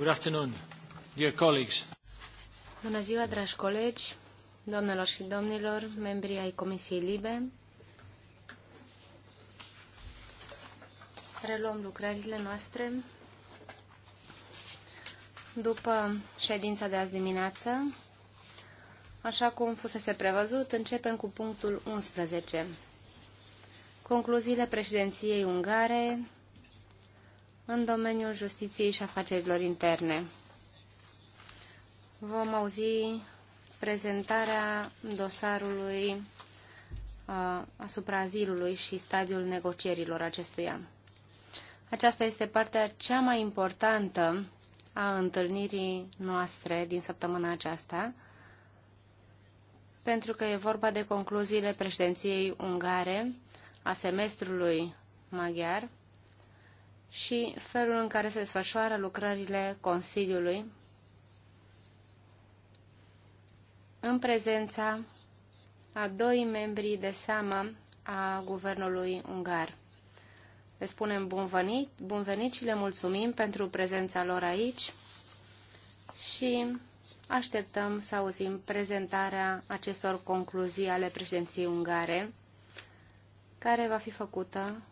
Good afternoon, dear colleagues. Bună ziua, dragi colegi, doamnelor și domnilor, membrii ai Comisiei Libe. Reluăm lucrările noastre după ședința de azi dimineață. Așa cum fusese prevăzut, începem cu punctul 11. Concluziile președinției ungare în domeniul justiției și afacerilor interne. Vom auzi prezentarea dosarului asupra azilului și stadiul negocierilor acestuia. Aceasta este partea cea mai importantă a întâlnirii noastre din săptămâna aceasta, pentru că e vorba de concluziile președinției ungare a semestrului maghiar și felul în care se desfășoară lucrările Consiliului în prezența a doi membri de seamă a guvernului ungar. Le spunem bun venit, bun venit și le mulțumim pentru prezența lor aici și așteptăm să auzim prezentarea acestor concluzii ale președinției ungare, care va fi făcută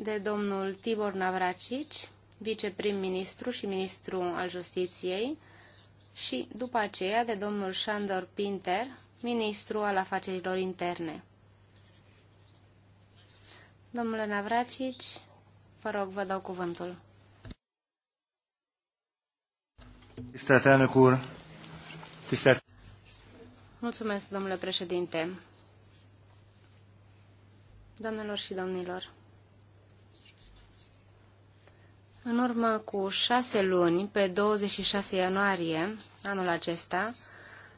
de domnul Tibor Navracici, viceprim-ministru și ministru al justiției, și după aceea de domnul Sandor Pinter, ministru al afacerilor interne. Domnule Navracici, vă rog, vă dau cuvântul. Mulțumesc, domnule președinte. Doamnelor și domnilor, În urmă cu șase luni, pe 26 ianuarie anul acesta,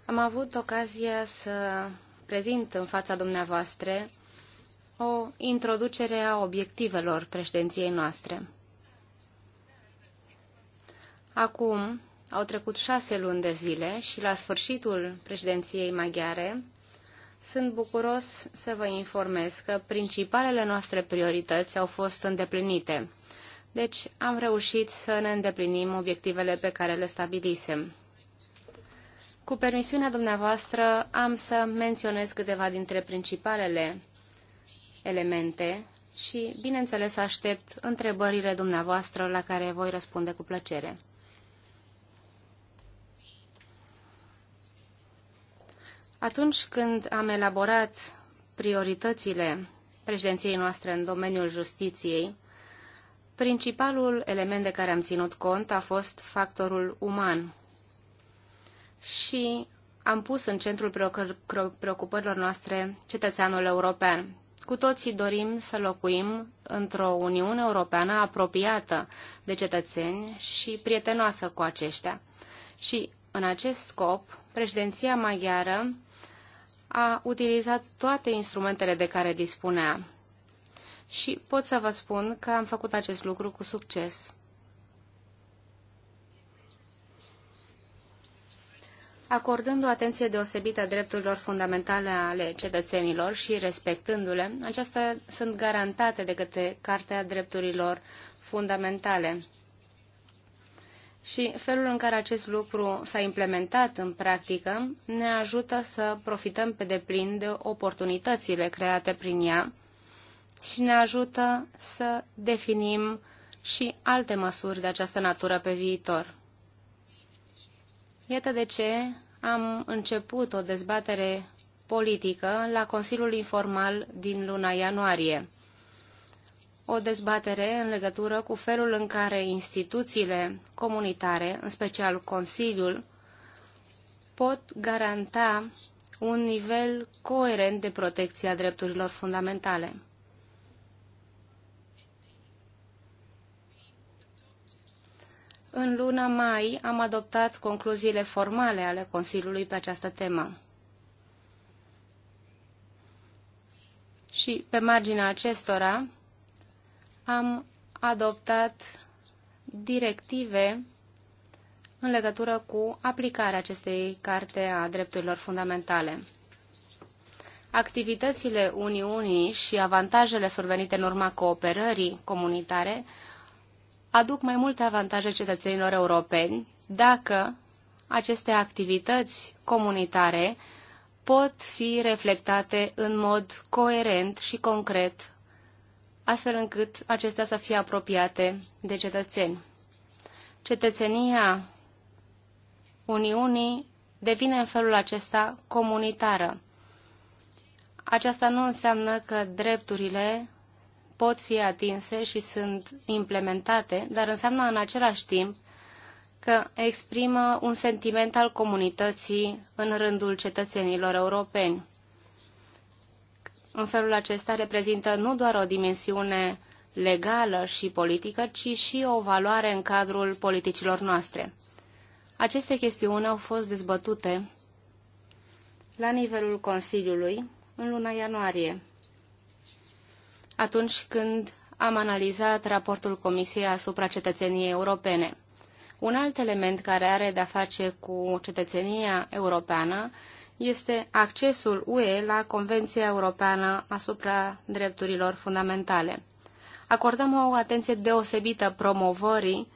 am avut ocazia să prezint în fața dumneavoastră o introducere a obiectivelor președinției noastre. Acum au trecut șase luni de zile și la sfârșitul președinției maghiare sunt bucuros să vă informez că principalele noastre priorități au fost îndeplinite – deci am reușit să ne îndeplinim obiectivele pe care le stabilisem. Cu permisiunea dumneavoastră, am să menționez câteva dintre principalele elemente și, bineînțeles, aștept întrebările dumneavoastră la care voi răspunde cu plăcere. Atunci când am elaborat prioritățile președinției noastre în domeniul justiției, Principalul element de care am ținut cont a fost factorul uman și am pus în centrul preocupărilor noastre cetățeanul european. Cu toții dorim să locuim într-o Uniune Europeană apropiată de cetățeni și prietenoasă cu aceștia. Și în acest scop, președinția maghiară a utilizat toate instrumentele de care dispunea și pot să vă spun că am făcut acest lucru cu succes. Acordând o atenție deosebită drepturilor fundamentale ale cetățenilor și respectându-le, acestea sunt garantate de către Cartea Drepturilor Fundamentale. Și felul în care acest lucru s-a implementat în practică ne ajută să profităm pe deplin de oportunitățile create prin ea și ne ajută să definim și alte măsuri de această natură pe viitor. Iată de ce am început o dezbatere politică la Consiliul Informal din luna ianuarie. O dezbatere în legătură cu felul în care instituțiile comunitare, în special Consiliul, pot garanta un nivel coerent de protecție a drepturilor fundamentale. În luna mai am adoptat concluziile formale ale Consiliului pe această temă. Și pe marginea acestora am adoptat directive în legătură cu aplicarea acestei carte a drepturilor fundamentale. Activitățile Uniunii și avantajele survenite în urma cooperării comunitare aduc mai multe avantaje cetățenilor europeni dacă aceste activități comunitare pot fi reflectate în mod coerent și concret, astfel încât acestea să fie apropiate de cetățeni. Cetățenia Uniunii devine în felul acesta comunitară. Aceasta nu înseamnă că drepturile pot fi atinse și sunt implementate, dar înseamnă în același timp că exprimă un sentiment al comunității în rândul cetățenilor europeni. În felul acesta reprezintă nu doar o dimensiune legală și politică, ci și o valoare în cadrul politicilor noastre. Aceste chestiuni au fost dezbătute la nivelul Consiliului în luna ianuarie atunci când am analizat raportul Comisiei asupra cetățeniei europene. Un alt element care are de-a face cu cetățenia europeană este accesul UE la Convenția Europeană asupra drepturilor fundamentale. Acordăm o atenție deosebită promovării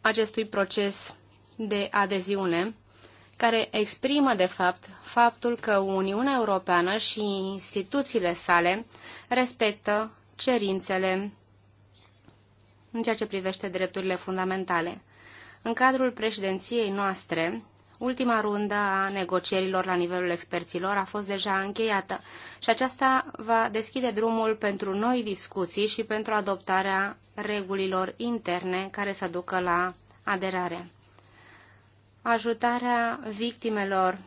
acestui proces de adeziune care exprimă, de fapt, faptul că Uniunea Europeană și instituțiile sale respectă cerințele în ceea ce privește drepturile fundamentale. În cadrul președinției noastre, ultima rundă a negocierilor la nivelul experților a fost deja încheiată și aceasta va deschide drumul pentru noi discuții și pentru adoptarea regulilor interne care să ducă la aderare ajutarea victimelor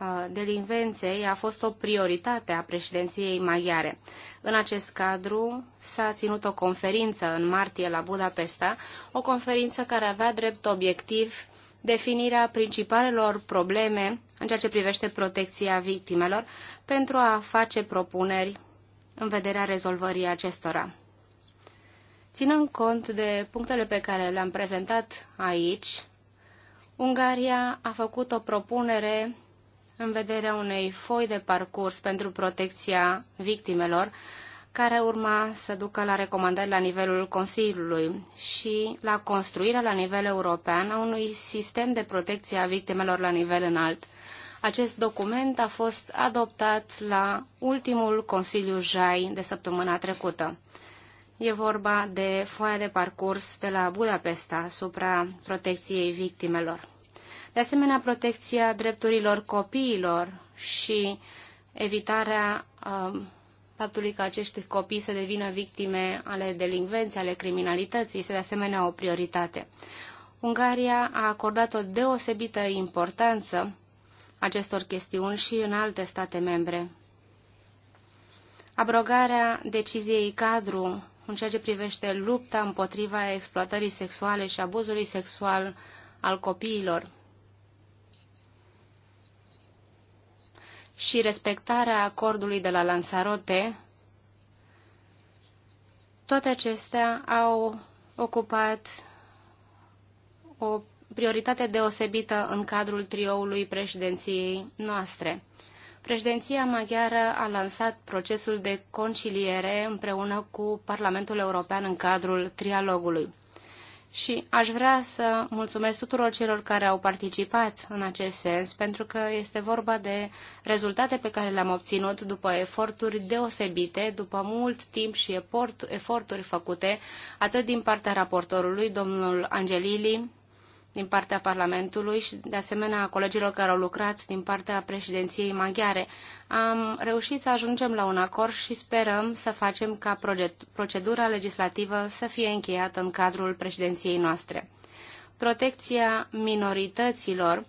uh, delinvenței a fost o prioritate a președinției maghiare. În acest cadru s-a ținut o conferință în martie la Budapesta, o conferință care avea drept obiectiv definirea principalelor probleme în ceea ce privește protecția victimelor pentru a face propuneri în vederea rezolvării acestora. Ținând cont de punctele pe care le-am prezentat aici, Ungaria a făcut o propunere în vederea unei foi de parcurs pentru protecția victimelor, care urma să ducă la recomandări la nivelul Consiliului și la construirea la nivel european a unui sistem de protecție a victimelor la nivel înalt. Acest document a fost adoptat la ultimul Consiliu JAI de săptămâna trecută. E vorba de foaia de parcurs de la Budapesta asupra protecției victimelor. De asemenea, protecția drepturilor copiilor și evitarea um, faptului că acești copii să devină victime ale delinvenței, ale criminalității, este de asemenea o prioritate. Ungaria a acordat o deosebită importanță acestor chestiuni și în alte state membre. Abrogarea deciziei cadru în ceea ce privește lupta împotriva exploatării sexuale și abuzului sexual al copiilor și respectarea acordului de la Lanzarote, toate acestea au ocupat o prioritate deosebită în cadrul trioului președinției noastre. Președinția maghiară a lansat procesul de conciliere împreună cu Parlamentul European în cadrul trialogului. Și aș vrea să mulțumesc tuturor celor care au participat în acest sens, pentru că este vorba de rezultate pe care le-am obținut după eforturi deosebite, după mult timp și eforturi făcute, atât din partea raportorului, domnul Angelili, din partea Parlamentului și, de asemenea, a colegilor care au lucrat din partea președinției maghiare. Am reușit să ajungem la un acord și sperăm să facem ca procedura legislativă să fie încheiată în cadrul președinției noastre. Protecția minorităților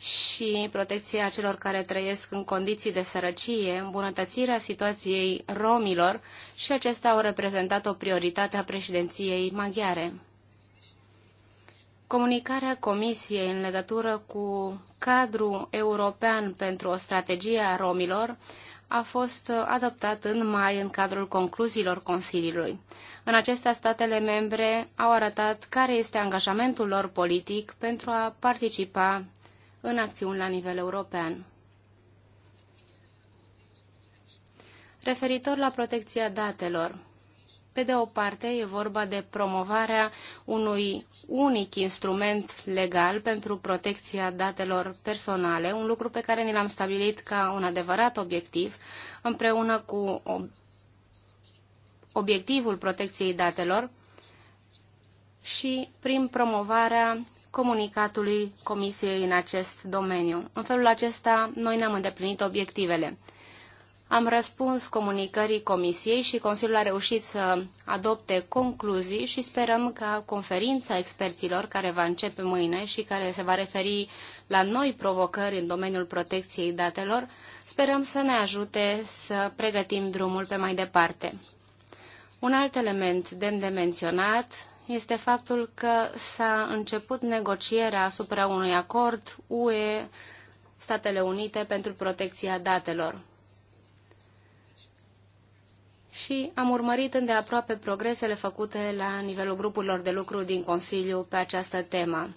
și protecția celor care trăiesc în condiții de sărăcie, îmbunătățirea situației romilor și acestea au reprezentat o prioritate a președinției maghiare. Comunicarea Comisiei în legătură cu cadrul european pentru o strategie a romilor a fost adoptat în mai în cadrul concluziilor Consiliului. În acestea, statele membre au arătat care este angajamentul lor politic pentru a participa în acțiuni la nivel european. Referitor la protecția datelor, pe de o parte, e vorba de promovarea unui unic instrument legal pentru protecția datelor personale, un lucru pe care ni l-am stabilit ca un adevărat obiectiv, împreună cu obiectivul protecției datelor și prin promovarea comunicatului Comisiei în acest domeniu. În felul acesta, noi ne-am îndeplinit obiectivele. Am răspuns comunicării Comisiei și Consiliul a reușit să adopte concluzii și sperăm ca conferința experților care va începe mâine și care se va referi la noi provocări în domeniul protecției datelor, sperăm să ne ajute să pregătim drumul pe mai departe. Un alt element demn de menționat este faptul că s-a început negocierea asupra unui acord UE Statele Unite pentru protecția datelor și am urmărit îndeaproape progresele făcute la nivelul grupurilor de lucru din Consiliu pe această temă.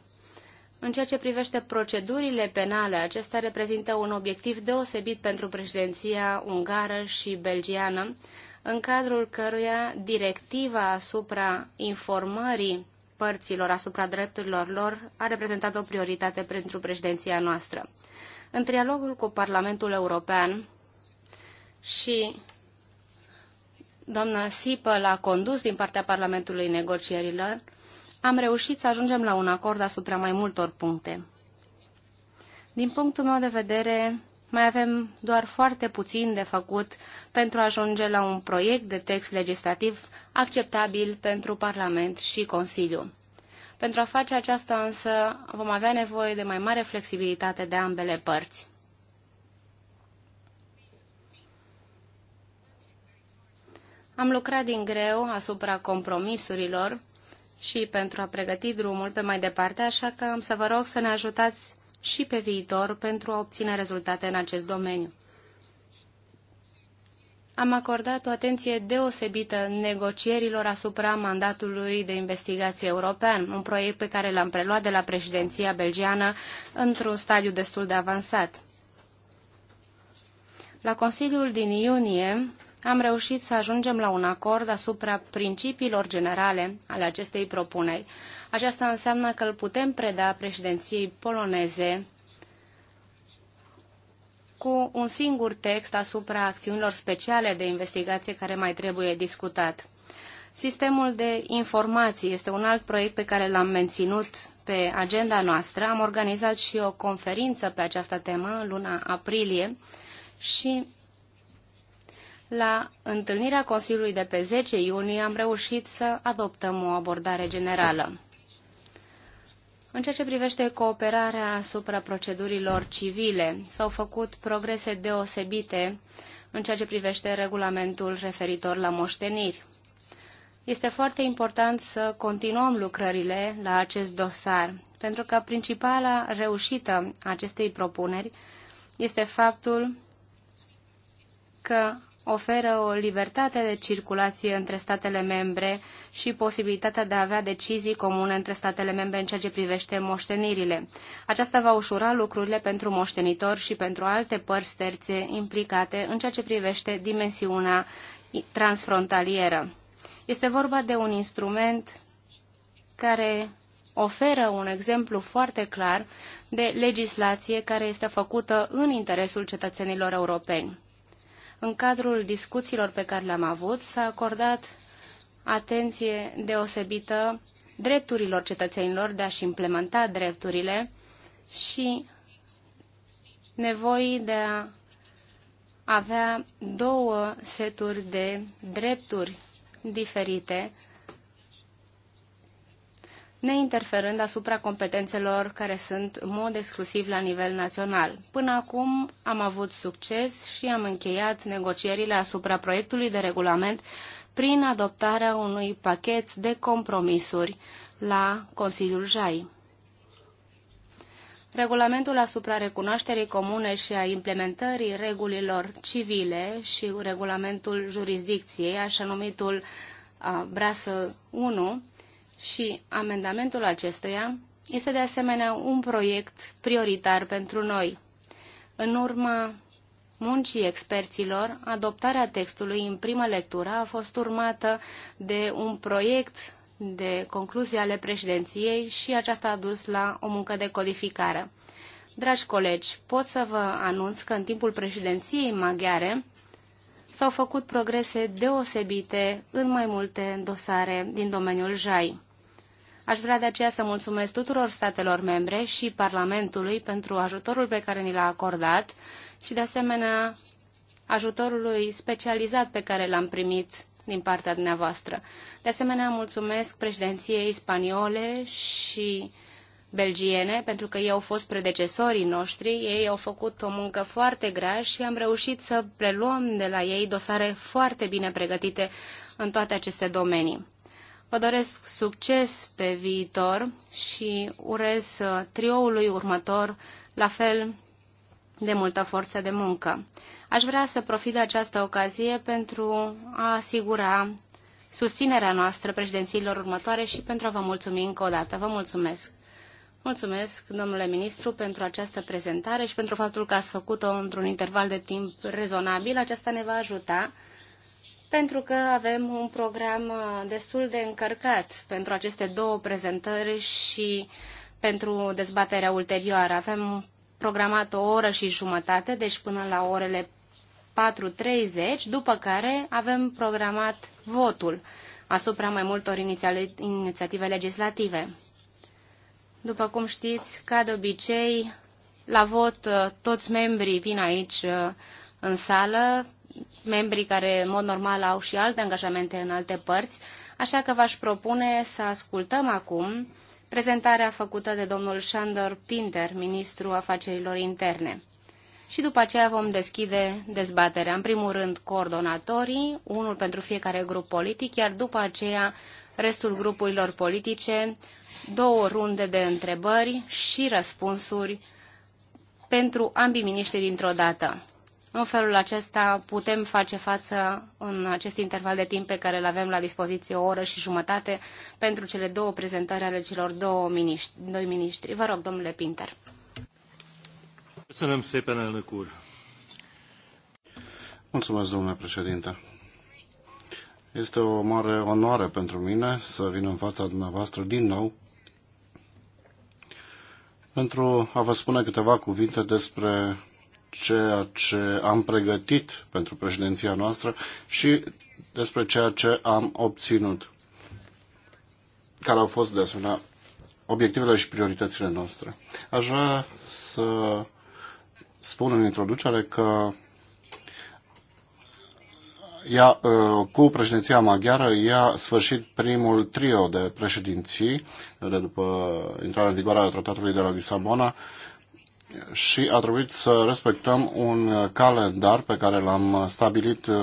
În ceea ce privește procedurile penale, acestea reprezintă un obiectiv deosebit pentru președinția ungară și belgiană, în cadrul căruia directiva asupra informării părților asupra drepturilor lor a reprezentat o prioritate pentru președinția noastră. În trialogul cu Parlamentul European și doamna Sipăl a condus din partea Parlamentului negocierilor, am reușit să ajungem la un acord asupra mai multor puncte. Din punctul meu de vedere, mai avem doar foarte puțin de făcut pentru a ajunge la un proiect de text legislativ acceptabil pentru Parlament și Consiliu. Pentru a face aceasta însă vom avea nevoie de mai mare flexibilitate de ambele părți. Am lucrat din greu asupra compromisurilor și pentru a pregăti drumul pe mai departe, așa că am să vă rog să ne ajutați și pe viitor pentru a obține rezultate în acest domeniu. Am acordat o atenție deosebită negocierilor asupra mandatului de investigație european, un proiect pe care l-am preluat de la președinția belgiană într-un stadiu destul de avansat. La Consiliul din iunie am reușit să ajungem la un acord asupra principiilor generale ale acestei propuneri. Aceasta înseamnă că îl putem preda președinției poloneze cu un singur text asupra acțiunilor speciale de investigație care mai trebuie discutat. Sistemul de informații este un alt proiect pe care l-am menținut pe agenda noastră. Am organizat și o conferință pe această temă în luna aprilie și la întâlnirea Consiliului de pe 10 iunie am reușit să adoptăm o abordare generală. În ceea ce privește cooperarea asupra procedurilor civile, s-au făcut progrese deosebite în ceea ce privește regulamentul referitor la moșteniri. Este foarte important să continuăm lucrările la acest dosar, pentru că principala reușită a acestei propuneri este faptul că oferă o libertate de circulație între statele membre și posibilitatea de a avea decizii comune între statele membre în ceea ce privește moștenirile. Aceasta va ușura lucrurile pentru moștenitor și pentru alte părți terțe implicate în ceea ce privește dimensiunea transfrontalieră. Este vorba de un instrument care oferă un exemplu foarte clar de legislație care este făcută în interesul cetățenilor europeni. În cadrul discuțiilor pe care le-am avut, s-a acordat atenție deosebită drepturilor cetățenilor de a-și implementa drepturile și nevoii de a avea două seturi de drepturi diferite neinterferând asupra competențelor care sunt în mod exclusiv la nivel național. Până acum am avut succes și am încheiat negocierile asupra proiectului de regulament prin adoptarea unui pachet de compromisuri la Consiliul JAI. Regulamentul asupra recunoașterii comune și a implementării regulilor civile și regulamentul jurisdicției, așa numitul Brasă 1, și amendamentul acestuia este de asemenea un proiect prioritar pentru noi. În urma muncii experților, adoptarea textului în primă lectură a fost urmată de un proiect de concluzii ale președinției și aceasta a dus la o muncă de codificare. Dragi colegi, pot să vă anunț că în timpul președinției maghiare s-au făcut progrese deosebite în mai multe dosare din domeniul JAI. Aș vrea de aceea să mulțumesc tuturor statelor membre și Parlamentului pentru ajutorul pe care ni l-a acordat și, de asemenea, ajutorului specializat pe care l-am primit din partea dumneavoastră. De asemenea, mulțumesc președinției spaniole și belgiene, pentru că ei au fost predecesorii noștri, ei au făcut o muncă foarte grea și am reușit să preluăm de la ei dosare foarte bine pregătite în toate aceste domenii. Vă doresc succes pe viitor și urez uh, trioului următor la fel de multă forță de muncă. Aș vrea să profit de această ocazie pentru a asigura susținerea noastră președințiilor următoare și pentru a vă mulțumi încă o dată. Vă mulțumesc! Mulțumesc, domnule ministru, pentru această prezentare și pentru faptul că ați făcut-o într-un interval de timp rezonabil. Aceasta ne va ajuta pentru că avem un program uh, destul de încărcat pentru aceste două prezentări și pentru dezbaterea ulterioară. Avem programat o oră și jumătate, deci până la orele 4.30, după care avem programat votul asupra mai multor inițiative legislative. După cum știți, ca de obicei, la vot uh, toți membrii vin aici uh, în sală membrii care, în mod normal, au și alte angajamente în alte părți, așa că v-aș propune să ascultăm acum prezentarea făcută de domnul Shandor Pinter, ministru afacerilor interne. Și după aceea vom deschide dezbaterea. În primul rând, coordonatorii, unul pentru fiecare grup politic, iar după aceea restul grupurilor politice, două runde de întrebări și răspunsuri pentru ambii miniștri dintr-o dată. În felul acesta putem face față în acest interval de timp pe care îl avem la dispoziție o oră și jumătate pentru cele două prezentări ale celor două miniștri, doi miniștri. Vă rog, domnule Pinter. Mulțumesc, domnule președinte. Este o mare onoare pentru mine să vin în fața dumneavoastră din nou pentru a vă spune câteva cuvinte despre ceea ce am pregătit pentru președinția noastră și despre ceea ce am obținut, care au fost de asemenea obiectivele și prioritățile noastre. Aș vrea să spun în introducere că ea, cu președinția maghiară i-a sfârșit primul trio de președinții de după intrarea în vigoare a tratatului de la Lisabona și a trebuit să respectăm un uh, calendar pe care l-am uh, stabilit uh,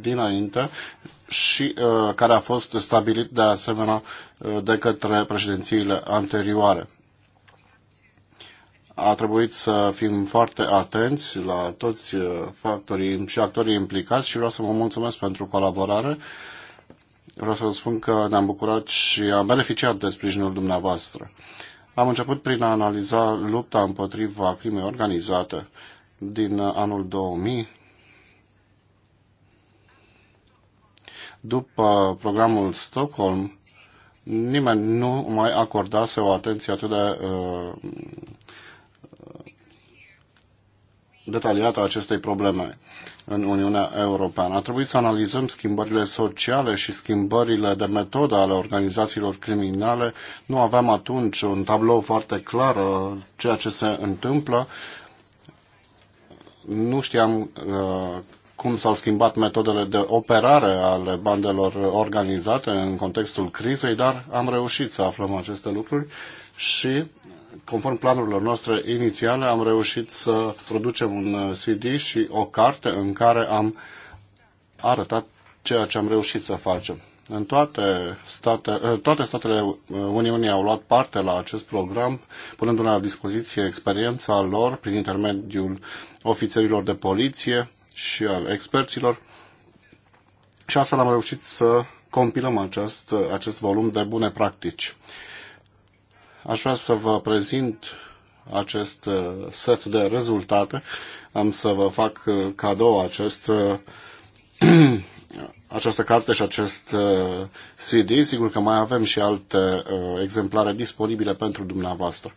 dinainte și care a fost stabilit de asemenea de către președințiile anterioare. A trebuit să fim foarte atenți la toți factorii și actorii implicați și vreau să vă mulțumesc pentru colaborare. Vreau să vă spun că ne-am bucurat și am beneficiat de sprijinul dumneavoastră. Am început prin a analiza lupta împotriva crimei organizate din anul 2000, după programul Stockholm, nimeni nu mai acordase o atenție atât de uh, detaliată a acestei probleme în Uniunea Europeană. A trebuit să analizăm schimbările sociale și schimbările de metodă ale organizațiilor criminale. Nu aveam atunci un tablou foarte clar uh, ceea ce se întâmplă. Nu știam uh, cum s-au schimbat metodele de operare ale bandelor organizate în contextul crizei, dar am reușit să aflăm aceste lucruri și conform planurilor noastre inițiale, am reușit să producem un uh, CD și o carte în care am arătat ceea ce am reușit să facem. În toate, state, uh, toate statele uh, Uniunii au luat parte la acest program, punându la dispoziție experiența lor prin intermediul ofițerilor de poliție și al experților. Și astfel am reușit să compilăm acest, acest volum de bune practici. Aș vrea să vă prezint acest uh, set de rezultate. Am să vă fac uh, cadou acest, uh, această carte și acest CD. Sigur că mai avem și alte exemplare disponibile pentru dumneavoastră.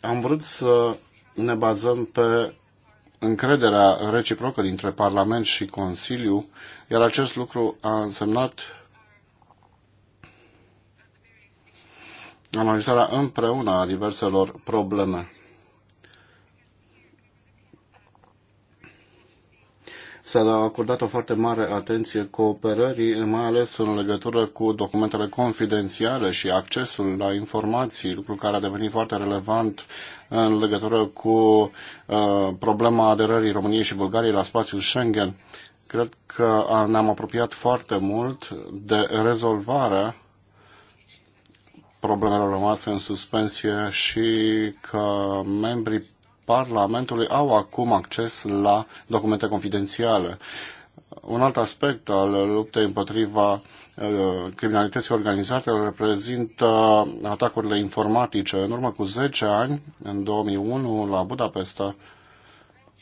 Am vrut să ne bazăm pe încrederea reciprocă dintre Parlament și Consiliu, iar acest lucru a însemnat analizarea împreună a diverselor probleme. S-a acordat o foarte mare atenție cooperării, mai ales în legătură cu documentele confidențiale și accesul la informații, lucru care a devenit foarte relevant în legătură cu uh, problema aderării României și Bulgariei la spațiul Schengen. Cred că ne-am apropiat foarte mult de rezolvarea problemelor rămase în suspensie și că membrii Parlamentului au acum acces la documente confidențiale. Un alt aspect al luptei împotriva uh, criminalității organizate reprezintă atacurile informatice. În urmă cu 10 ani, în 2001, la Budapesta,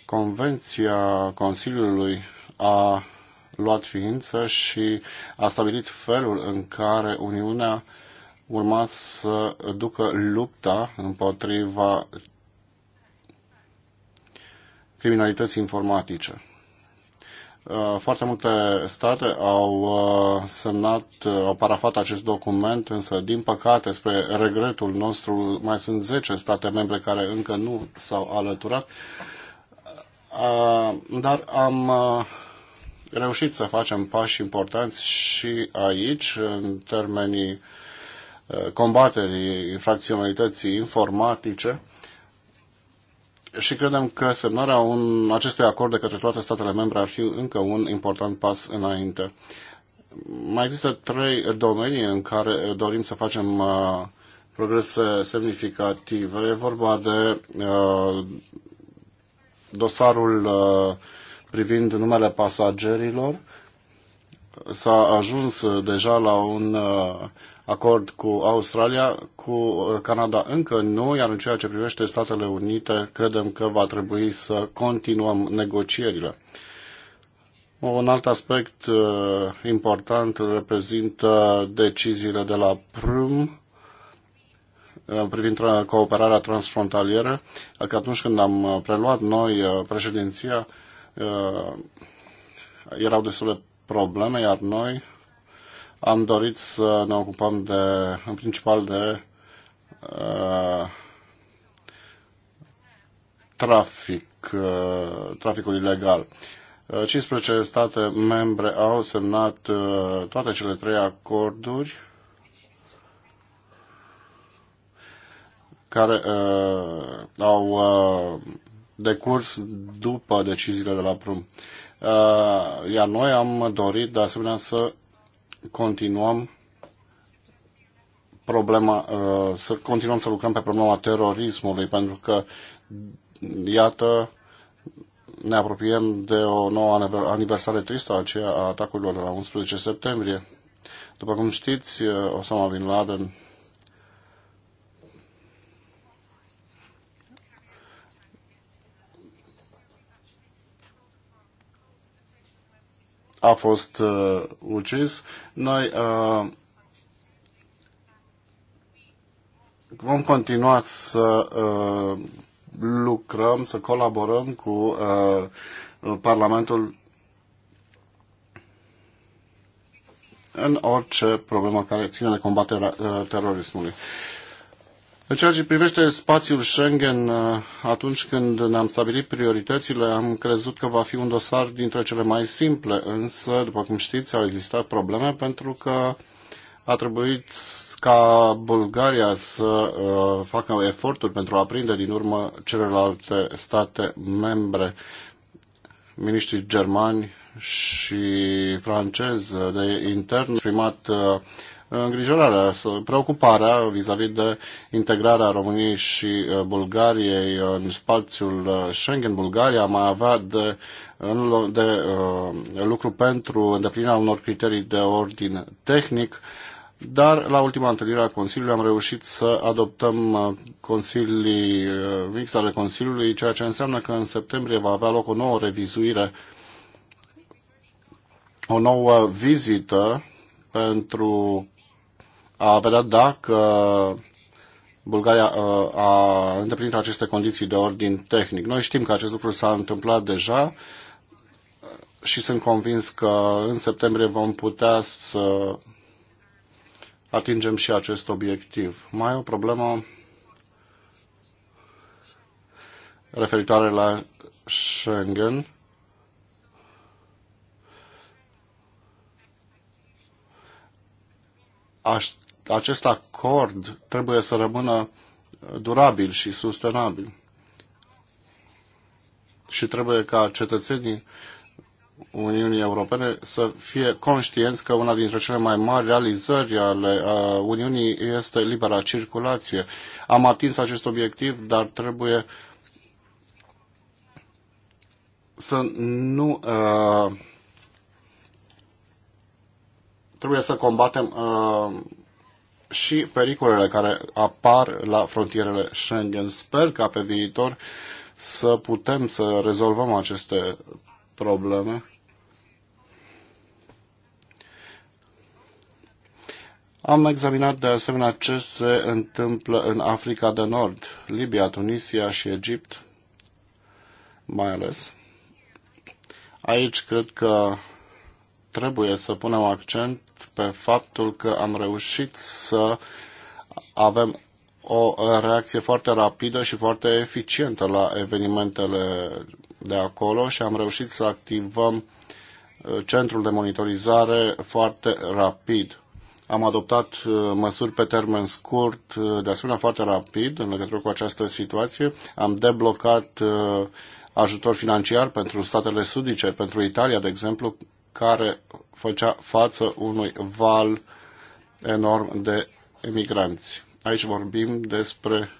Convenția Consiliului a luat ființă și a stabilit felul în care Uniunea urma să ducă lupta împotriva criminalității informatice. Uh, foarte multe state au uh, semnat, uh, au parafat acest document, însă, din păcate, spre regretul nostru, mai sunt 10 state membre care încă nu s-au alăturat. Dar am reușit să facem pași importanți și aici, în termenii combaterii infracționalității informatice și credem că semnarea un, acestui acord de către toate statele membre ar fi încă un important pas înainte. Mai există trei domenii în care dorim să facem uh, progrese semnificative. E vorba de uh, dosarul uh, privind numele pasagerilor. S-a ajuns deja la un uh, acord cu Australia, cu uh, Canada încă nu, iar în ceea ce privește Statele Unite, credem că va trebui să continuăm negocierile. Un alt aspect uh, important reprezintă deciziile de la Prum uh, privind cooperarea transfrontalieră, că atunci când am preluat noi președinția, erau destule probleme, iar noi am dorit să ne ocupăm de, în principal de uh, trafic, uh, traficul ilegal. 15 uh, state membre au semnat uh, toate cele trei acorduri care uh, au uh, decurs după deciziile de la Prum. Uh, iar noi am dorit de asemenea să continuăm problema, uh, să continuăm să lucrăm pe problema terorismului, pentru că, iată, ne apropiem de o nouă aniversare tristă aceea a atacurilor de la 11 septembrie. După cum știți, uh, Osama Bin Laden a fost uh, ucis. Noi uh, vom continua să uh, lucrăm, să colaborăm cu uh, Parlamentul în orice problemă care ține de combaterea uh, terorismului. În ceea ce privește spațiul Schengen, uh, atunci când ne-am stabilit prioritățile, am crezut că va fi un dosar dintre cele mai simple, însă, după cum știți, au existat probleme pentru că a trebuit ca Bulgaria să uh, facă eforturi pentru a prinde din urmă celelalte state membre. Ministrii germani și francezi de intern au exprimat uh, îngrijorarea, preocuparea vis-a-vis -vis de integrarea României și uh, Bulgariei în spațiul uh, Schengen. Bulgaria mai avea de, de uh, lucru pentru îndeplinirea unor criterii de ordin tehnic dar la ultima întâlnire a Consiliului am reușit să adoptăm consilii mix ale Consiliului, ceea ce înseamnă că în septembrie va avea loc o nouă revizuire, o nouă vizită pentru a vedea dacă Bulgaria uh, a îndeplinit aceste condiții de ordin tehnic. Noi știm că acest lucru s-a întâmplat deja și sunt convins că în septembrie vom putea să atingem și acest obiectiv. Mai e o problemă referitoare la Schengen. Aș acest acord trebuie să rămână durabil și sustenabil. Și trebuie ca cetățenii Uniunii Europene să fie conștienți că una dintre cele mai mari realizări ale Uniunii este libera circulație. Am atins acest obiectiv, dar trebuie să nu. Uh, trebuie să combatem uh, și pericolele care apar la frontierele Schengen. Sper ca pe viitor să putem să rezolvăm aceste probleme. Am examinat de asemenea ce se întâmplă în Africa de Nord, Libia, Tunisia și Egipt, mai ales. Aici cred că trebuie să punem accent pe faptul că am reușit să avem o reacție foarte rapidă și foarte eficientă la evenimentele de acolo și am reușit să activăm uh, centrul de monitorizare foarte rapid. Am adoptat uh, măsuri pe termen scurt, uh, de asemenea foarte rapid, în legătură cu această situație. Am deblocat ajutor financiar pentru statele sudice, pentru Italia, de exemplu, care făcea față unui val enorm de emigranți. Aici vorbim despre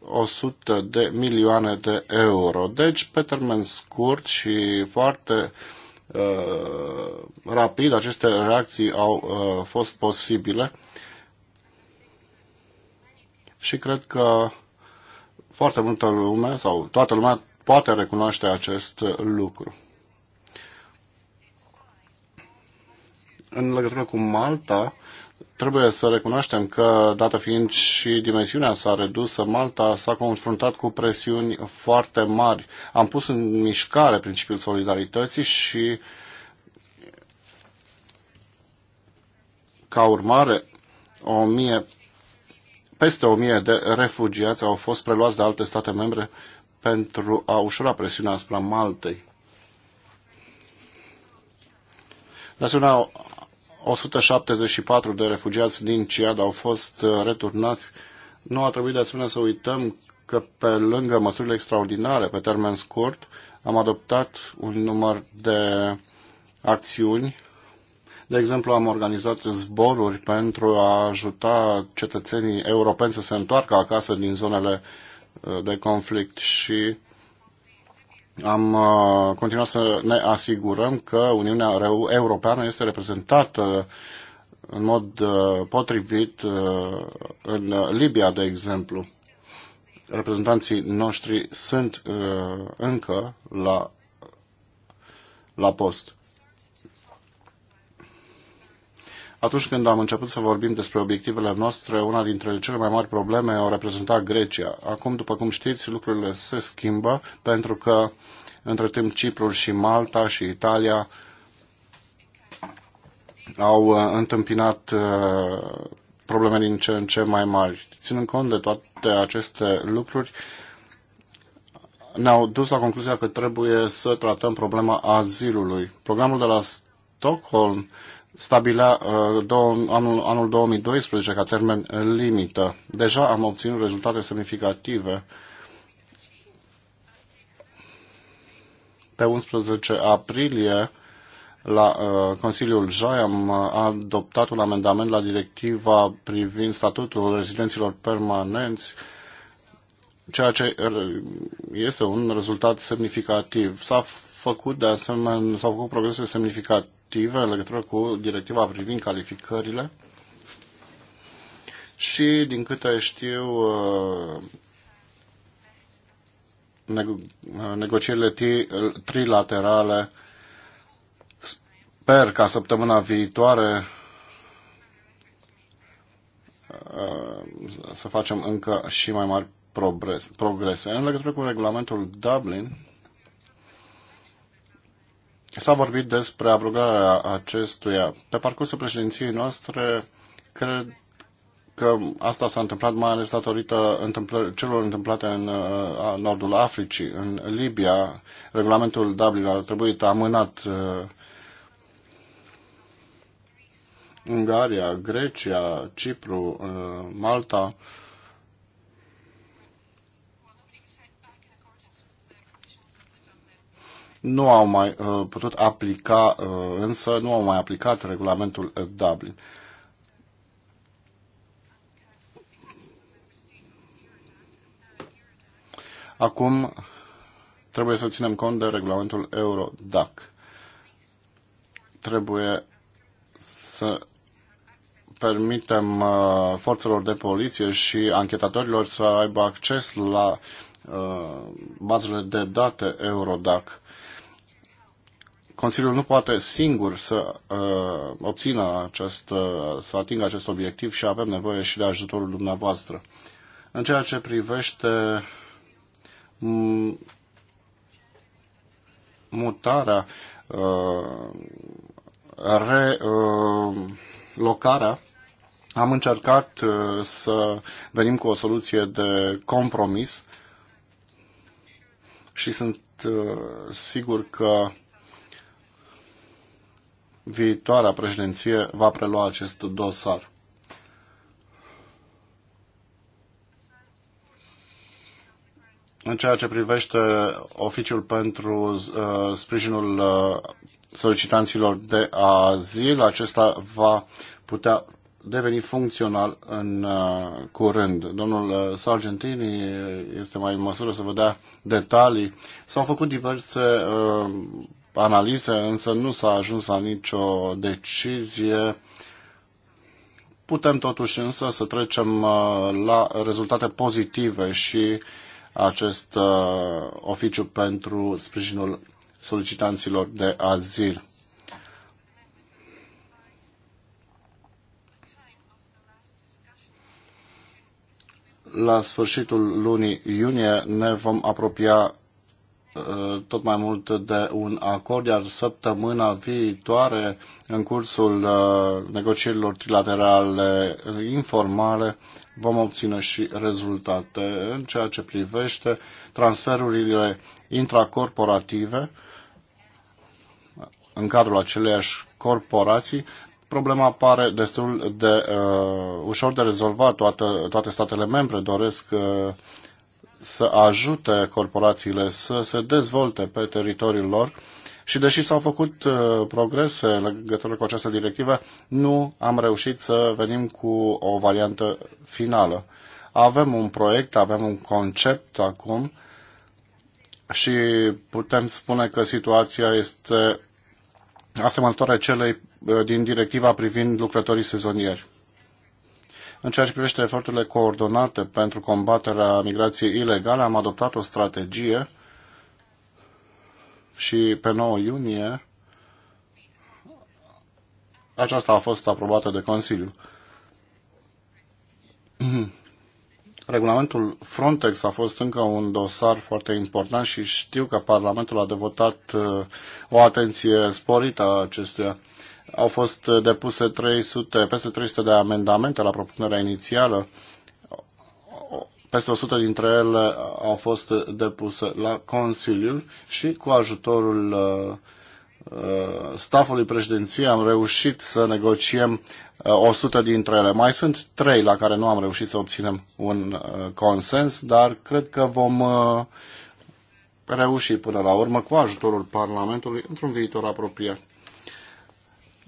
100 de milioane de euro. Deci, pe termen scurt și foarte uh, rapid, aceste reacții au uh, fost posibile și cred că foarte multă lume sau toată lumea poate recunoaște acest lucru. în legătură cu Malta, trebuie să recunoaștem că, dată fiind și dimensiunea s-a redusă, Malta s-a confruntat cu presiuni foarte mari. Am pus în mișcare principiul solidarității și, ca urmare, o mie, peste o mie de refugiați au fost preluați de alte state membre pentru a ușura presiunea asupra Maltei. De asemenea, 174 de refugiați din Ciad au fost uh, returnați. Nu a trebuit de asemenea să uităm că pe lângă măsurile extraordinare pe termen scurt, am adoptat un număr de acțiuni. De exemplu, am organizat zboruri pentru a ajuta cetățenii europeni să se întoarcă acasă din zonele uh, de conflict și am uh, continuat să ne asigurăm că Uniunea Europeană este reprezentată în mod uh, potrivit uh, în Libia, de exemplu. Reprezentanții noștri sunt încă la, la post. Atunci când am început să vorbim despre obiectivele noastre, una dintre cele mai mari probleme o reprezenta Grecia. Acum, după cum știți, lucrurile se schimbă pentru că între timp Ciprul și Malta și Italia au uh, întâmpinat uh, probleme din ce în ce mai mari. Ținând cont de toate aceste lucruri, ne-au dus la concluzia că trebuie să tratăm problema azilului. Programul de la Stockholm stabilea uh, două, anul, anul 2012 ca termen limită. Deja am obținut rezultate semnificative. Pe 11 aprilie, la uh, Consiliul JAI, am uh, adoptat un amendament la directiva privind statutul rezidenților permanenți, ceea ce uh, este un rezultat semnificativ. S-a făcut de asemenea, s-au făcut progrese semnificative directive în legătură cu directiva privind calificările și, din câte știu, uh, uh, negocierile trilaterale sper ca săptămâna viitoare uh, să facem încă și mai mari progrese. În legătură cu regulamentul Dublin, S-a vorbit despre abrogarea acestuia. Pe parcursul președinției noastre, cred că asta s-a întâmplat mai ales datorită celor întâmplate în uh, nordul Africii, în Libia. Regulamentul Dublin a trebuit amânat uh, Ungaria, Grecia, Cipru, uh, Malta. Uh, nu au mai uh, putut aplica, uh, însă nu au mai aplicat regulamentul uh, Dublin. Acum trebuie să ținem cont de regulamentul Eurodac. Trebuie să permitem uh, forțelor de poliție și anchetatorilor să aibă acces la uh, bazele de date Eurodac. Consiliul nu poate singur să uh, obțină acest, uh, să atingă acest obiectiv și avem nevoie și de ajutorul dumneavoastră. În ceea ce privește mm, mutarea, uh, relocarea, uh, am încercat uh, să venim cu o soluție de compromis și sunt uh, sigur că viitoarea președinție va prelua acest dosar. În ceea ce privește oficiul pentru uh, sprijinul uh, solicitanților de azil, acesta va putea deveni funcțional în uh, curând. Domnul uh, Sargentini este mai în măsură să vă dea detalii. S-au făcut diverse uh, analize, însă nu s-a ajuns la nicio decizie. Putem totuși însă să trecem uh, la rezultate pozitive și acest uh, oficiu pentru sprijinul solicitanților de azil. La sfârșitul lunii iunie ne vom apropia Uh, tot mai mult de un acord, iar săptămâna viitoare, în cursul uh, negocierilor trilaterale informale, vom obține și rezultate în ceea ce privește transferurile intracorporative în cadrul aceleiași corporații. Problema pare destul de uh, ușor de rezolvat. Toate, toate statele membre doresc uh, să ajute corporațiile să se dezvolte pe teritoriul lor și deși s-au făcut uh, progrese legătură cu această directivă, nu am reușit să venim cu o variantă finală. Avem un proiect, avem un concept acum și putem spune că situația este asemănătoare celei uh, din directiva privind lucrătorii sezonieri. În ceea ce privește eforturile coordonate pentru combaterea migrației ilegale, am adoptat o strategie și pe 9 iunie aceasta a fost aprobată de Consiliu. Regulamentul Frontex a fost încă un dosar foarte important și știu că Parlamentul a devotat uh, o atenție sporită a acestuia. Au fost depuse 300, peste 300 de amendamente la propunerea inițială. Peste 100 dintre ele au fost depuse la Consiliul și cu ajutorul uh, uh, stafului președinției am reușit să negociem 100 uh, dintre ele. Mai sunt 3 la care nu am reușit să obținem un consens, dar cred că vom reuși până la urmă cu ajutorul Parlamentului într-un viitor apropiat.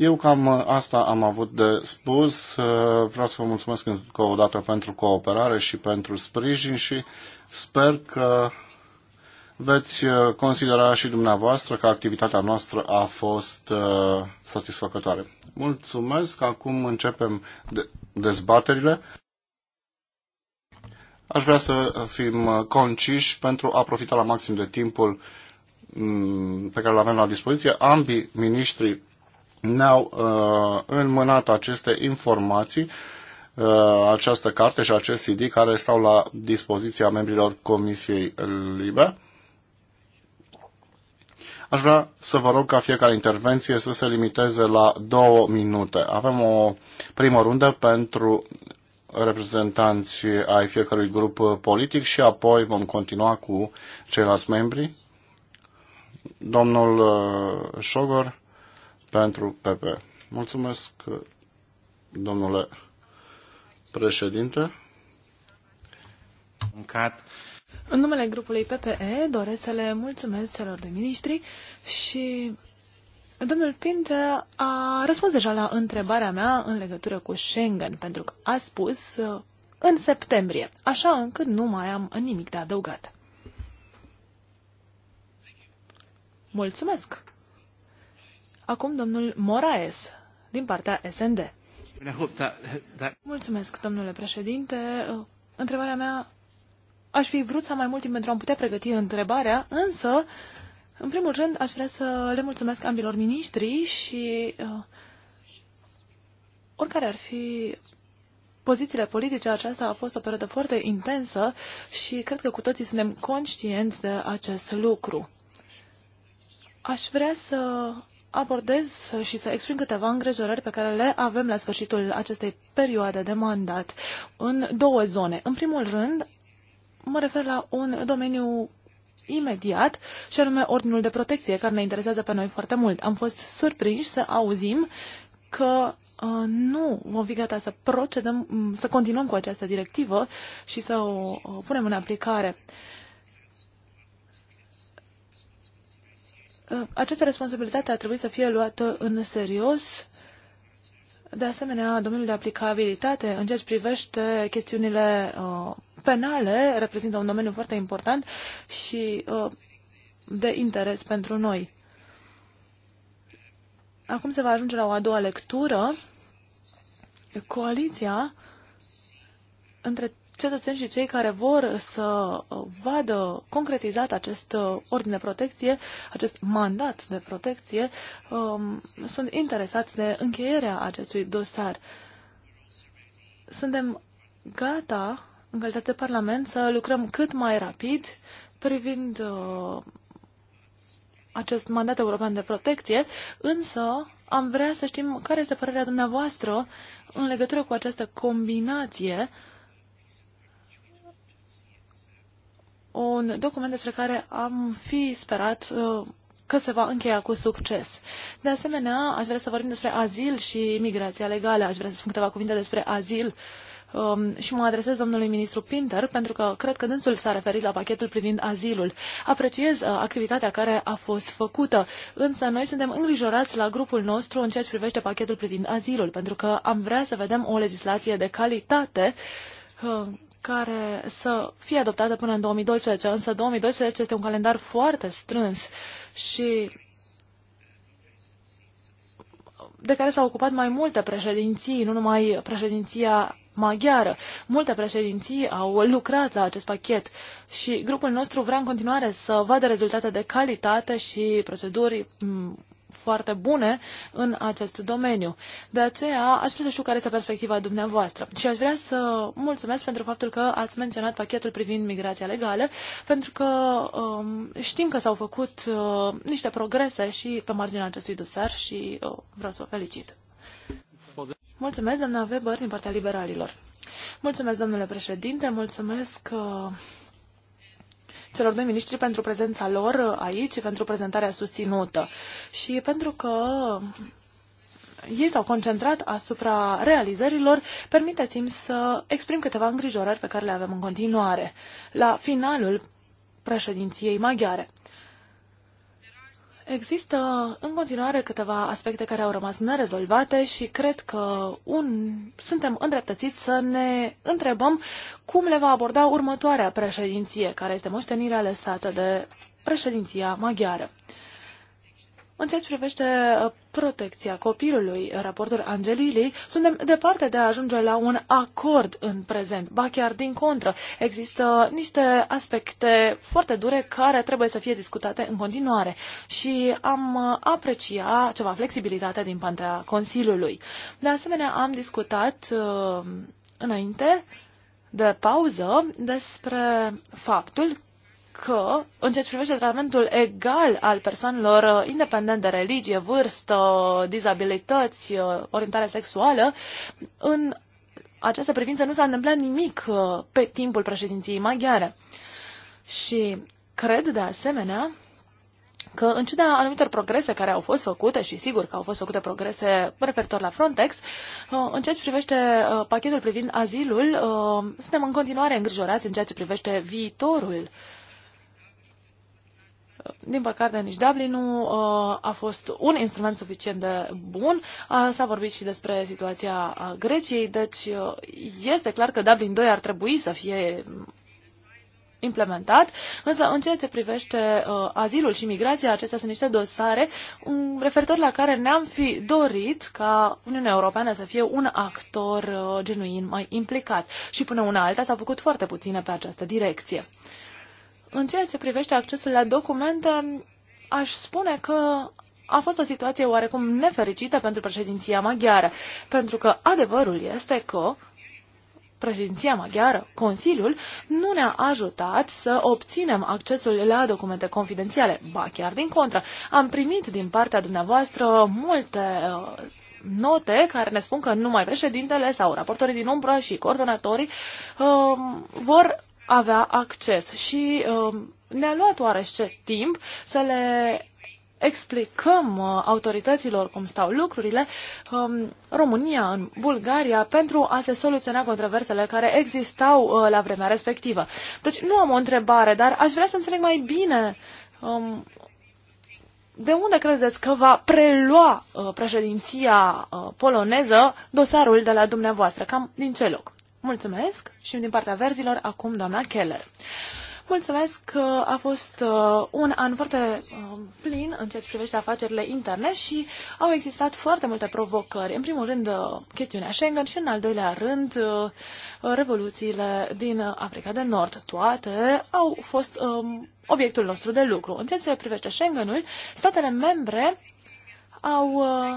Eu cam uh, asta am avut de spus. Uh, vreau să vă mulțumesc încă o dată pentru cooperare și pentru sprijin și sper că veți uh, considera și dumneavoastră că activitatea noastră a fost satisfăcătoare. Mulțumesc. Acum începem dezbaterile. Aș vrea să fim conciși pentru a profita la maxim de timpul mm, pe care îl avem la dispoziție. Ambii miniștri ne-au uh, înmânat aceste informații, uh, această carte și acest CD care stau la dispoziția membrilor Comisiei Libe. Aș vrea să vă rog ca fiecare intervenție să se limiteze la două minute. Avem o primă rundă pentru reprezentanți ai fiecărui grup politic și apoi vom continua cu ceilalți membri. Domnul uh, Șogor pentru PP. Mulțumesc, domnule președinte. În numele grupului PPE doresc să le mulțumesc celor de miniștri și domnul Pinte a răspuns deja la întrebarea mea în legătură cu Schengen, pentru că a spus uh, în septembrie, așa încât nu mai am nimic de adăugat. Mulțumesc! Acum domnul Moraes, din partea SND. Mulțumesc, domnule președinte. Întrebarea mea, aș fi vrut să am mai mult timp pentru a-mi putea pregăti întrebarea, însă, în primul rând, aș vrea să le mulțumesc ambilor miniștri și uh, oricare ar fi pozițiile politice, aceasta a fost o perioadă foarte intensă și cred că cu toții suntem conștienți de acest lucru. Aș vrea să abordez și să exprim câteva îngrijorări pe care le avem la sfârșitul acestei perioade de mandat în două zone. În primul rând, mă refer la un domeniu imediat, și anume Ordinul de Protecție, care ne interesează pe noi foarte mult. Am fost surprinși să auzim că uh, nu vom fi gata să procedăm, să continuăm cu această directivă și să o, o uh, punem în aplicare. Uh, Această responsabilitate ar trebui să fie luată în serios. De asemenea, domeniul de aplicabilitate în ceea ce privește chestiunile uh, penale reprezintă un domeniu foarte important și uh, de interes pentru noi. Acum se va ajunge la o a doua lectură. Coaliția între cetățeni și cei care vor să uh, vadă concretizat acest uh, ordine de protecție, acest mandat de protecție, um, sunt interesați de încheierea acestui dosar. Suntem gata, în calitate de Parlament, să lucrăm cât mai rapid privind uh, acest mandat european de protecție, însă am vrea să știm care este părerea dumneavoastră în legătură cu această combinație uh, un document despre care am fi sperat uh, că se va încheia cu succes. De asemenea, aș vrea să vorbim despre azil și migrația legală. Aș vrea să spun câteva cuvinte despre azil um, și mă adresez domnului ministru Pinter, pentru că cred că dânsul s-a referit la pachetul privind azilul. Apreciez uh, activitatea care a fost făcută, însă noi suntem îngrijorați la grupul nostru în ceea ce privește pachetul privind azilul, pentru că am vrea să vedem o legislație de calitate uh, care să fie adoptată până în 2012, însă 2012 este un calendar foarte strâns și de care s-au ocupat mai multe președinții, nu numai președinția maghiară. Multe președinții au lucrat la acest pachet și grupul nostru vrea în continuare să vadă rezultate de calitate și proceduri foarte bune în acest domeniu. De aceea, aș vrea să știu care este perspectiva dumneavoastră. Și aș vrea să mulțumesc pentru faptul că ați menționat pachetul privind migrația legală, pentru că um, știm că s-au făcut uh, niște progrese și pe marginea acestui dosar și uh, vreau să vă felicit. Mulțumesc, doamna Weber, din partea liberalilor. Mulțumesc, domnule președinte, mulțumesc uh, celor doi miniștri pentru prezența lor aici, pentru prezentarea susținută și pentru că ei s-au concentrat asupra realizărilor, permiteți-mi să exprim câteva îngrijorări pe care le avem în continuare. La finalul președinției maghiare. Există în continuare câteva aspecte care au rămas nerezolvate și cred că un, suntem îndreptățiți să ne întrebăm cum le va aborda următoarea președinție, care este moștenirea lăsată de președinția maghiară. În ceea ce privește uh, protecția copilului, uh, raportul Angelilei, suntem departe de a ajunge la un acord în prezent, ba chiar din contră. Există niște aspecte foarte dure care trebuie să fie discutate în continuare și am uh, aprecia ceva flexibilitate din partea Consiliului. De asemenea, am discutat înainte de pauză despre faptul că, în ceea ce privește tratamentul egal al persoanelor uh, independent de religie, vârstă, dizabilități, uh, orientare sexuală, în această privință nu s-a întâmplat nimic uh, pe timpul președinției maghiare. Și cred de asemenea că în ciuda anumitor progrese care au fost făcute și sigur că au fost făcute progrese referitor la Frontex, în ceea ce privește pachetul privind azilul, suntem în continuare îngrijorați în ceea ce privește viitorul din păcate, nici Dublin nu uh, a fost un instrument suficient de bun. S-a vorbit și despre situația Greciei, deci uh, este clar că Dublin 2 ar trebui să fie implementat, însă în ceea ce privește uh, azilul și migrația, acestea sunt niște dosare um, referitor la care ne-am fi dorit ca Uniunea Europeană să fie un actor uh, genuin mai implicat și până una alta s-au făcut foarte puține pe această direcție. În ceea ce privește accesul la documente, aș spune că a fost o situație oarecum nefericită pentru președinția maghiară, pentru că adevărul este că președinția maghiară, Consiliul, nu ne-a ajutat să obținem accesul la documente confidențiale. Ba chiar din contră, am primit din partea dumneavoastră multe uh, note care ne spun că numai președintele sau raportorii din umbră și coordonatorii uh, vor avea acces și um, ne-a luat oarește timp să le explicăm uh, autorităților cum stau lucrurile, um, România în Bulgaria, pentru a se soluționa controversele care existau uh, la vremea respectivă. Deci nu am o întrebare, dar aș vrea să înțeleg mai bine um, de unde credeți că va prelua uh, președinția poloneză dosarul de la dumneavoastră? Cam din ce loc? Mulțumesc și din partea verzilor acum doamna Keller. Mulțumesc că a fost uh, un an foarte uh, plin în ceea ce privește afacerile interne și au existat foarte multe provocări. În primul rând, uh, chestiunea Schengen și în al doilea rând, revoluțiile din Africa de Nord. Toate au fost uh, obiectul nostru de lucru. În ceea ce privește Schengenul, statele membre au uh,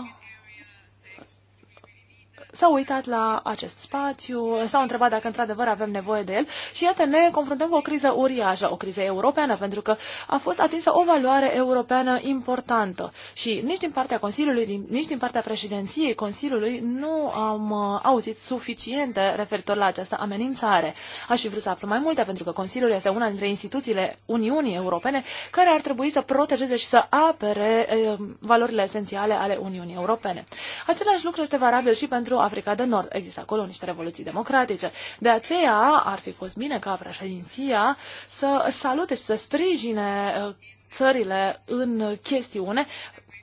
s-au uitat la acest spațiu, s-au întrebat dacă într-adevăr avem nevoie de el și iată ne confruntăm cu o criză uriașă, o criză europeană, pentru că a fost atinsă o valoare europeană importantă și nici din partea Consiliului, nici din partea președinției Consiliului nu am uh, auzit suficiente referitor la această amenințare. Aș fi vrut să aflu mai multe, pentru că Consiliul este una dintre instituțiile Uniunii Europene care ar trebui să protejeze și să apere uh, valorile esențiale ale Uniunii Europene. Același lucru este valabil și pentru Africa de Nord. Există acolo niște revoluții democratice. De aceea ar fi fost bine ca președinția să salute și să sprijine uh, țările în chestiune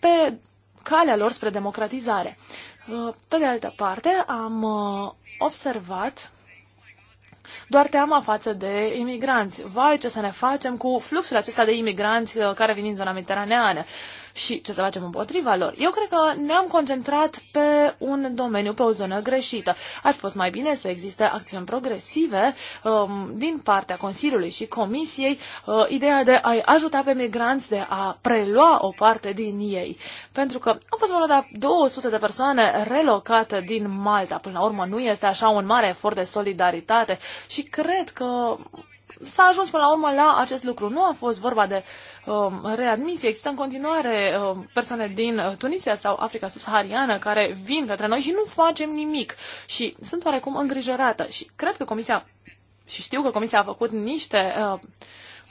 pe calea lor spre democratizare. Uh, pe de altă parte, am uh, observat doar teama față de imigranți. Vai, ce să ne facem cu fluxul acesta de imigranți care vin din zona mediteraneană și ce să facem împotriva lor. Eu cred că ne-am concentrat pe un domeniu, pe o zonă greșită. Ar fi fost mai bine să existe acțiuni progresive um, din partea Consiliului și Comisiei, uh, ideea de a-i ajuta pe migranți de a prelua o parte din ei. Pentru că au fost vorba de 200 de persoane relocate din Malta. Până la urmă nu este așa un mare efort de solidaritate și cred că s-a ajuns până la urmă la acest lucru. Nu a fost vorba de um, readmisie. Există în continuare um, persoane din uh, Tunisia sau Africa subsahariană care vin către noi și nu facem nimic. Și sunt oarecum îngrijorată și cred că Comisia, și știu că Comisia a făcut niște uh,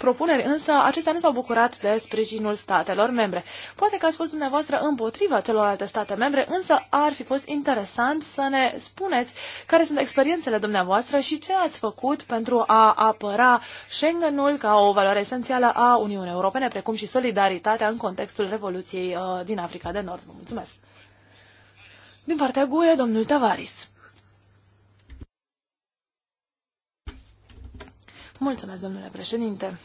propuneri, însă acestea nu s-au bucurat de sprijinul statelor membre. Poate că ați fost dumneavoastră împotriva celorlalte state membre, însă ar fi fost interesant să ne spuneți care sunt experiențele dumneavoastră și ce ați făcut pentru a apăra Schengenul ca o valoare esențială a Uniunii Europene, precum și solidaritatea în contextul Revoluției uh, din Africa de Nord. Vă mulțumesc! Din partea GUE, domnul Tavaris. Mulțumesc, domnule președinte.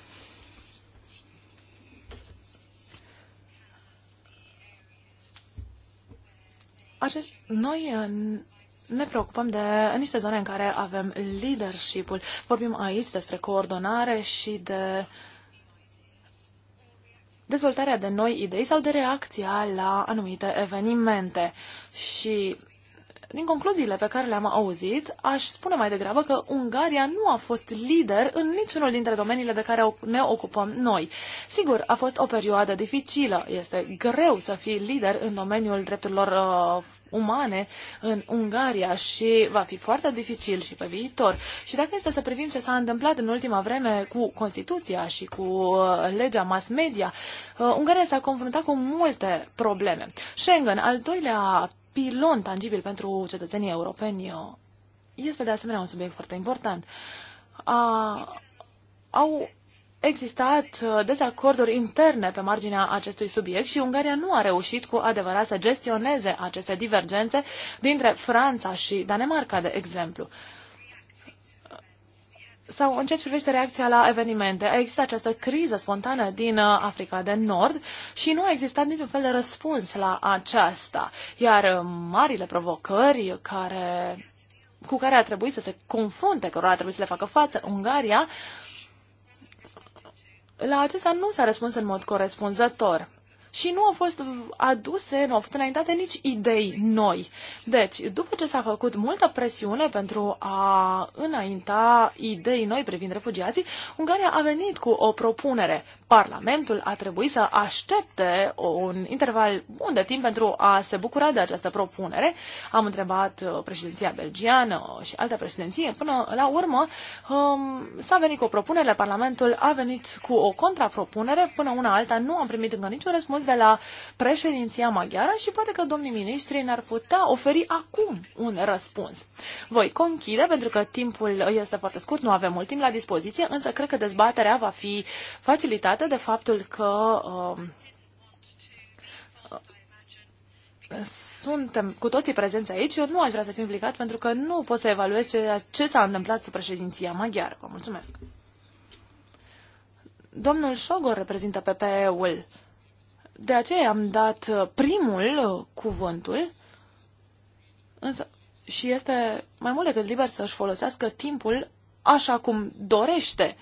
noi uh, ne preocupăm de niște zone în care avem leadership-ul. Vorbim aici despre coordonare și de dezvoltarea de noi idei sau de reacția la anumite evenimente. Și din concluziile pe care le-am auzit, aș spune mai degrabă că Ungaria nu a fost lider în niciunul dintre domeniile de care ne ocupăm noi. Sigur, a fost o perioadă dificilă. Este greu să fii lider în domeniul drepturilor uh, umane în Ungaria și va fi foarte dificil și pe viitor. Și dacă este să privim ce s-a întâmplat în ultima vreme cu Constituția și cu uh, legea mass media, uh, Ungaria s-a confruntat cu multe probleme. Schengen, al doilea pilon tangibil pentru cetățenii europeni uh, este de asemenea un subiect foarte important. A, au existat uh, dezacorduri interne pe marginea acestui subiect și Ungaria nu a reușit cu adevărat să gestioneze aceste divergențe dintre Franța și Danemarca, de exemplu sau în ce privește reacția la evenimente. A existat această criză spontană din uh, Africa de Nord și nu a existat niciun fel de răspuns la aceasta. Iar uh, marile provocări care, cu care a trebuit să se confrunte, cărora a trebuit să le facă față Ungaria, la acesta nu s-a răspuns în mod corespunzător și nu au fost aduse, nu au fost înaintate nici idei noi. Deci, după ce s-a făcut multă presiune pentru a înainta idei noi privind refugiații, Ungaria a venit cu o propunere. Parlamentul a trebuit să aștepte un interval bun de timp pentru a se bucura de această propunere. Am întrebat uh, președinția belgiană și alta președinție. Până la urmă um, s-a venit cu o propunere, Parlamentul a venit cu o contrapropunere. Până una alta nu am primit încă niciun răspuns de la președinția maghiară și poate că domnii ministri ne-ar putea oferi acum un răspuns. Voi conchide pentru că timpul este foarte scurt, nu avem mult timp la dispoziție, însă cred că dezbaterea va fi facilitată legată de faptul că um, suntem cu toții prezenți aici. Eu nu aș vrea să fiu implicat pentru că nu pot să evaluez ce, ce s-a întâmplat sub președinția maghiară. Vă mulțumesc. Domnul Șogor reprezintă PPE-ul. De aceea am dat primul cuvântul însă, și este mai mult decât liber să-și folosească timpul așa cum dorește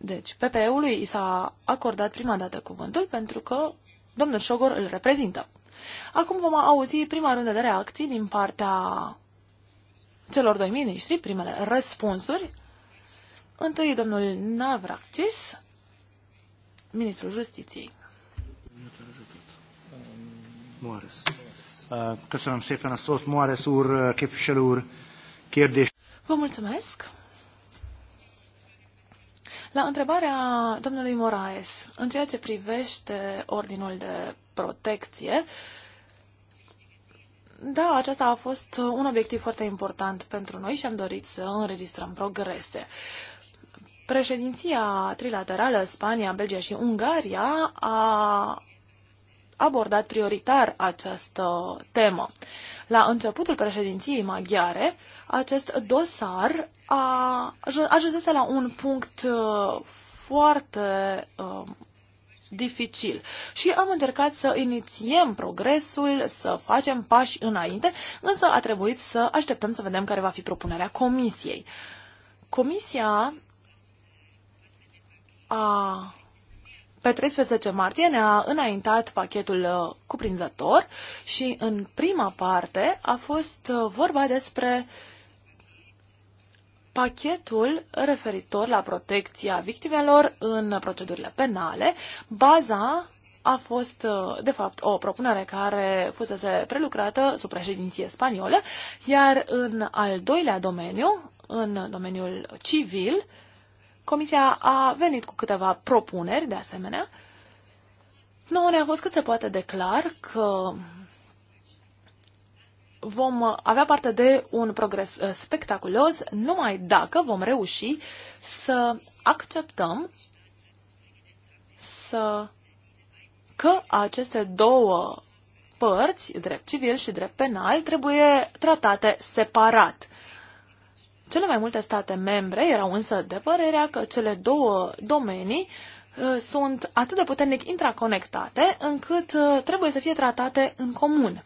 deci, PPE-ului i s-a acordat prima dată cuvântul pentru că domnul Șogor îl reprezintă. Acum vom auzi prima rundă de reacții din partea celor doi miniștri, primele răspunsuri. Întâi domnul Navracis, ministrul justiției. Moares. Moares Vă mulțumesc. La întrebarea domnului Moraes, în ceea ce privește ordinul de protecție, da, acesta a fost un obiectiv foarte important pentru noi și am dorit să înregistrăm progrese. Președinția trilaterală Spania, Belgia și Ungaria a abordat prioritar această temă. La începutul președinției maghiare, acest dosar a, ajunsese la un punct uh, foarte uh, dificil. Și am încercat să inițiem progresul, să facem pași înainte, însă a trebuit să așteptăm să vedem care va fi propunerea comisiei. Comisia a pe 13 martie ne-a înaintat pachetul uh, cuprinzător și în prima parte a fost vorba despre uh, pachetul referitor la protecția victimelor în procedurile penale, baza a fost, uh, de fapt, o propunere care fusese prelucrată sub președinție spaniolă, iar în al doilea domeniu, în domeniul civil, Comisia a venit cu câteva propuneri, de asemenea. Nu ne-a fost cât se poate declar că vom uh, avea parte de un progres uh, spectaculos numai dacă vom reuși să acceptăm să că aceste două părți, drept civil și drept penal, trebuie tratate separat. Cele mai multe state membre erau însă de părerea că cele două domenii uh, sunt atât de puternic intraconectate încât trebuie să fie tratate în comun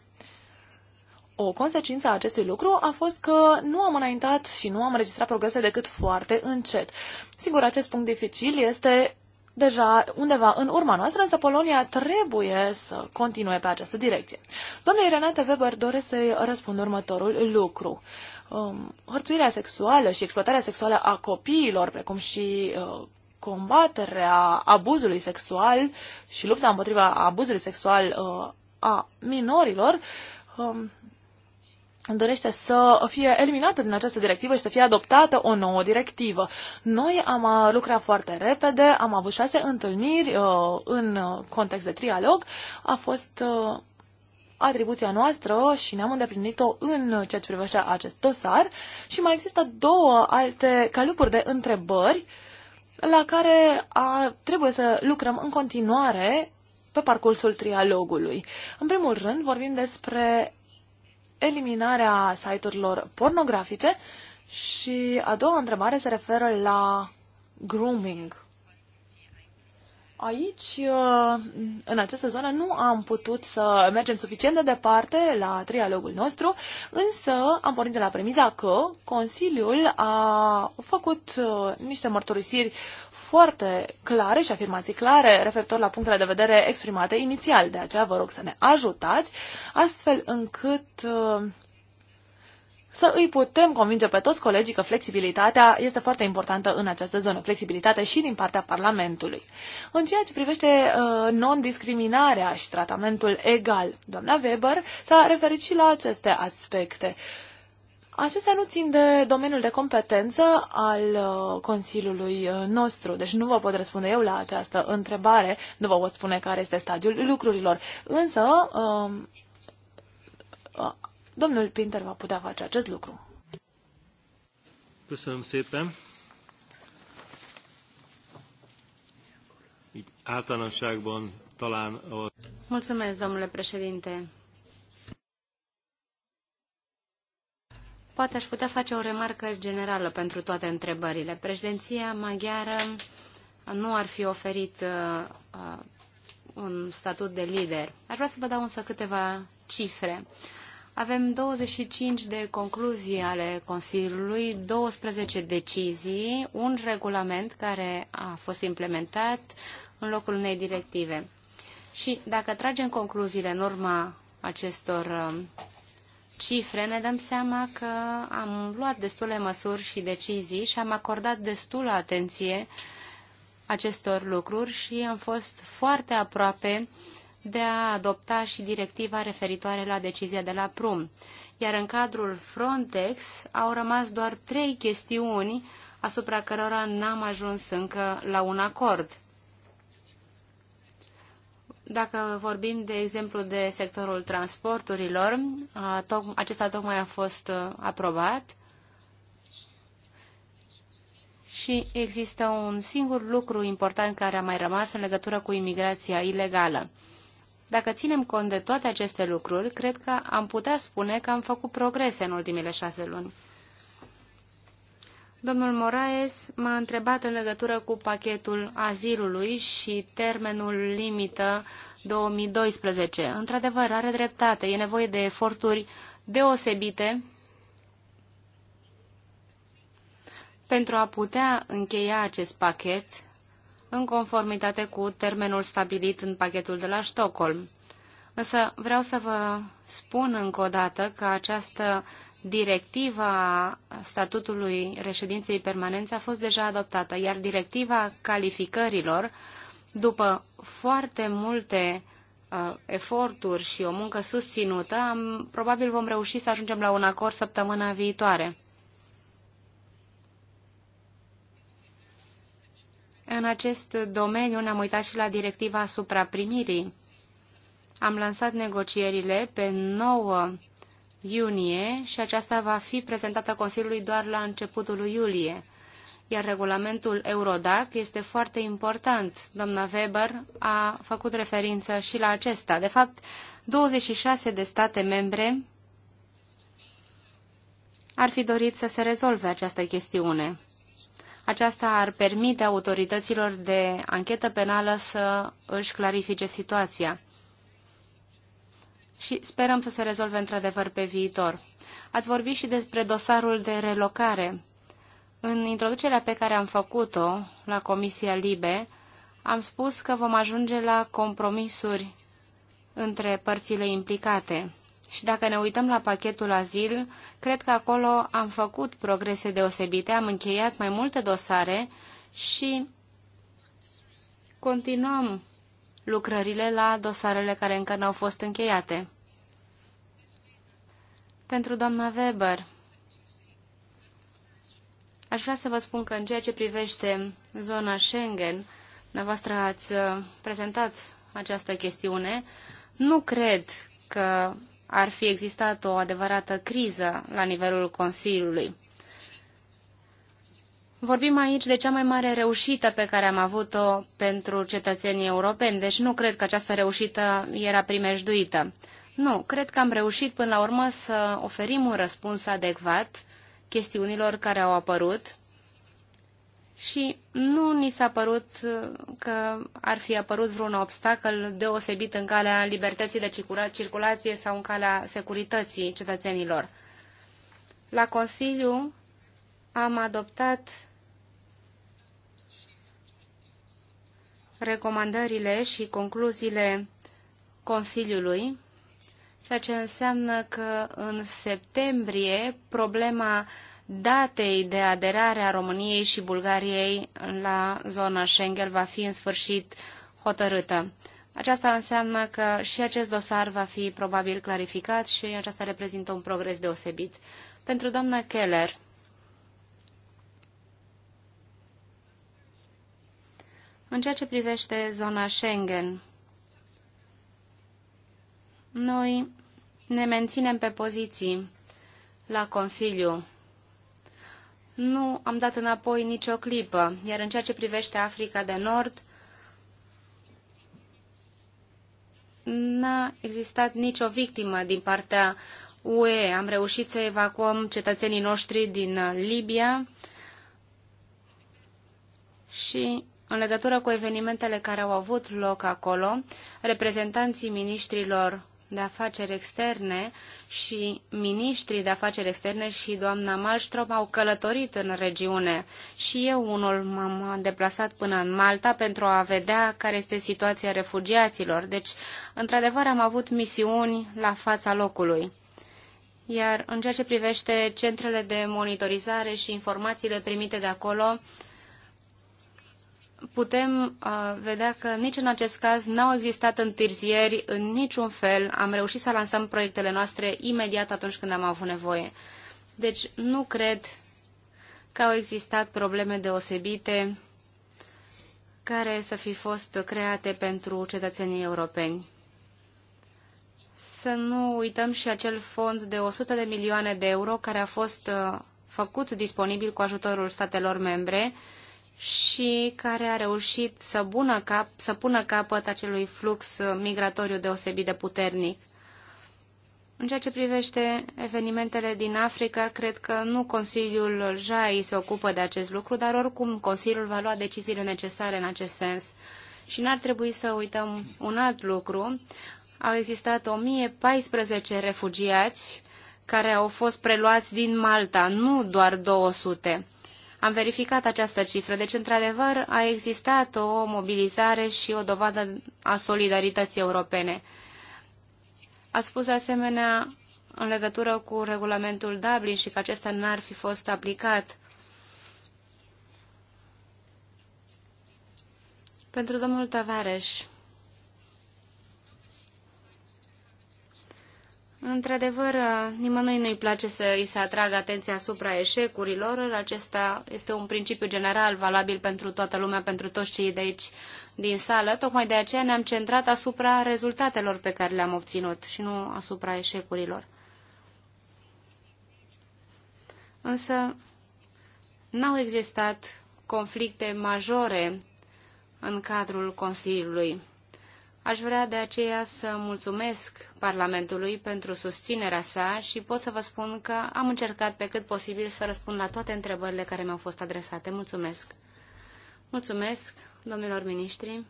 o consecință a acestui lucru a fost că nu am înaintat și nu am înregistrat progrese decât foarte încet. Sigur, acest punct dificil este deja undeva în urma noastră, însă Polonia trebuie să continue pe această direcție. Doamnei Renate Weber doresc să-i răspund următorul lucru. Um, hărțuirea sexuală și exploatarea sexuală a copiilor, precum și uh, combaterea abuzului sexual și lupta împotriva abuzului sexual uh, a minorilor, um, dorește să fie eliminată din această directivă și să fie adoptată o nouă directivă. Noi am uh, lucrat foarte repede, am avut șase întâlniri uh, în context de trialog. A fost uh, atribuția noastră și ne-am îndeplinit-o în ceea ce privește acest dosar și mai există două alte calupuri de întrebări la care a, trebuie să lucrăm în continuare pe parcursul trialogului. În primul rând vorbim despre eliminarea site-urilor pornografice și a doua întrebare se referă la grooming. Aici, uh, în această zonă, nu am putut să mergem suficient de departe la trialogul nostru, însă am pornit de la premiza că Consiliul a făcut uh, niște mărturisiri foarte clare și afirmații clare referitor la punctele de vedere exprimate inițial. De aceea vă rog să ne ajutați, astfel încât uh, să îi putem convinge pe toți colegii că flexibilitatea este foarte importantă în această zonă, flexibilitate și din partea Parlamentului. În ceea ce privește uh, non-discriminarea și tratamentul egal, doamna Weber s-a referit și la aceste aspecte. Acestea nu țin de domeniul de competență al uh, Consiliului uh, nostru, deci nu vă pot răspunde eu la această întrebare, nu vă pot spune care este stadiul lucrurilor. Însă, uh, Domnul Pinter va putea face acest lucru. să szépen. általánosságban talán a... Mulțumesc, domnule președinte. Poate aș putea face o remarcă generală pentru toate întrebările. Președinția maghiară nu ar fi oferit uh, uh, un statut de lider. Aș vrea să vă dau însă câteva cifre. Uh, avem 25 de concluzii ale Consiliului, 12 decizii, un regulament care a fost implementat în locul unei directive. Și dacă tragem concluziile în urma acestor um, cifre, ne dăm seama că am luat destule măsuri și decizii și am acordat destulă atenție acestor lucruri și am fost foarte aproape de a adopta și directiva referitoare la decizia de la Prum. Iar în cadrul Frontex au rămas doar trei chestiuni asupra cărora n-am ajuns încă la un acord. Dacă vorbim, de exemplu, de sectorul transporturilor, acesta tocmai a fost aprobat și există un singur lucru important care a mai rămas în legătură cu imigrația ilegală. Dacă ținem cont de toate aceste lucruri, cred că am putea spune că am făcut progrese în ultimele șase luni. Domnul Moraes m-a întrebat în legătură cu pachetul azilului și termenul limită 2012. Într-adevăr, are dreptate. E nevoie de eforturi deosebite pentru a putea încheia acest pachet în conformitate cu termenul stabilit în pachetul de la Stockholm. Însă vreau să vă spun încă o dată că această directivă a statutului reședinței permanențe a fost deja adoptată, iar directiva calificărilor, după foarte multe uh, eforturi și o muncă susținută, am, probabil vom reuși să ajungem la un acord săptămâna viitoare. în acest domeniu ne-am uitat și la directiva asupra primirii. Am lansat negocierile pe 9 iunie și aceasta va fi prezentată Consiliului doar la începutul lui iulie. Iar regulamentul Eurodac este foarte important. Doamna Weber a făcut referință și la acesta. De fapt, 26 de state membre ar fi dorit să se rezolve această chestiune. Aceasta ar permite autorităților de anchetă penală să își clarifice situația. Și sperăm să se rezolve într-adevăr pe viitor. Ați vorbit și despre dosarul de relocare. În introducerea pe care am făcut-o la Comisia Libe, am spus că vom ajunge la compromisuri între părțile implicate. Și dacă ne uităm la pachetul azil, Cred că acolo am făcut progrese deosebite, am încheiat mai multe dosare și continuăm lucrările la dosarele care încă n-au fost încheiate. Pentru doamna Weber, aș vrea să vă spun că în ceea ce privește zona Schengen, dumneavoastră ați uh, prezentat această chestiune, nu cred că ar fi existat o adevărată criză la nivelul Consiliului. Vorbim aici de cea mai mare reușită pe care am avut-o pentru cetățenii europeni, deci nu cred că această reușită era primejduită. Nu, cred că am reușit până la urmă să oferim un răspuns adecvat chestiunilor care au apărut și nu ni s-a părut uh, că ar fi apărut vreun obstacol deosebit în calea libertății de circulație sau în calea securității cetățenilor. La Consiliu am adoptat recomandările și concluziile Consiliului, ceea ce înseamnă că în septembrie problema uh, datei de aderare a României și Bulgariei la zona Schengen va fi în sfârșit hotărâtă. Aceasta înseamnă că și acest dosar va fi probabil clarificat și aceasta reprezintă un progres deosebit. Pentru doamna Keller, în ceea ce privește zona Schengen, noi ne menținem pe poziții la Consiliu nu am dat înapoi nicio clipă, iar în ceea ce privește Africa de Nord, n-a existat nicio victimă din partea UE. Am reușit să evacuăm cetățenii noștri din uh, Libia și în legătură cu evenimentele care au avut loc acolo, reprezentanții miniștrilor de afaceri externe și ministrii de afaceri externe și doamna Malstrom au călătorit în regiune și eu unul m-am deplasat până în Malta pentru a vedea care este situația refugiaților. Deci, într-adevăr, am avut misiuni la fața locului. Iar în ceea ce privește centrele de monitorizare și informațiile primite de acolo, putem uh, vedea că nici în acest caz n-au existat întârzieri în niciun fel. Am reușit să lansăm proiectele noastre imediat atunci când am avut nevoie. Deci nu cred că au existat probleme deosebite care să fi fost create pentru cetățenii europeni. Să nu uităm și acel fond de 100 de milioane de euro care a fost uh, făcut disponibil cu ajutorul statelor membre și care a reușit să, bună cap, să pună capăt acelui flux migratoriu deosebit de puternic. În ceea ce privește evenimentele din Africa, cred că nu Consiliul JAI se ocupă de acest lucru, dar oricum Consiliul va lua deciziile necesare în acest sens. Și n-ar trebui să uităm un alt lucru. Au existat 1014 refugiați care au fost preluați din Malta, nu doar 200. Am verificat această cifră, deci într-adevăr a existat o mobilizare și o dovadă a solidarității europene. A spus de asemenea în legătură cu regulamentul Dublin și că acesta n-ar fi fost aplicat. Pentru domnul Tavares, Într-adevăr, nimănui nu-i place să îi se atragă atenția asupra eșecurilor. Acesta este un principiu general valabil pentru toată lumea, pentru toți cei de aici din sală. Tocmai de aceea ne-am centrat asupra rezultatelor pe care le-am obținut și nu asupra eșecurilor. Însă, n-au existat conflicte majore în cadrul Consiliului. Aș vrea de aceea să mulțumesc Parlamentului pentru susținerea sa și pot să vă spun că am încercat pe cât posibil să răspund la toate întrebările care mi-au fost adresate. Mulțumesc! Mulțumesc, domnilor miniștri!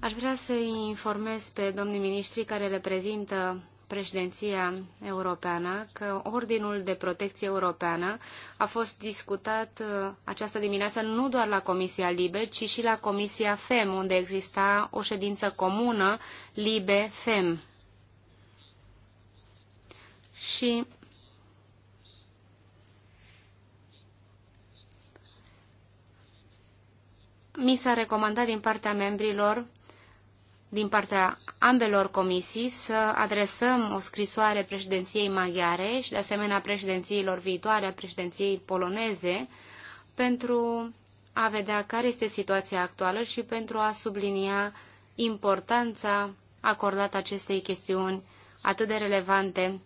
Aș vrea să-i informez pe domnii miniștri care reprezintă președinția europeană că Ordinul de Protecție Europeană a fost discutat uh, această dimineață nu doar la Comisia Libe, ci și la Comisia FEM, unde exista o ședință comună Libe-FEM. Și mi s-a recomandat din partea membrilor din partea ambelor comisii să adresăm o scrisoare președinției maghiare și de asemenea președințiilor viitoare a președinției poloneze pentru a vedea care este situația actuală și pentru a sublinia importanța acordată acestei chestiuni atât de relevante,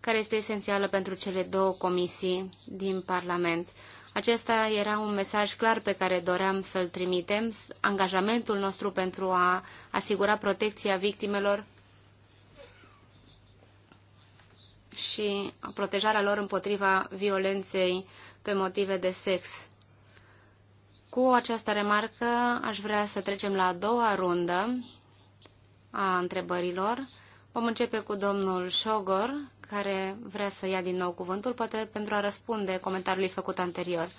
care este esențială pentru cele două comisii din Parlament. Acesta era un mesaj clar pe care doream să-l trimitem, angajamentul nostru pentru a asigura protecția victimelor și protejarea lor împotriva violenței pe motive de sex. Cu această remarcă aș vrea să trecem la a doua rundă a întrebărilor. Vom începe cu domnul Șogor, care vrea să ia din nou cuvântul, poate pentru a răspunde comentariului făcut anterior.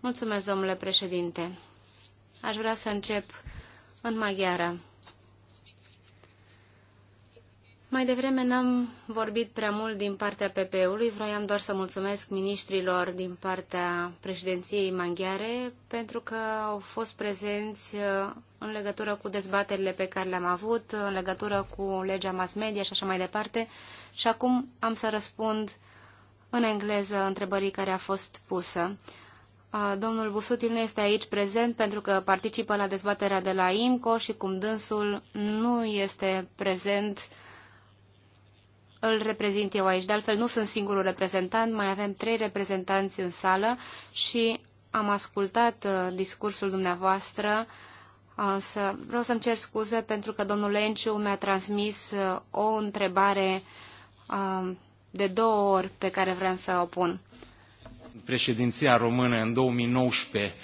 Mulțumesc, domnule președinte. Aș vrea să încep în maghiară. Mai devreme n-am vorbit prea mult din partea PP-ului, vroiam doar să mulțumesc ministrilor din partea președinției maghiare pentru că au fost prezenți uh, în legătură cu dezbaterile pe care le-am avut, în legătură cu legea mass media și așa mai departe. Și acum am să răspund în engleză întrebării care a fost pusă. Uh, domnul Busutil nu este aici prezent pentru că participă la dezbaterea de la IMCO și cum dânsul nu este prezent uh, îl reprezint eu aici. De altfel, nu sunt singurul reprezentant, mai avem trei reprezentanți în sală și am ascultat uh, discursul dumneavoastră. Însă vreau să-mi cer scuze pentru că domnul Lenciu mi-a transmis uh, o întrebare uh, de două ori pe care vreau să o pun. Președinția română în 2019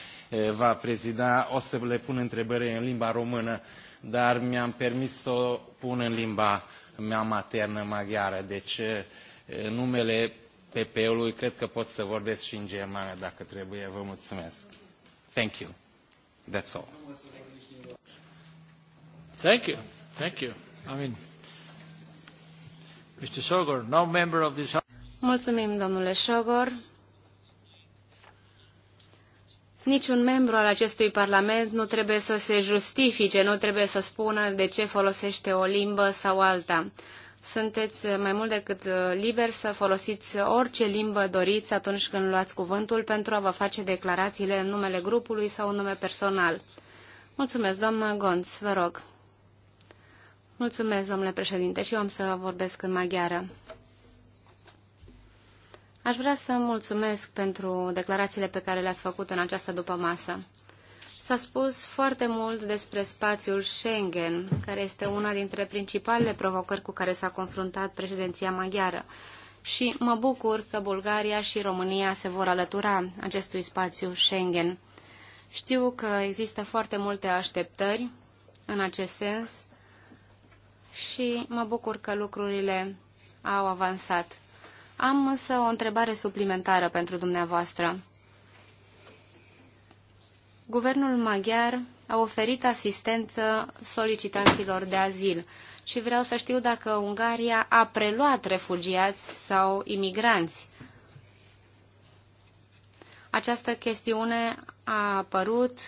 va prezida, o să le pun întrebări în limba română, dar mi-am permis să o pun în limba mea maternă maghiară. Deci, în numele PPE-ului, cred că pot să vorbesc și în germană, dacă trebuie. Vă mulțumesc. Thank you. That's all. Thank you. Thank you. I mean, Mr. Sogor, no member of this Mulțumim, domnule Sogor. Niciun membru al acestui Parlament nu trebuie să se justifice, nu trebuie să spună de ce folosește o limbă sau alta. Sunteți mai mult decât uh, liber să folosiți orice limbă doriți atunci când luați cuvântul pentru a vă face declarațiile în numele grupului sau în nume personal. Mulțumesc, doamnă Gonț, vă rog. Mulțumesc, domnule președinte, și eu am să vorbesc în maghiară. Aș vrea să mulțumesc pentru declarațiile pe care le-ați făcut în această dupămasă. S-a spus foarte mult despre spațiul Schengen, care este una dintre principalele provocări cu care s-a confruntat președinția maghiară. Și mă bucur că Bulgaria și România se vor alătura acestui spațiu Schengen. Știu că există foarte multe așteptări în acest sens și mă bucur că lucrurile au avansat. Am însă o întrebare suplimentară pentru dumneavoastră. Guvernul maghiar a oferit asistență solicitanților de azil și vreau să știu dacă Ungaria a preluat refugiați sau imigranți. Această chestiune a apărut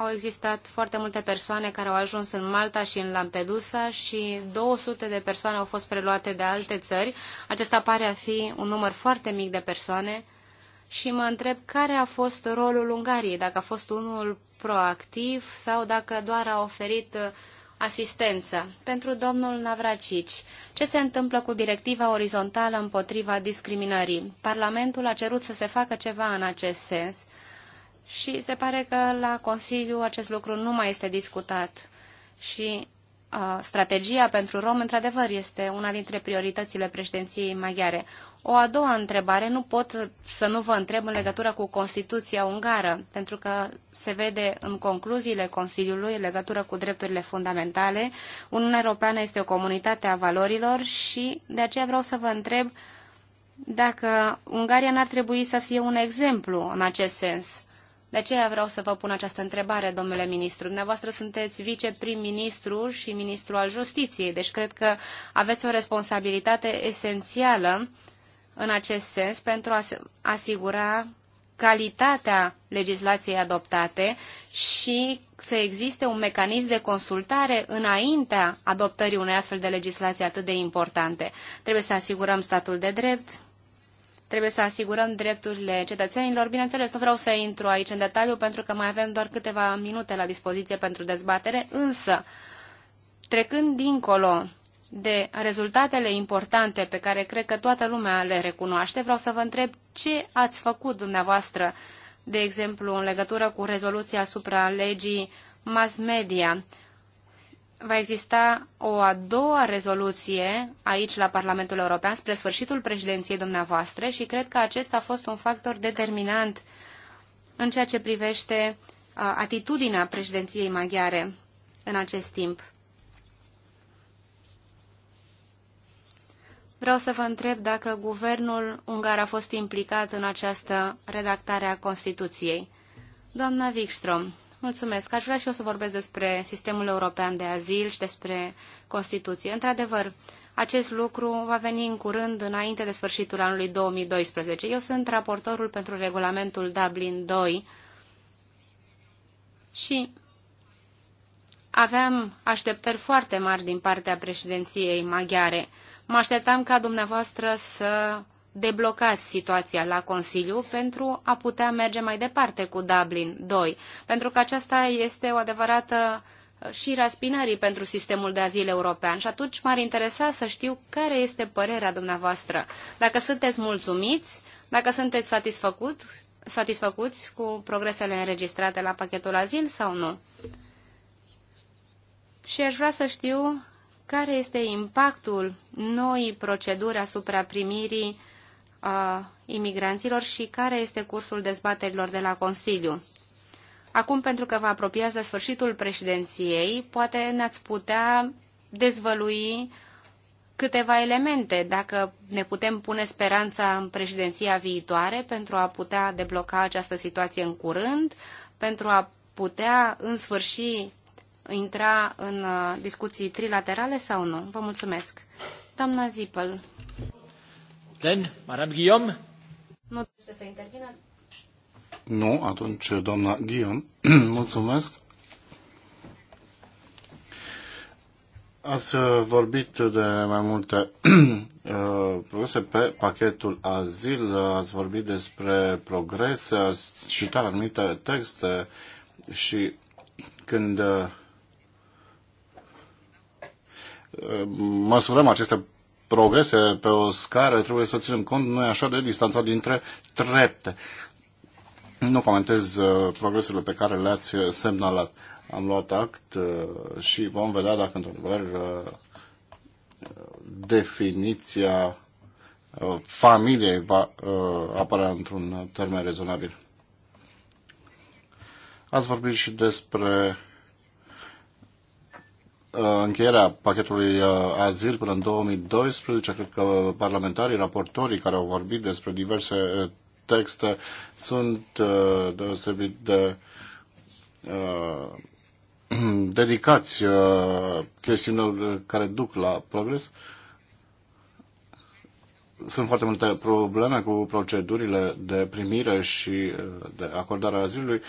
au existat foarte multe persoane care au ajuns în Malta și în Lampedusa și 200 de persoane au fost preluate de alte țări. Acesta pare a fi un număr foarte mic de persoane și mă întreb care a fost rolul Ungariei, dacă a fost unul proactiv sau dacă doar a oferit uh, asistență. Pentru domnul Navracici, ce se întâmplă cu directiva orizontală împotriva discriminării? Parlamentul a cerut să se facă ceva în acest sens și se pare că la Consiliu acest lucru nu mai este discutat și uh, strategia pentru rom, într-adevăr, este una dintre prioritățile președinției maghiare. O a doua întrebare, nu pot să nu vă întreb în legătură cu Constituția ungară, pentru că se vede în concluziile Consiliului în legătură cu drepturile fundamentale. Uniunea Europeană este o comunitate a valorilor și de aceea vreau să vă întreb dacă Ungaria n-ar trebui să fie un exemplu în acest sens de aceea vreau să vă pun această întrebare, domnule ministru. Dumneavoastră sunteți viceprim-ministru și ministru al justiției, deci cred că aveți o responsabilitate esențială în acest sens pentru a asigura calitatea legislației adoptate și să existe un mecanism de consultare înaintea adoptării unei astfel de legislații atât de importante. Trebuie să asigurăm statul de drept, Trebuie să asigurăm drepturile cetățenilor. Bineînțeles, nu vreau să intru aici în detaliu pentru că mai avem doar câteva minute la dispoziție pentru dezbatere, însă, trecând dincolo de rezultatele importante pe care cred că toată lumea le recunoaște, vreau să vă întreb ce ați făcut dumneavoastră, de exemplu, în legătură cu rezoluția asupra legii mass media, va exista o a doua rezoluție aici la Parlamentul European spre sfârșitul președinției dumneavoastră și cred că acesta a fost un factor determinant în ceea ce privește atitudinea președinției maghiare în acest timp. Vreau să vă întreb dacă guvernul ungar a fost implicat în această redactare a Constituției. Doamna Wikström, Mulțumesc. Aș vrea și eu să vorbesc despre sistemul european de azil și despre Constituție. Într-adevăr, acest lucru va veni în curând înainte de sfârșitul anului 2012. Eu sunt raportorul pentru regulamentul Dublin 2 și aveam așteptări foarte mari din partea președinției maghiare. Mă așteptam ca dumneavoastră să deblocați situația la Consiliu pentru a putea merge mai departe cu Dublin 2, pentru că aceasta este o adevărată uh, și raspinării pentru sistemul de azil european. Și atunci m-ar interesa să știu care este părerea dumneavoastră. Dacă sunteți mulțumiți, dacă sunteți satisfăcut, satisfăcuți cu progresele înregistrate la pachetul azil sau nu. Și aș vrea să știu care este impactul noii proceduri asupra primirii a imigranților și care este cursul dezbaterilor de la Consiliu. Acum, pentru că vă apropiază sfârșitul președinției, poate ne-ați putea dezvălui câteva elemente, dacă ne putem pune speranța în președinția viitoare pentru a putea debloca această situație în curând, pentru a putea, în sfârșit, intra în uh, discuții trilaterale sau nu. Vă mulțumesc. Doamna Zipel. Then, Madame Guillaume. Nu trebuie să intervină. Nu, atunci, doamna Guillaume, mulțumesc. Ați uh, vorbit de mai multe uh, progrese pe pachetul azil, ați vorbit despre progrese, ați citat anumite texte și când uh, măsurăm aceste progrese pe o scară, trebuie să ținem cont, nu așa, de distanța dintre trepte. Nu comentez uh, progresele pe care le-ați semnalat. Am luat act uh, și vom vedea dacă, într-adevăr, uh, definiția familiei va apărea într-un termen rezonabil. Ați vorbit și despre Uh, încheierea pachetului uh, azil până în 2012. Cred că parlamentarii, raportorii care au vorbit despre diverse uh, texte sunt deosebit de dedicați chestiunilor care duc la progres. Sunt foarte multe probleme cu procedurile de primire și de acordare a azilului. Uh,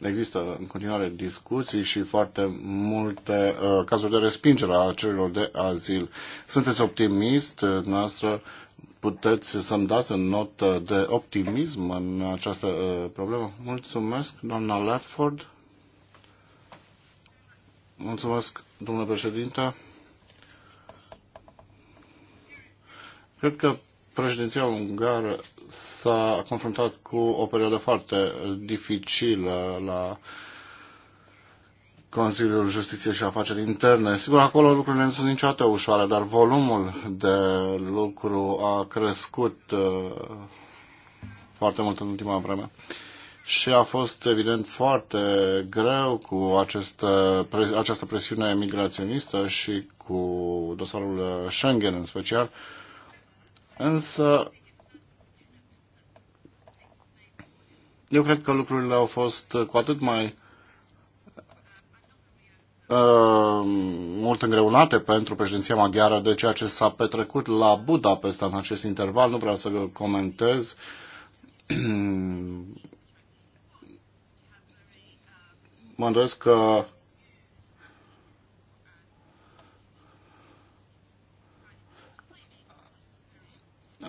Există în continuare discuții și foarte multe uh, cazuri de respingere a cererilor de azil. Sunteți optimist, noastră? Puteți să-mi dați în notă de optimism în această uh, problemă? Mulțumesc, doamna Lefford. Mulțumesc, domnule președinte. Cred că președinția ungară s-a confruntat cu o perioadă foarte dificilă la Consiliul Justiției și Afaceri Interne. Sigur, acolo lucrurile nu sunt niciodată ușoare, dar volumul de lucru a crescut uh, foarte mult în ultima vreme și a fost evident foarte greu cu această, uh, această presiune migraționistă și cu dosarul uh, Schengen în special. Însă Eu cred că lucrurile au fost uh, cu atât mai uh, mult îngreunate pentru președinția maghiară de ceea ce s-a petrecut la Budapesta în acest interval. Nu vreau să comentez. mă îndoiesc că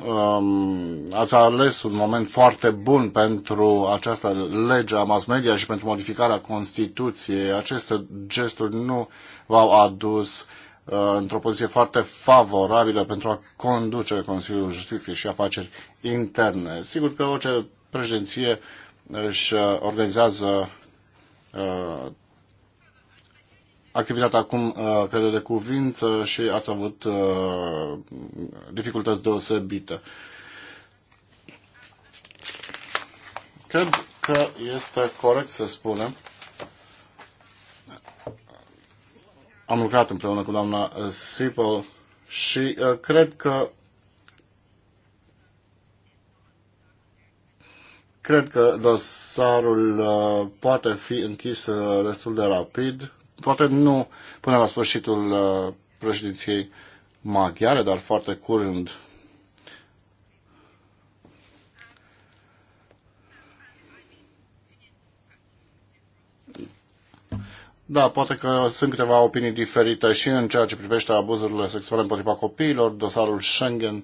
Um, ați ales un moment foarte bun pentru această lege a mass media și pentru modificarea Constituției. Aceste gesturi nu v-au adus uh, într-o poziție foarte favorabilă pentru a conduce Consiliul Justiției și Afaceri Interne. Sigur că orice președinție își uh, organizează uh, activitatea acum uh, crede de cuvință și ați avut uh, dificultăți deosebite. Cred că este corect să spunem. Am lucrat împreună cu doamna Sipel și uh, cred că cred că dosarul poate fi închis destul de rapid poate nu până la sfârșitul uh, președinției maghiare, dar foarte curând. Da, poate că sunt câteva opinii diferite și în ceea ce privește abuzurile sexuale împotriva copiilor, dosarul Schengen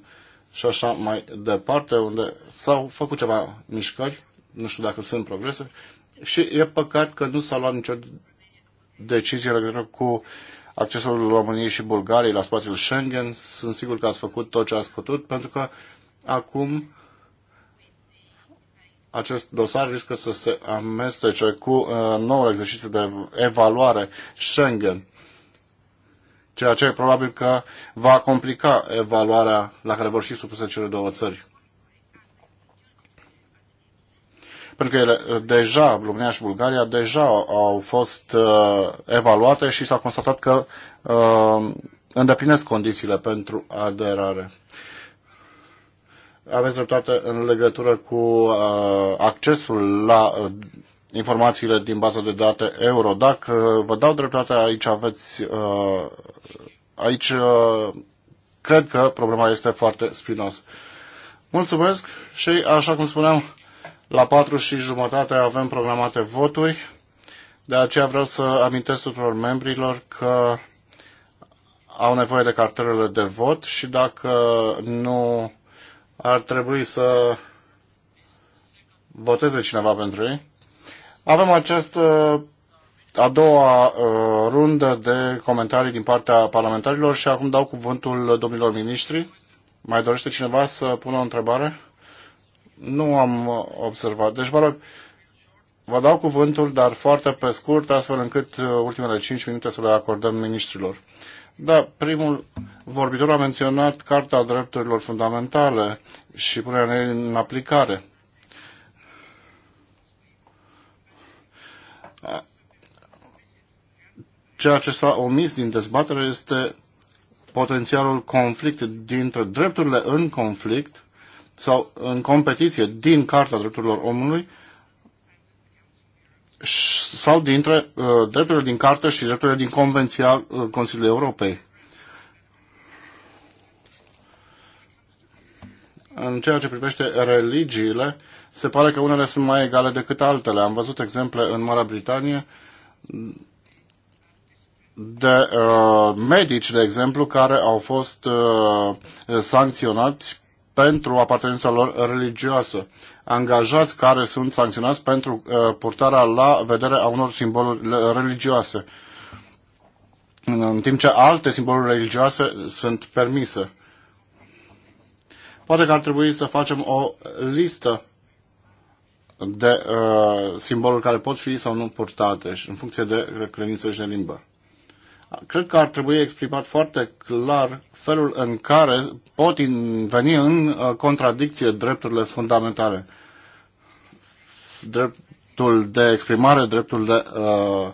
și așa mai departe, unde s-au făcut ceva mișcări, nu știu dacă sunt progrese, și e păcat că nu s-a luat nicio decizie legătură cu accesul României și Bulgariei la spațiul Schengen. Sunt sigur că ați făcut tot ce ați putut, pentru că acum acest dosar riscă să se amestece cu uh, noul exercițiu de evaluare Schengen, ceea ce probabil că va complica evaluarea la care vor fi supuse cele două țări. pentru că ele eh, deja, România și Bulgaria, deja au fost uh, evaluate și s-a constatat că uh, îndeplinesc condițiile pentru aderare. Aveți dreptate în legătură cu uh, accesul la uh, informațiile din baza de date Euro. Dacă vă dau dreptate, aici aveți, uh, aici uh, cred că problema este foarte spinos. Mulțumesc și, așa cum spuneam, la 4 și jumătate avem programate voturi, de aceea vreau să amintesc tuturor membrilor că au nevoie de cartelele de vot și dacă nu ar trebui să voteze cineva pentru ei. Avem această uh, a doua uh, rundă de comentarii din partea parlamentarilor și acum dau cuvântul domnilor miniștri. Mai dorește cineva să pună o întrebare? Nu am uh, observat. Deci vă rog, vă dau cuvântul, dar foarte pe scurt, astfel încât uh, ultimele 5 minute să le acordăm ministrilor. Da, primul vorbitor a menționat Carta Drepturilor Fundamentale și punerea în aplicare. Ceea ce s-a omis din dezbatere este potențialul conflict dintre drepturile în conflict sau în competiție din Carta Drepturilor Omului sau dintre uh, drepturile din Carte și drepturile din Convenția uh, Consiliului Europei. În ceea ce privește religiile, se pare că unele sunt mai egale decât altele. Am văzut exemple în Marea Britanie de uh, medici, de exemplu, care au fost uh, sancționați pentru apartenența lor religioasă, angajați care sunt sancționați pentru uh, purtarea la vedere a unor simboluri religioase, în timp ce alte simboluri religioase sunt permise. Poate că ar trebui să facem o listă de uh, simboluri care pot fi sau nu purtate și în funcție de credință și de limbă. Cred că ar trebui exprimat foarte clar felul în care pot veni în uh, contradicție drepturile fundamentale. Dreptul de exprimare, dreptul de uh,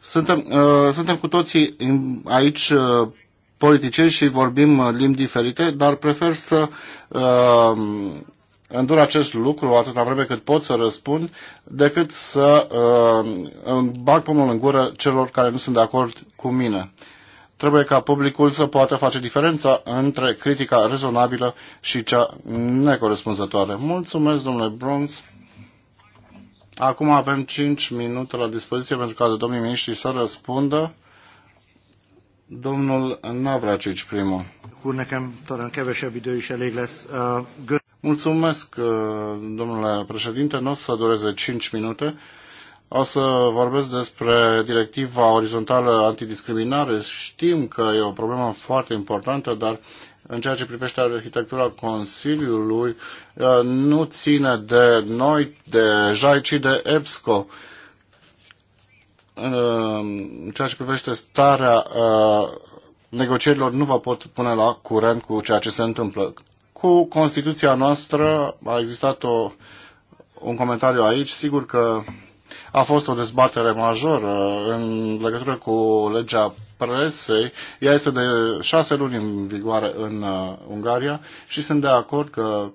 Suntem, uh, suntem cu toții aici uh, politicieni și vorbim uh, limbi diferite, dar prefer să uh, îndur acest lucru atâta vreme cât pot să răspund, decât să uh, îmi bag pumnul în gură celor care nu sunt de acord cu mine. Trebuie ca publicul să poată face diferența între critica rezonabilă și cea necorespunzătoare. Mulțumesc, domnule Bruns. Acum avem 5 minute la dispoziție pentru ca domnii miniștri să răspundă. Domnul Navracici primul. Úr, nekem talán kevesebb idő is elég lesz. Uh, Mulțumesc, uh, domnule președinte. Nu o să dureze 5 minute. O să vorbesc despre directiva orizontală antidiscriminare. Știm că e o problemă foarte importantă, dar în ceea ce privește arhitectura Consiliului, uh, nu ține de noi, de JAI, ci de EBSCO. Uh, în ceea ce privește starea negocierilor, nu vă pot pune la curent cu ceea ce se întâmplă cu Constituția noastră. A existat o, un comentariu aici. Sigur că a fost o dezbatere majoră în legătură cu legea presei. Ea este de șase luni în vigoare în uh, Ungaria și sunt de acord că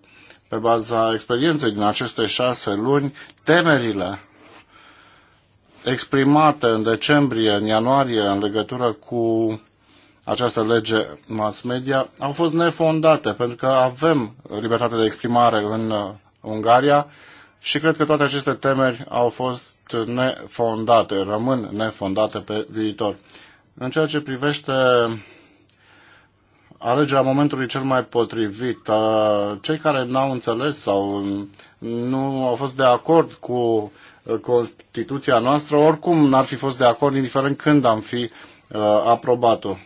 pe baza experienței din aceste șase luni, temerile exprimate în decembrie, în ianuarie, în legătură cu această lege mass media au fost nefondate, pentru că avem libertate de exprimare în uh, Ungaria și cred că toate aceste temeri au fost nefondate, rămân nefondate pe viitor. În ceea ce privește alegerea momentului cel mai potrivit, uh, cei care n-au înțeles sau nu au fost de acord cu uh, Constituția noastră, oricum n-ar fi fost de acord, indiferent când am fi aprobat-o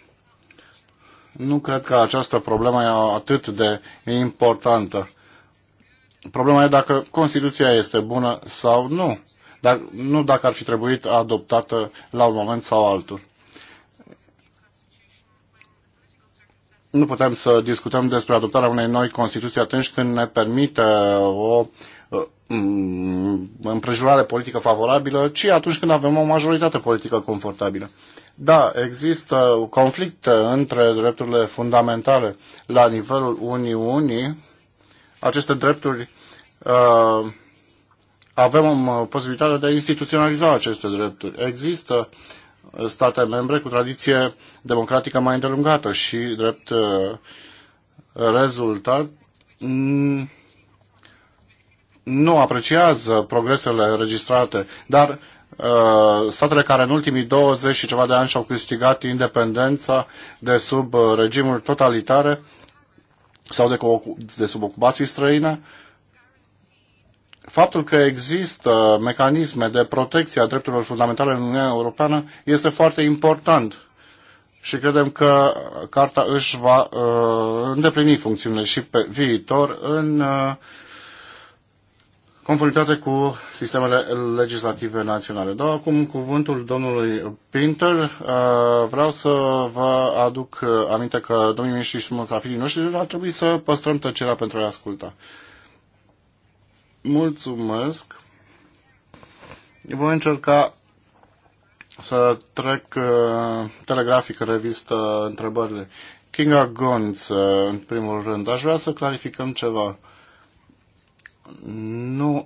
nu cred că această problemă e atât de importantă. Problema e dacă Constituția este bună sau nu. Dar nu dacă ar fi trebuit adoptată la un moment sau altul. Nu putem să discutăm despre adoptarea unei noi Constituții atunci când ne permite o mm, împrejurare politică favorabilă, ci atunci când avem o majoritate politică confortabilă. Da, există conflicte între drepturile fundamentale la nivelul Uniunii. Aceste drepturi uh, avem um, posibilitatea de a instituționaliza aceste drepturi. Există state membre cu tradiție democratică mai îndelungată și drept uh, rezultat nu apreciază progresele înregistrate, dar Uh, statele care în ultimii 20 și ceva de ani și-au câștigat independența de sub uh, regimuri totalitare sau de, de sub ocupații străine, faptul că există mecanisme de protecție a drepturilor fundamentale în Uniunea Europeană este foarte important și credem că Carta își va uh, îndeplini funcțiunile și pe viitor în uh, conformitate cu sistemele legislative naționale. Dau acum cuvântul domnului Pinter. Uh, vreau să vă aduc uh, aminte că domnii miniștri și musafirii noștri ar trebui să păstrăm tăcerea pentru a asculta. Mulțumesc. Voi încerca să trec uh, telegrafic în revistă întrebările. Kinga Gonț, în primul rând, aș vrea să clarificăm ceva nu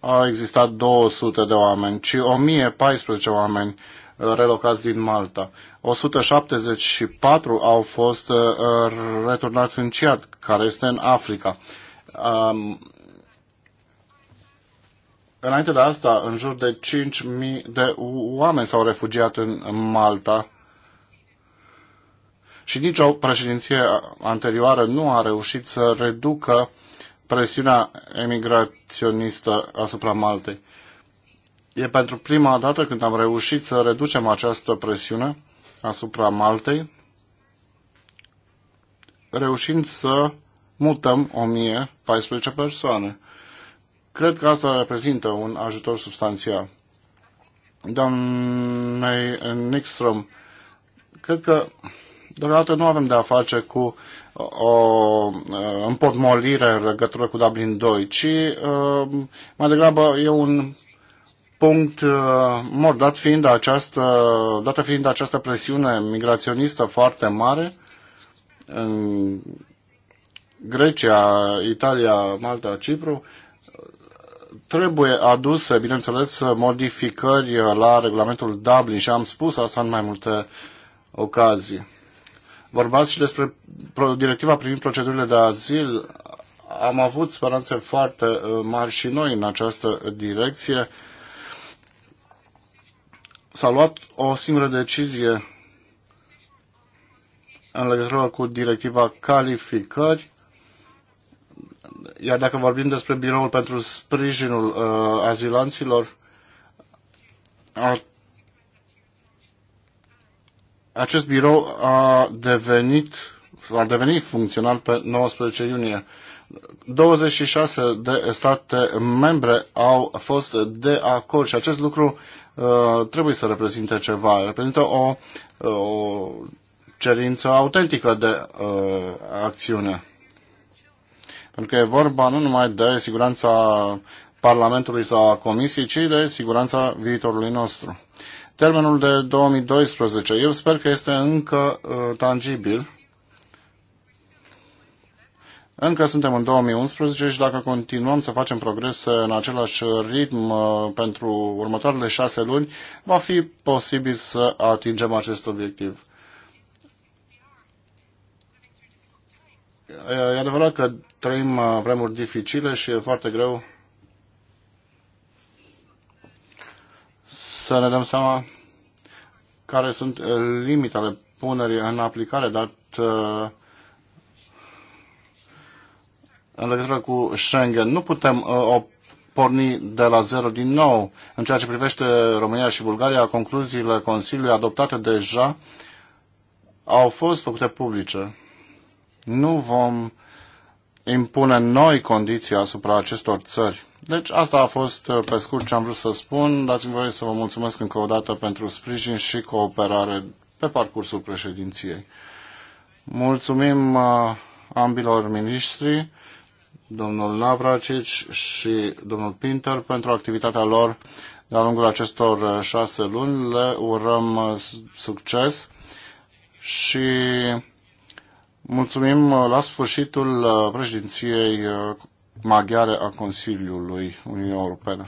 au existat 200 de oameni, ci 1014 oameni uh, relocați din Malta. 174 au fost uh, returnați în Ciad, care este în Africa. Um, înainte de asta, în jur de 5.000 de oameni s-au refugiat în Malta și nicio președinție anterioară nu a reușit să reducă uh, presiunea emigraționistă asupra Maltei. E pentru prima dată când am reușit să reducem această presiune asupra Maltei, reușind să mutăm 1014 persoane. Cred că asta reprezintă un ajutor substanțial. Doamnei Nickstrom, cred că Deodată nu avem de a face cu o uh, împotmolire în legătură cu Dublin 2, ci uh, mai degrabă e un punct uh, mort, dat fiind această, dată fiind această presiune migraționistă foarte mare în Grecia, Italia, Malta, Cipru, trebuie aduse, bineînțeles, modificări la regulamentul Dublin și am spus asta în mai multe ocazii vorbați și despre directiva privind procedurile de azil. Am avut speranțe foarte uh, mari și noi în această direcție. S-a luat o singură decizie în legătură cu directiva calificări, iar dacă vorbim despre biroul pentru sprijinul uh, azilanților, acest birou a devenit a devenit funcțional pe 19 iunie. 26 de state membre au fost de acord și acest lucru uh, trebuie să reprezinte ceva. Reprezintă o, uh, o cerință autentică de uh, acțiune. Pentru că e vorba nu numai de siguranța Parlamentului sau a Comisiei, ci de siguranța viitorului nostru. Termenul de 2012, eu sper că este încă uh, tangibil. Încă suntem în 2011 și dacă continuăm să facem progrese în același ritm uh, pentru următoarele șase luni, va fi posibil să atingem acest obiectiv. E adevărat că trăim uh, vremuri dificile și e foarte greu să ne dăm seama care sunt uh, limitele punerii în aplicare, dat uh, în legătură cu Schengen. Nu putem uh, o porni de la zero din nou. În ceea ce privește România și Bulgaria, concluziile Consiliului adoptate deja au fost făcute publice. Nu vom impune noi condiții asupra acestor țări. Deci asta a fost uh, pe scurt ce am vrut să spun. Dați-mi voie să vă mulțumesc încă o dată pentru sprijin și cooperare pe parcursul președinției. Mulțumim uh, ambilor miniștri, domnul Navracic și domnul Pinter, pentru activitatea lor de-a lungul acestor uh, șase luni. Le urăm succes și mulțumim la sfârșitul președinției maghiare a Consiliului Uniunii Europene.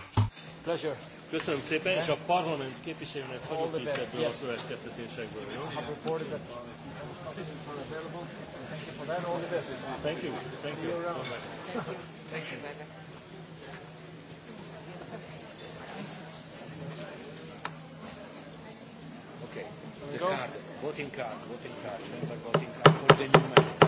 Köszönöm szépen, és a parlament képviselőnek hagyok itt ebből a következtetésekből. Thank you. Thank you. Okay. The card, voting card, voting card, voting card Voting card. Voting card.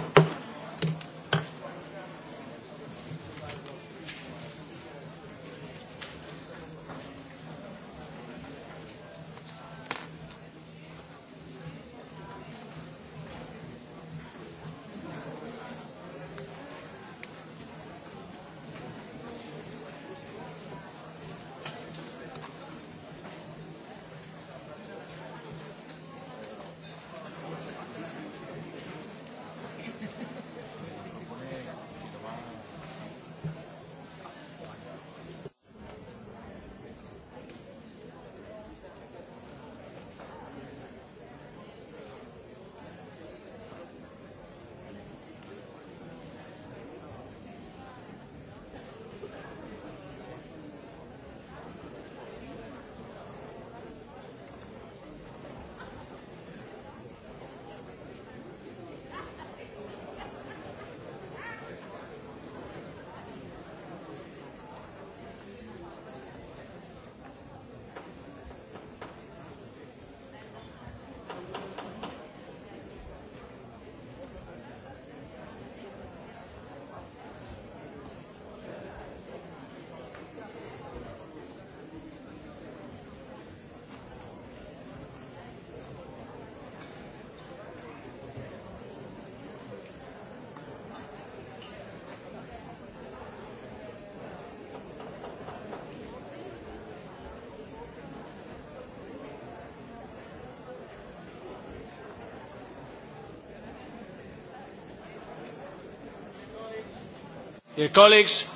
Dear colleagues,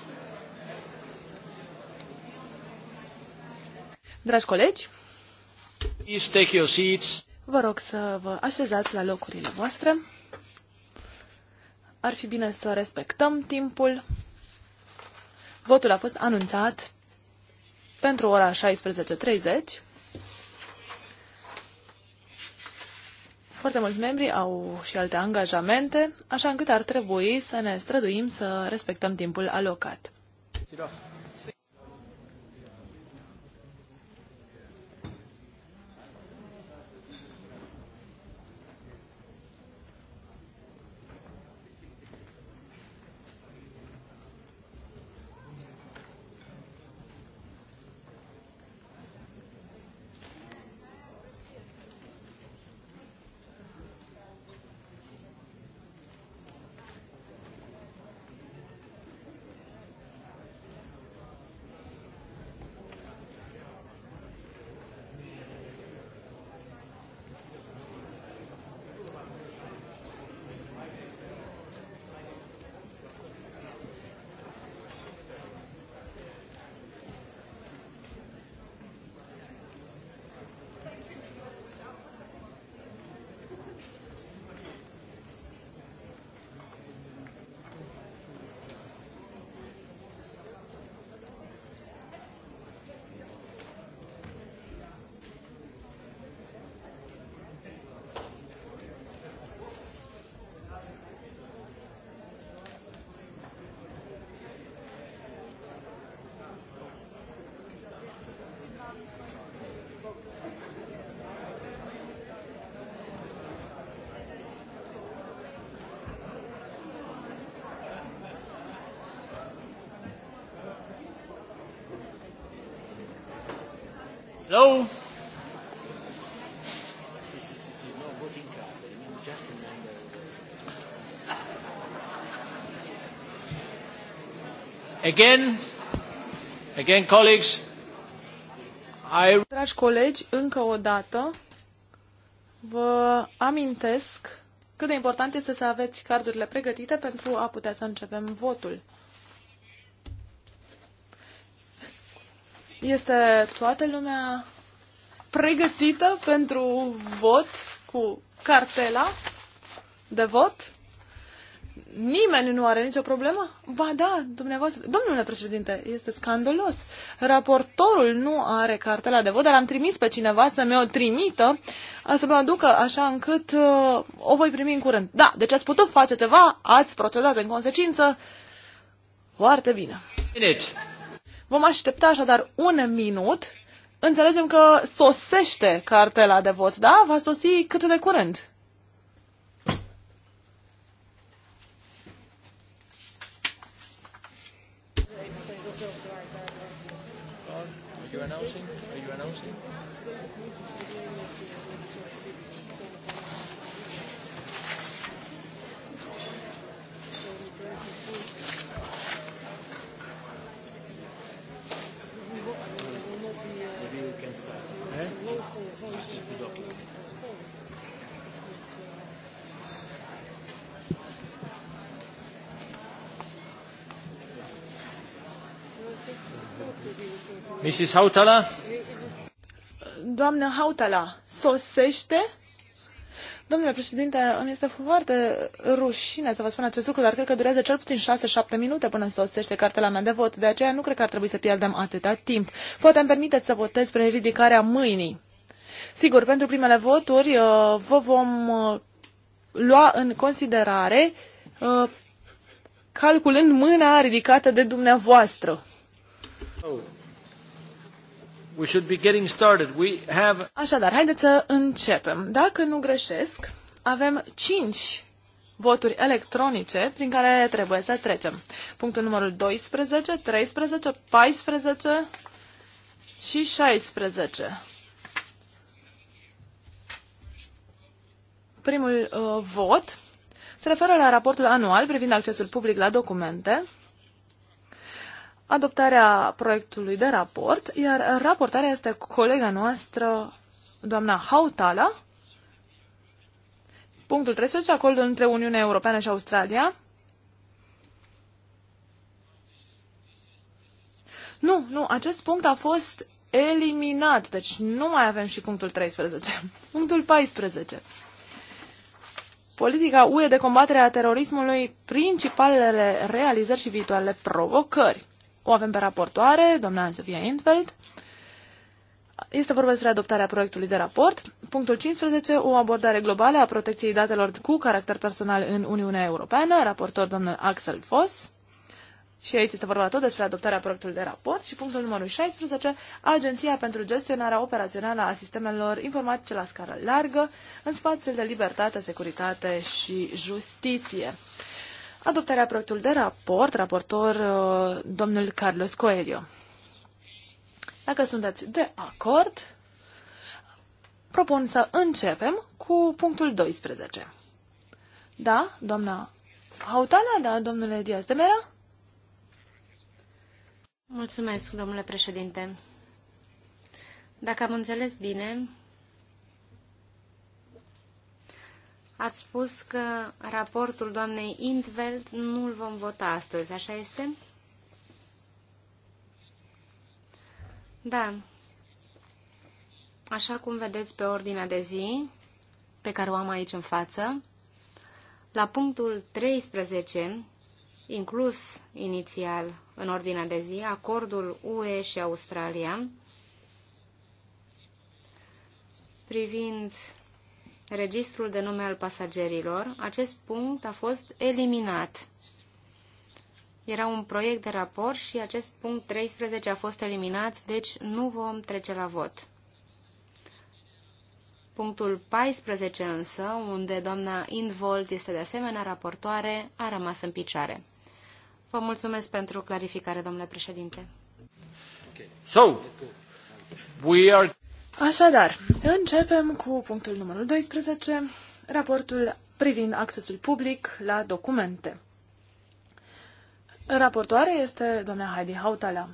Dragi colegi, please take your seats. Vă rog să vă așezați la locurile voastre. Ar fi bine să respectăm timpul. Votul a fost anunțat pentru ora 16.30. Foarte mulți membri au și alte angajamente, așa încât ar trebui să ne străduim să respectăm timpul alocat. Hello? Again, again, colleagues, I... Dragi colegi, încă o dată vă amintesc cât de important este să aveți cardurile pregătite pentru a putea să începem votul. Este toată lumea pregătită pentru vot cu cartela de vot? Nimeni nu are nicio problemă? Ba da, dumneavoastră. Domnule președinte, este scandalos. Raportorul nu are cartela de vot, dar am trimis pe cineva să mi-o trimită, să mă aducă așa încât uh, o voi primi în curând. Da, deci ați putut face ceva, ați procedat în consecință. Foarte bine. Minute. Vom aștepta așadar un minut. Înțelegem că sosește cartela de vot, da? Va sosi cât de curând. Mrs. Hautala? Doamnă Hautala, sosește? Domnule președinte, îmi este foarte rușine să vă spun acest lucru, dar cred că durează cel puțin 6-7 minute până sosește cartela mea de vot, de aceea nu cred că ar trebui să pierdem atâta timp. Poate îmi permiteți să votez prin ridicarea mâinii. Sigur, pentru primele voturi uh, vă vom uh, lua în considerare uh, calculând mâna ridicată de dumneavoastră. Oh. We should be getting started. We have... Așadar, haideți să începem. Dacă nu greșesc, avem 5 voturi electronice prin care trebuie să trecem. Punctul numărul 12, 13, 14 și 16. Primul uh, vot se referă la raportul anual privind accesul public la documente adoptarea proiectului de raport, iar raportarea este colega noastră, doamna Hautala. Punctul 13, acordul între Uniunea Europeană și Australia. Nu, nu, acest punct a fost eliminat, deci nu mai avem și punctul 13. Punctul 14. Politica UE de combatere a terorismului, principalele realizări și viitoarele provocări. O avem pe raportoare, doamna Sofia Intveld. Este vorba despre adoptarea proiectului de raport. Punctul 15. O abordare globală a protecției datelor cu caracter personal în Uniunea Europeană. Raportor domnul Axel Foss. Și aici este vorba tot despre adoptarea proiectului de raport și punctul numărul 16, Agenția pentru gestionarea operațională a sistemelor informatice la scară largă în spațiul de libertate, securitate și justiție adoptarea proiectului de raport, raportor uh, domnul Carlos Coelho. Dacă sunteți de acord, propun să începem cu punctul 12. Da, doamna Hautala, da, domnule Diaz de Mera? Mulțumesc, domnule președinte. Dacă am înțeles bine, Ați spus că raportul doamnei Intveld nu îl vom vota astăzi, așa este? Da. Așa cum vedeți pe ordinea de zi, pe care o am aici în față, la punctul 13, inclus inițial în ordinea de zi, acordul UE și Australia privind registrul de nume al pasagerilor, acest punct a fost eliminat. Era un proiect de raport și acest punct 13 a fost eliminat, deci nu vom trece la vot. Punctul 14 însă, unde doamna Involt este de asemenea raportoare, a rămas în picioare. Vă mulțumesc pentru clarificare, domnule președinte. So, we are... Așadar, începem cu punctul numărul 12, raportul privind accesul public la documente. Raportoare este doamna Heidi Hautala.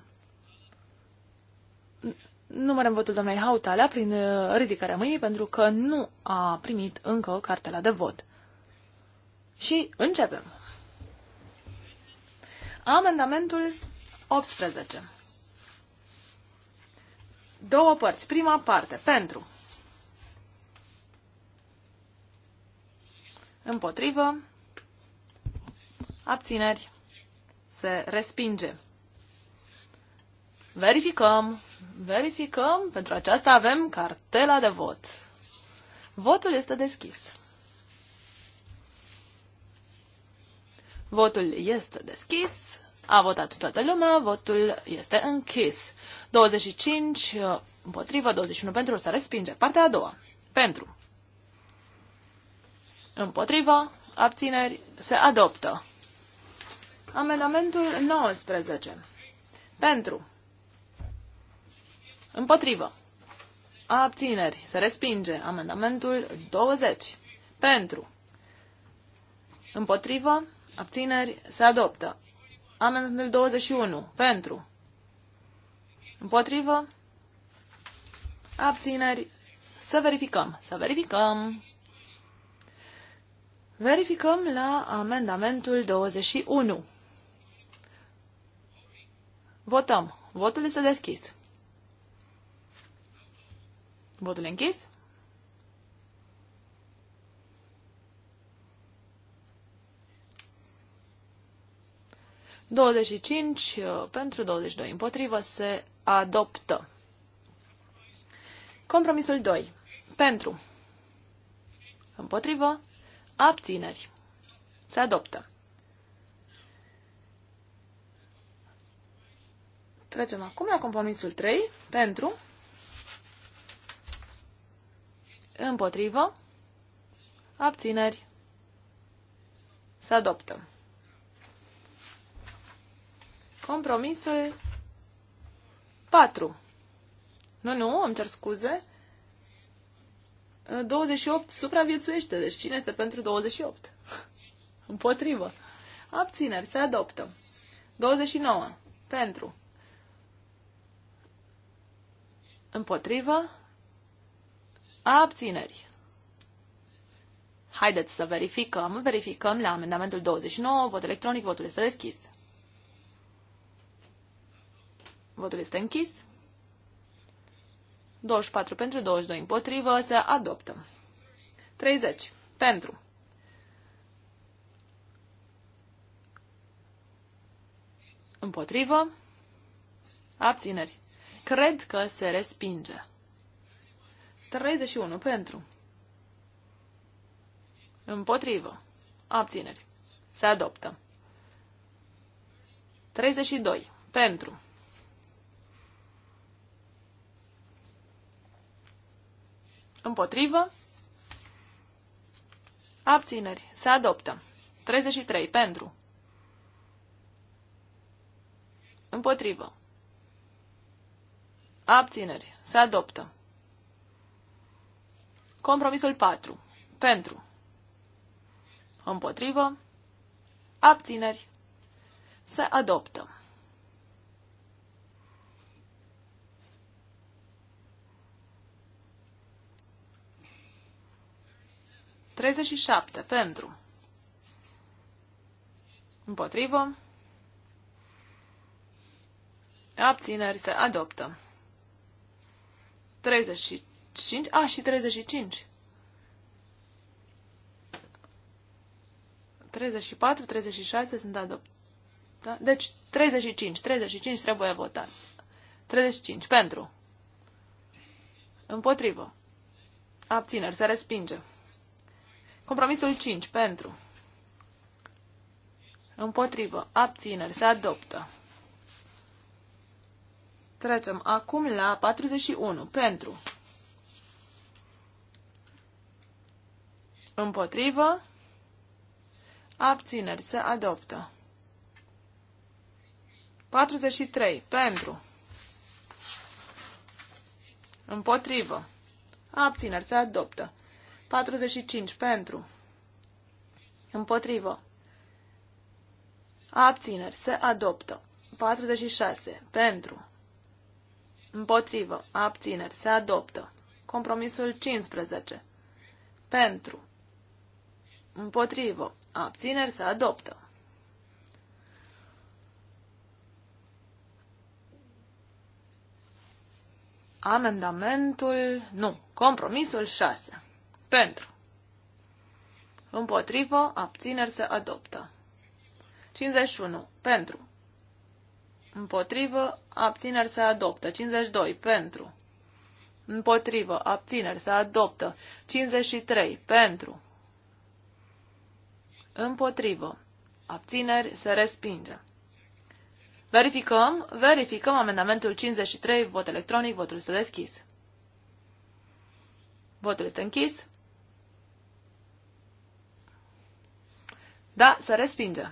Numărăm votul doamnei Hautala prin uh, ridicarea mâinii pentru că nu a primit încă cartela de vot. Și începem. Amendamentul 18. Două părți. Prima parte. Pentru. Împotrivă. Abțineri. Se respinge. Verificăm. Verificăm. Pentru aceasta avem cartela de vot. Votul este deschis. Votul este deschis. A votat toată lumea, votul este închis. 25 uh, împotrivă, 21 pentru, să respinge. Partea a doua. Pentru. Împotrivă, abțineri, se adoptă. Amendamentul 19. Pentru. Împotrivă. Abțineri. Se respinge. Amendamentul 20. Pentru. Împotrivă. Abțineri. Se adoptă. Amendamentul 21. Pentru. Împotrivă. Abțineri. Să verificăm. Să verificăm. Verificăm la amendamentul 21. Votăm. Votul este deschis. Votul închis. 25 uh, pentru 22 împotrivă se adoptă. Compromisul 2. Pentru. Împotrivă. Abțineri. Se adoptă. Trecem acum la compromisul 3. Pentru. Împotrivă. Abțineri. Se adoptă. Compromisul 4. Nu, nu, îmi cer scuze. 28 uh, supraviețuiește. Deci cine este pentru 28? Împotrivă. Abțineri. Se adoptă. 29. Pentru. Împotrivă. Abțineri. Haideți să verificăm. Verificăm la amendamentul 29. Vot electronic. Votul este deschis. Votul este închis. 24 pentru, 22 împotrivă, se adoptă. 30 pentru. Împotrivă. Abțineri. Cred că se respinge. 31 pentru. Împotrivă. Abțineri. Se adoptă. 32 pentru. Împotrivă. Abțineri. Se adoptă. 33. Pentru. Împotrivă. Abțineri. Se adoptă. Compromisul 4. Pentru. Împotrivă. Abțineri. Se adoptă. 37 pentru. Împotrivă. Abțineri se adoptă. 35. A, și 35. 34, 36 sunt adoptate. Da? Deci 35. 35 trebuie votat. 35 pentru. Împotrivă. Abțineri se respinge. Compromisul 5. Pentru. Împotrivă. Abțineri. Se adoptă. Trecem acum la 41. Pentru. Împotrivă. Abțineri. Se adoptă. 43. Pentru. Împotrivă. Abțineri. Se adoptă. 45 pentru. Împotrivă. Abțineri. Se adoptă. 46 pentru. Împotrivă. Abțineri. Se adoptă. Compromisul 15. Pentru. Împotrivă. Abțineri. Se adoptă. Amendamentul, nu, compromisul 6. Pentru. Împotrivă, abțineri se adoptă. 51. Pentru. Împotrivă, abțineri se adoptă. 52. Pentru. Împotrivă, abțineri se adoptă. 53. Pentru. Împotrivă, abțineri se respinge. Verificăm, verificăm amendamentul 53, vot electronic, votul este deschis. Votul este închis. Da, să respinge.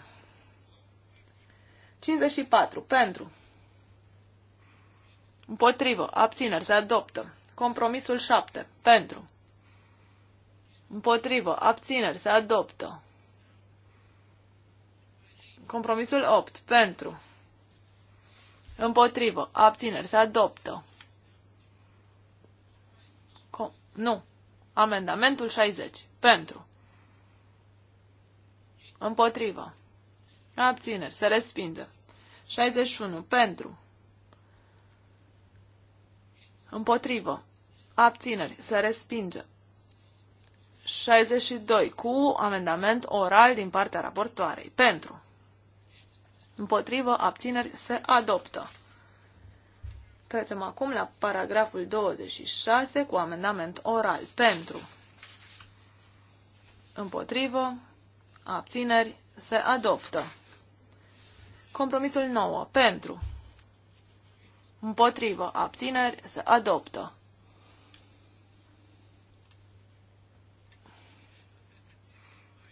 54. Pentru. Împotrivă. Abțineri. Se adoptă. Compromisul 7. Pentru. Împotrivă. Abțineri. Se adoptă. Compromisul 8. Pentru. Împotrivă. Abțineri. Se adoptă. Com nu. Amendamentul 60. Pentru. Împotrivă. Abțineri. Se respinge. 61. Pentru. Împotrivă. Abțineri. Se respinge. 62. Cu amendament oral din partea raportoarei. Pentru. Împotrivă. Abțineri. Se adoptă. Trecem acum la paragraful 26 cu amendament oral. Pentru. Împotrivă abțineri, se adoptă. Compromisul 9. Pentru. Împotrivă. Abțineri. Se adoptă.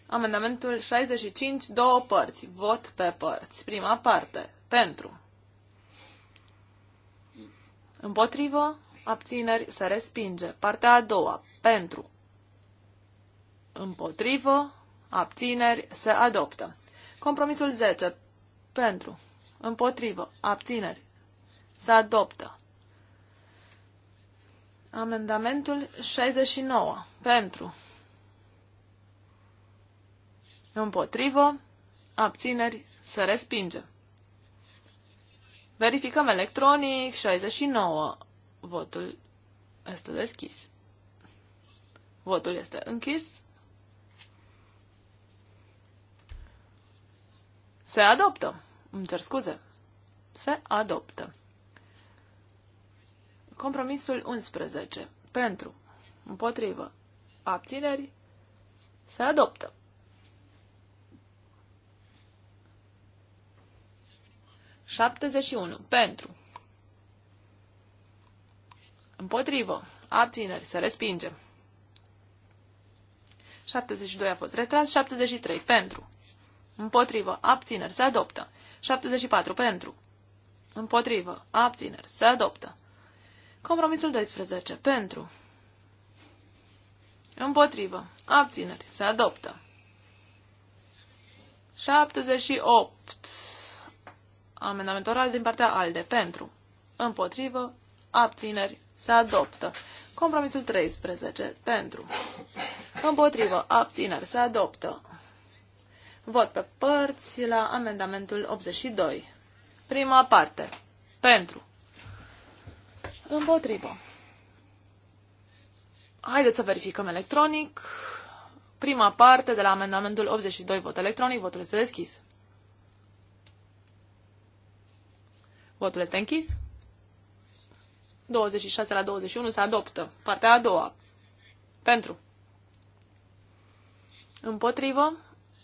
Amendamentul 65. Două părți. Vot pe părți. Prima parte. Pentru. Împotrivă. Abțineri. Se respinge. Partea a doua. Pentru. Împotrivă abțineri, se adoptă. Compromisul 10. Pentru, împotrivă, abțineri, se adoptă. Amendamentul 69. Pentru, împotrivă, abțineri, se respinge. Verificăm electronic 69. Votul este deschis. Votul este închis. Se adoptă. Îmi cer scuze. Se adoptă. Compromisul 11. Pentru. Împotrivă. Abțineri. Se adoptă. Șaptezeci unu. Pentru. Împotrivă. Abțineri. Se respinge. 72 a fost retras. 73. Pentru. Împotrivă. Abțineri. Se adoptă. 74. Pentru. Împotrivă. Abțineri. Se adoptă. Compromisul 12. Pentru. Împotrivă. Abțineri. Se adoptă. 78. Amendament oral din partea ALDE. Pentru. Împotrivă. Abțineri. Se adoptă. Compromisul 13. Pentru. Împotrivă. Abțineri. Se adoptă. Vot pe părți la amendamentul 82. Prima parte. Pentru. Împotrivă. Haideți să verificăm electronic. Prima parte de la amendamentul 82, vot electronic, votul este deschis. Votul este închis. 26 la 21 se adoptă. Partea a doua. Pentru. Împotrivă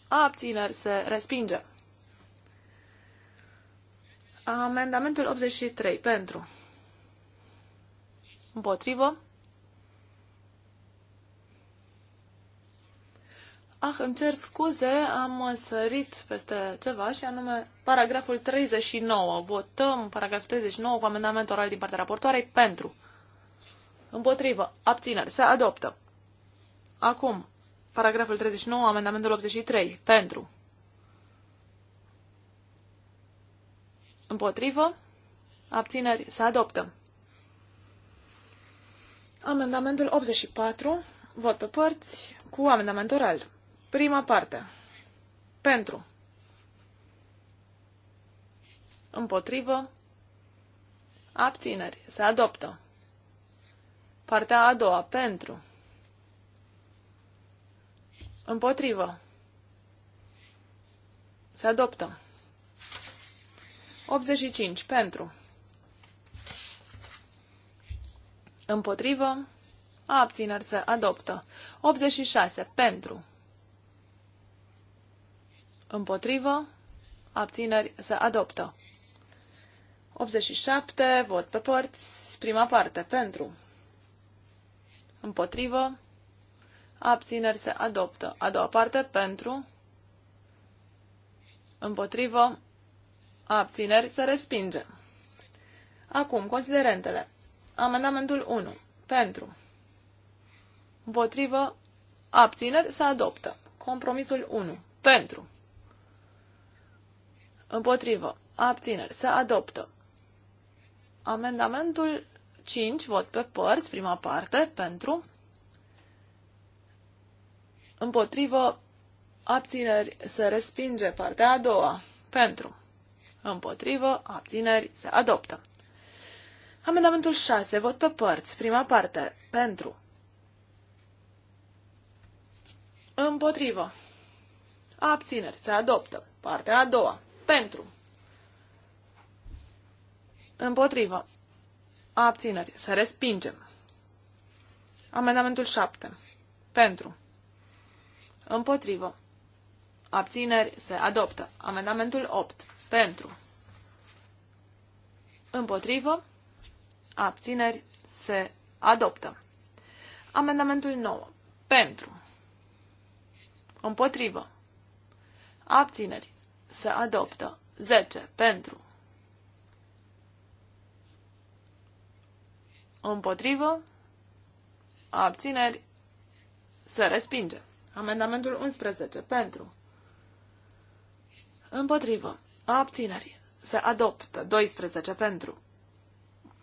abțineri se respinge. Amendamentul 83 pentru împotrivă. Ah, îmi cer scuze, am sărit peste ceva și anume paragraful 39. Votăm paragraful 39 cu amendament oral din partea raportoarei pentru. Împotrivă. Abțineri. Se adoptă. Acum, paragraful 39, amendamentul 83. Pentru. Împotrivă. Abțineri. Se adoptă. Amendamentul 84. Vot pe părți cu amendament oral. Prima parte. Pentru. Împotrivă. Abțineri. Se adoptă. Partea a doua. Pentru. Împotrivă. Se adoptă. 85. Pentru. Împotrivă. Abțineri se adoptă. 86. Pentru. Împotrivă. Abțineri se adoptă. 87. Vot pe părți. Prima parte. Pentru. Împotrivă abțineri se adoptă. A doua parte pentru, împotrivă, abțineri se respinge. Acum, considerentele. Amendamentul 1. Pentru. Împotrivă, abțineri se adoptă. Compromisul 1. Pentru. Împotrivă, abțineri se adoptă. Amendamentul 5, vot pe părți, prima parte, pentru, împotrivă, abțineri, se respinge partea a doua, pentru, împotrivă, abțineri, se adoptă. Amendamentul 6, vot pe părți, prima parte, pentru, împotrivă, abțineri, se adoptă, partea a doua, pentru, împotrivă, abțineri, se respingem. Amendamentul 7, pentru, Împotrivă. Abțineri se adoptă. Amendamentul 8. Pentru. Împotrivă. Abțineri se adoptă. Amendamentul 9. Pentru. Împotrivă. Abțineri se adoptă. 10. Pentru. Împotrivă. Abțineri se respinge. Amendamentul 11. Pentru. Împotrivă. Abțineri. Se adoptă. 12. Pentru.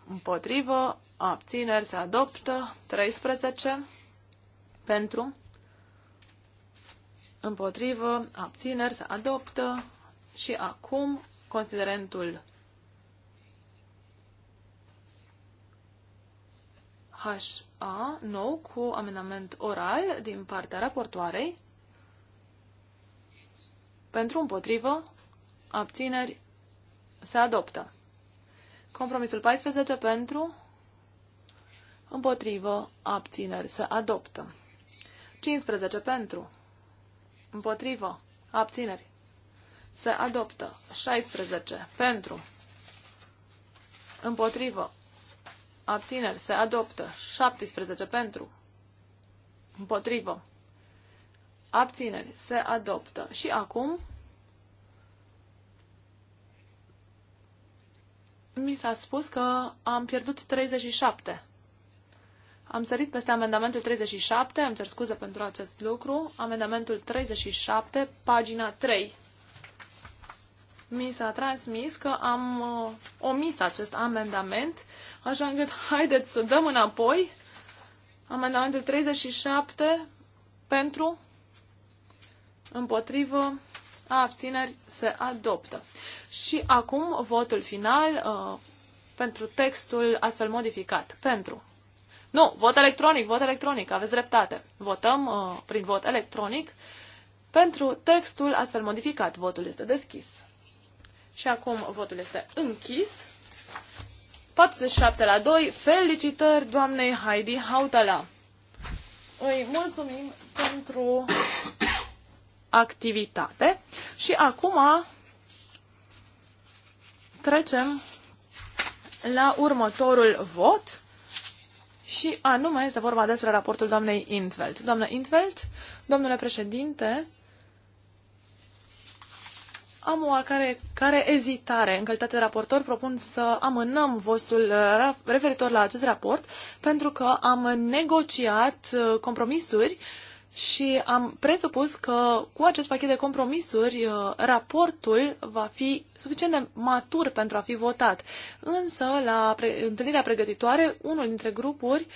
Împotrivă. Abțineri. Se adoptă. 13. Pentru. Împotrivă. Abțineri. Se adoptă. Și acum considerentul H a, nou, cu amendament oral din partea raportoarei. Pentru împotrivă, abțineri, se adoptă. Compromisul 14 pentru, împotrivă, abțineri, se adoptă. 15 pentru, împotrivă, abțineri, se adoptă. 16 pentru, împotrivă, abțineri, se adoptă. 17 pentru, împotrivă, abțineri, se adoptă. Și acum mi s-a spus că am pierdut 37. Am sărit peste amendamentul 37, am cer scuze pentru acest lucru, amendamentul 37, pagina 3 mi s-a transmis că am uh, omis acest amendament, așa încât haideți să dăm înapoi amendamentul 37 pentru, împotrivă, abțineri se adoptă. Și acum votul final uh, pentru textul astfel modificat. Pentru. Nu, vot electronic, vot electronic, aveți dreptate. Votăm uh, prin vot electronic pentru textul astfel modificat. Votul este deschis. Și acum votul este închis. 47 la 2. Felicitări doamnei Heidi Hautala. Îi mulțumim pentru activitate. Și acum trecem la următorul vot. Și anume este vorba despre raportul doamnei Intveld. Doamna Intveld, domnule președinte, am o care, care ezitare. În calitate de raportor propun să amânăm votul uh, referitor la acest raport pentru că am negociat uh, compromisuri și am presupus că cu acest pachet de compromisuri uh, raportul va fi suficient de matur pentru a fi votat. Însă, la pre- întâlnirea pregătitoare, unul dintre grupuri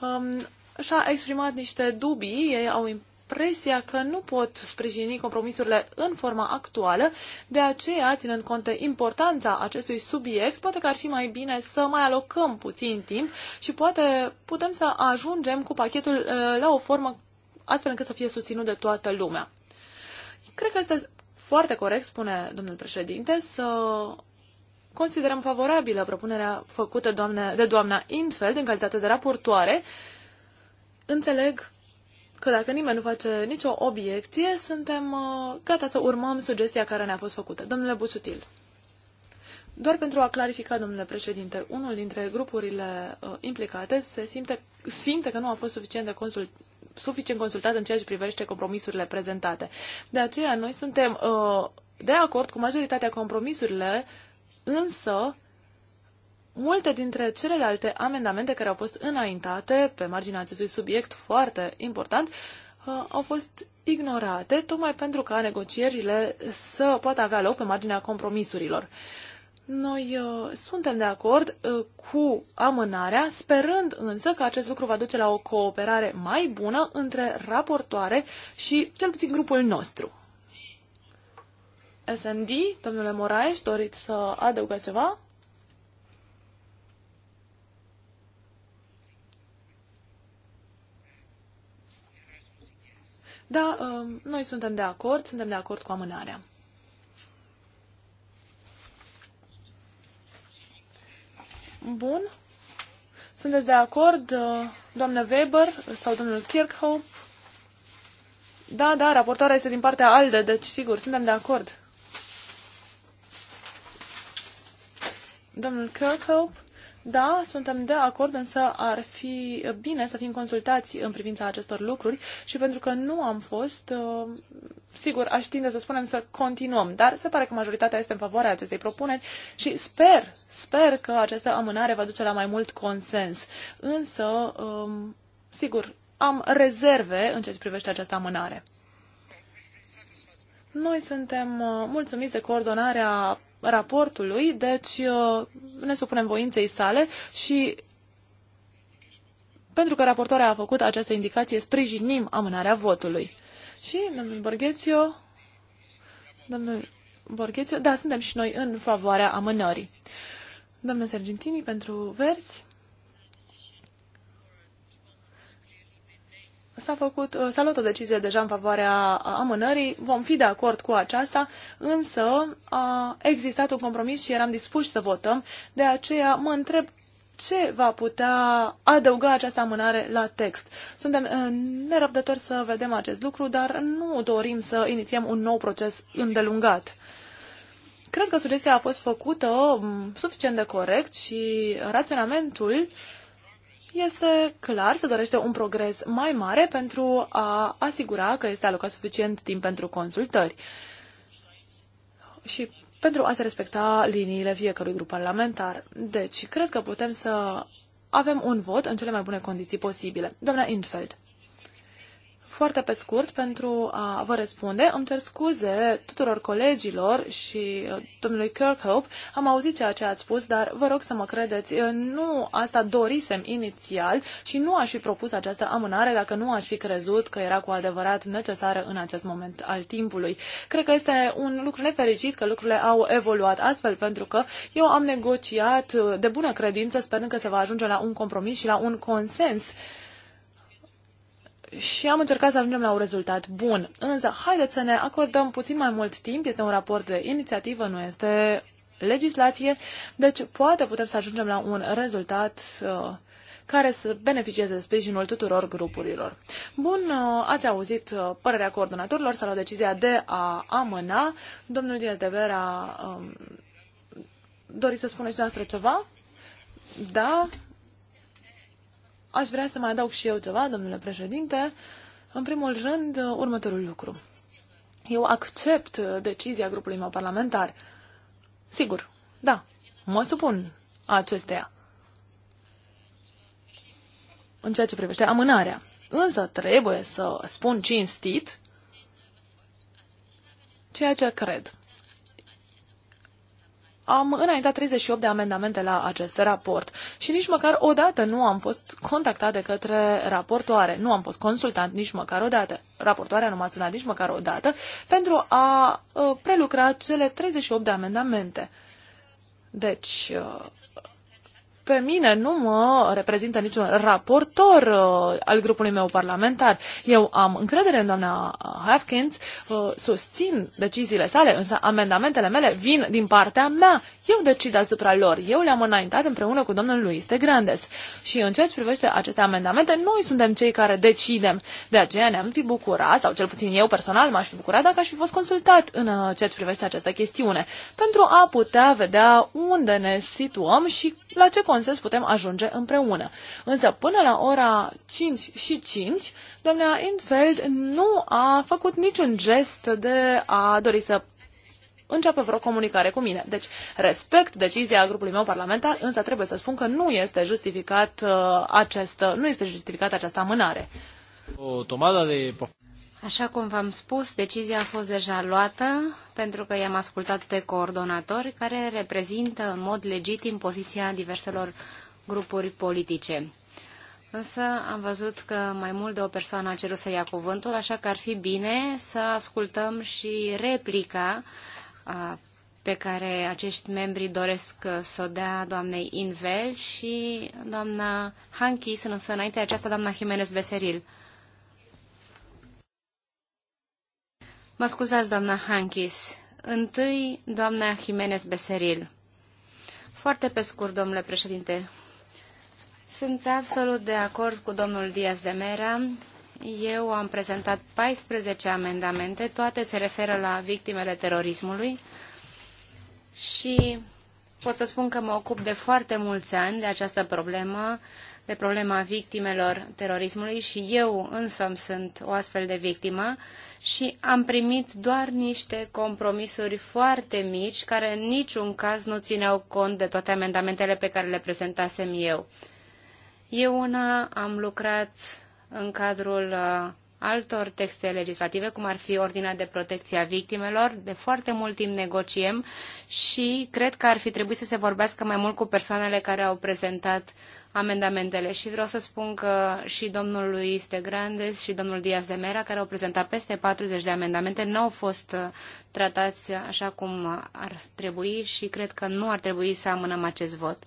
um, și-a exprimat niște dubii, ei au impresia că nu pot sprijini compromisurile în forma actuală, de aceea, ținând cont de importanța acestui subiect, poate că ar fi mai bine să mai alocăm puțin timp și poate putem să ajungem cu pachetul uh, la o formă astfel încât să fie susținut de toată lumea. Cred că este foarte corect, spune domnul președinte, să considerăm favorabilă propunerea făcută doamne, de doamna Infeld în calitate de raportoare. Înțeleg că dacă nimeni nu face nicio obiecție, suntem uh, gata să urmăm sugestia care ne-a fost făcută. Domnule Busutil. Doar pentru a clarifica, domnule președinte, unul dintre grupurile uh, implicate se simte, simte că nu a fost suficient de consult, suficient consultat în ceea ce privește compromisurile prezentate. De aceea, noi suntem uh, de acord cu majoritatea compromisurile, însă multe dintre celelalte amendamente care au fost înaintate pe marginea acestui subiect foarte important uh, au fost ignorate, tocmai pentru ca negocierile să poată avea loc pe marginea compromisurilor. Noi uh, suntem de acord uh, cu amânarea, sperând însă că acest lucru va duce la o cooperare mai bună între raportoare și cel puțin grupul nostru. SND, domnule Moraes, doriți să adăugați ceva? Da, um, noi suntem de acord, suntem de acord cu amânarea. Bun. Sunteți de acord, uh, doamnă Weber sau domnul Kirkhope? Da, da, raportarea este din partea ALDE, deci sigur, suntem de acord. Domnul Kirkhope? Da, suntem de acord, însă ar fi bine să fim consultați în privința acestor lucruri și pentru că nu am fost, uh, sigur, aș tinde să spunem să continuăm, dar se pare că majoritatea este în favoarea acestei propuneri și sper, sper că această amânare va duce la mai mult consens. Însă, um, sigur, am rezerve în ce privește această amânare. Noi suntem uh, mulțumiți de coordonarea raportului, deci uh, ne supunem voinței sale și pentru că raportoarea a făcut această indicație, sprijinim amânarea votului. Și domnul Borghețiu, domnul Borghețiu, da, suntem și noi în favoarea amânării. Domnul Sergentini, pentru verzi. S-a, făcut, uh, s-a luat o decizie deja în favoarea amânării, vom fi de acord cu aceasta, însă a existat un compromis și eram dispuși să votăm, de aceea mă întreb ce va putea adăuga această amânare la text. Suntem uh, nerăbdători să vedem acest lucru, dar nu dorim să inițiem un nou proces îndelungat. Cred că sugestia a fost făcută um, suficient de corect și raționamentul uh, este clar, se dorește un progres mai mare pentru a asigura că este alocat suficient timp pentru consultări și pentru a se respecta liniile fiecărui grup parlamentar. Deci, cred că putem să avem un vot în cele mai bune condiții posibile. Doamna Infeld. Foarte pe scurt, pentru a vă răspunde, îmi cer scuze tuturor colegilor și uh, domnului Kirkhope. Am auzit ceea ce ați spus, dar vă rog să mă credeți, uh, nu asta dorisem inițial și nu aș fi propus această amânare dacă nu aș fi crezut că era cu adevărat necesară în acest moment al timpului. Cred că este un lucru nefericit că lucrurile au evoluat astfel, pentru că eu am negociat uh, de bună credință, sperând că se va ajunge la un compromis și la un consens și am încercat să ajungem la un rezultat bun. Însă, haideți să ne acordăm puțin mai mult timp. Este un raport de inițiativă, nu este legislație, deci poate putem să ajungem la un rezultat uh, care să beneficieze de sprijinul tuturor grupurilor. Bun, uh, ați auzit uh, părerea coordonatorilor, s-a luat decizia de a amâna. Domnul Dietevera, um, doriți să spuneți noastră ceva? Da? Aș vrea să mai adaug și eu ceva, domnule președinte. În primul rând, următorul lucru. Eu accept decizia grupului meu parlamentar. Sigur, da, mă supun acesteia. În ceea ce privește amânarea. Însă trebuie să spun cinstit ceea ce cred am înaintat 38 de amendamente la acest raport și nici măcar o dată nu am fost contactat de către raportoare, nu am fost consultant nici măcar o dată. Raportoarea nu m-a sunat nici măcar o dată pentru a uh, prelucra cele 38 de amendamente. Deci, uh, pe mine nu mă reprezintă niciun raportor uh, al grupului meu parlamentar. Eu am încredere în doamna Hopkins, uh, susțin deciziile sale, însă amendamentele mele vin din partea mea. Eu decid asupra lor. Eu le-am înaintat împreună cu domnul Luis de Grandes. Și în ceea ce privește aceste amendamente, noi suntem cei care decidem. De aceea ne-am fi bucurat, sau cel puțin eu personal m-aș fi bucurat dacă aș fi fost consultat în uh, ceea ce privește această chestiune, pentru a putea vedea unde ne situăm și la ce consens putem ajunge împreună. Însă până la ora 5 și 5, doamna Infeld nu a făcut niciun gest de a dori să înceapă vreo comunicare cu mine. Deci, respect decizia grupului meu parlamentar, însă trebuie să spun că nu este justificat uh, acest, nu este justificat această amânare. O tomada de Așa cum v-am spus, decizia a fost deja luată pentru că i-am ascultat pe coordonatori care reprezintă în mod legitim poziția diverselor grupuri politice. Însă am văzut că mai mult de o persoană a cerut să ia cuvântul, așa că ar fi bine să ascultăm și replica pe care acești membri doresc să o dea doamnei Invel și doamna Hankis, însă înainte aceasta doamna Jimenez Beseril. Mă scuzați, doamna Hankis. Întâi, doamna Jimenez Beseril. Foarte pe scurt, domnule președinte. Sunt absolut de acord cu domnul Diaz de Mera. Eu am prezentat 14 amendamente, toate se referă la victimele terorismului și pot să spun că mă ocup de foarte mulți ani de această problemă de problema victimelor terorismului și eu însă sunt o astfel de victimă și am primit doar niște compromisuri foarte mici care în niciun caz nu țineau cont de toate amendamentele pe care le prezentasem eu. Eu una am lucrat în cadrul uh, altor texte legislative, cum ar fi Ordinea de Protecție a Victimelor. De foarte mult timp negociem și cred că ar fi trebuit să se vorbească mai mult cu persoanele care au prezentat amendamentele și vreau să spun că și domnul Luis de Grandes și domnul Diaz de Mera, care au prezentat peste 40 de amendamente, nu au fost uh, tratați așa cum ar trebui și cred că nu ar trebui să amânăm acest vot.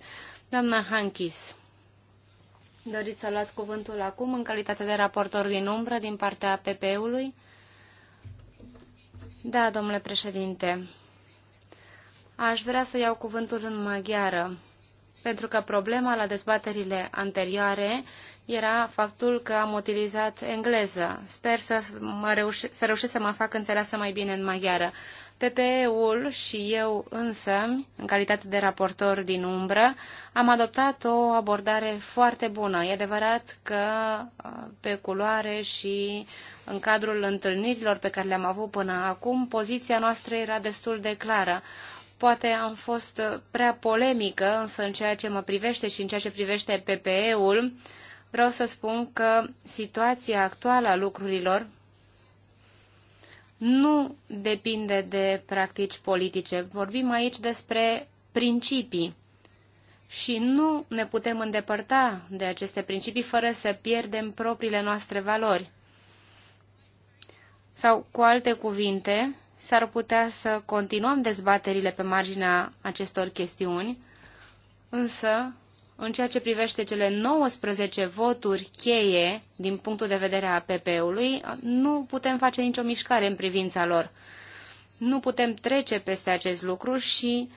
Doamna Hankis, doriți să luați cuvântul acum în calitate de raportor din umbră din partea PP-ului? Da, domnule președinte. Aș vrea să iau cuvântul în maghiară pentru că problema la dezbaterile anterioare era faptul că am utilizat engleză. Sper să, mă reuș- să reușesc să mă fac înțeleasă mai bine în maghiară. PPE-ul și eu însă, în calitate de raportor din umbră, am adoptat o abordare foarte bună. E adevărat că uh, pe culoare și în cadrul întâlnirilor pe care le-am avut până acum, poziția noastră era destul de clară. Poate am fost uh, prea polemică, însă în ceea ce mă privește și în ceea ce privește PPE-ul, vreau să spun că situația actuală a lucrurilor nu depinde de practici politice. Vorbim aici despre principii și nu ne putem îndepărta de aceste principii fără să pierdem propriile noastre valori. Sau, cu alte cuvinte, s-ar putea să continuăm dezbaterile pe marginea acestor chestiuni, însă, în ceea ce privește cele 19 voturi cheie din punctul de vedere a PP-ului, nu putem face nicio mișcare în privința lor. Nu putem trece peste acest lucru și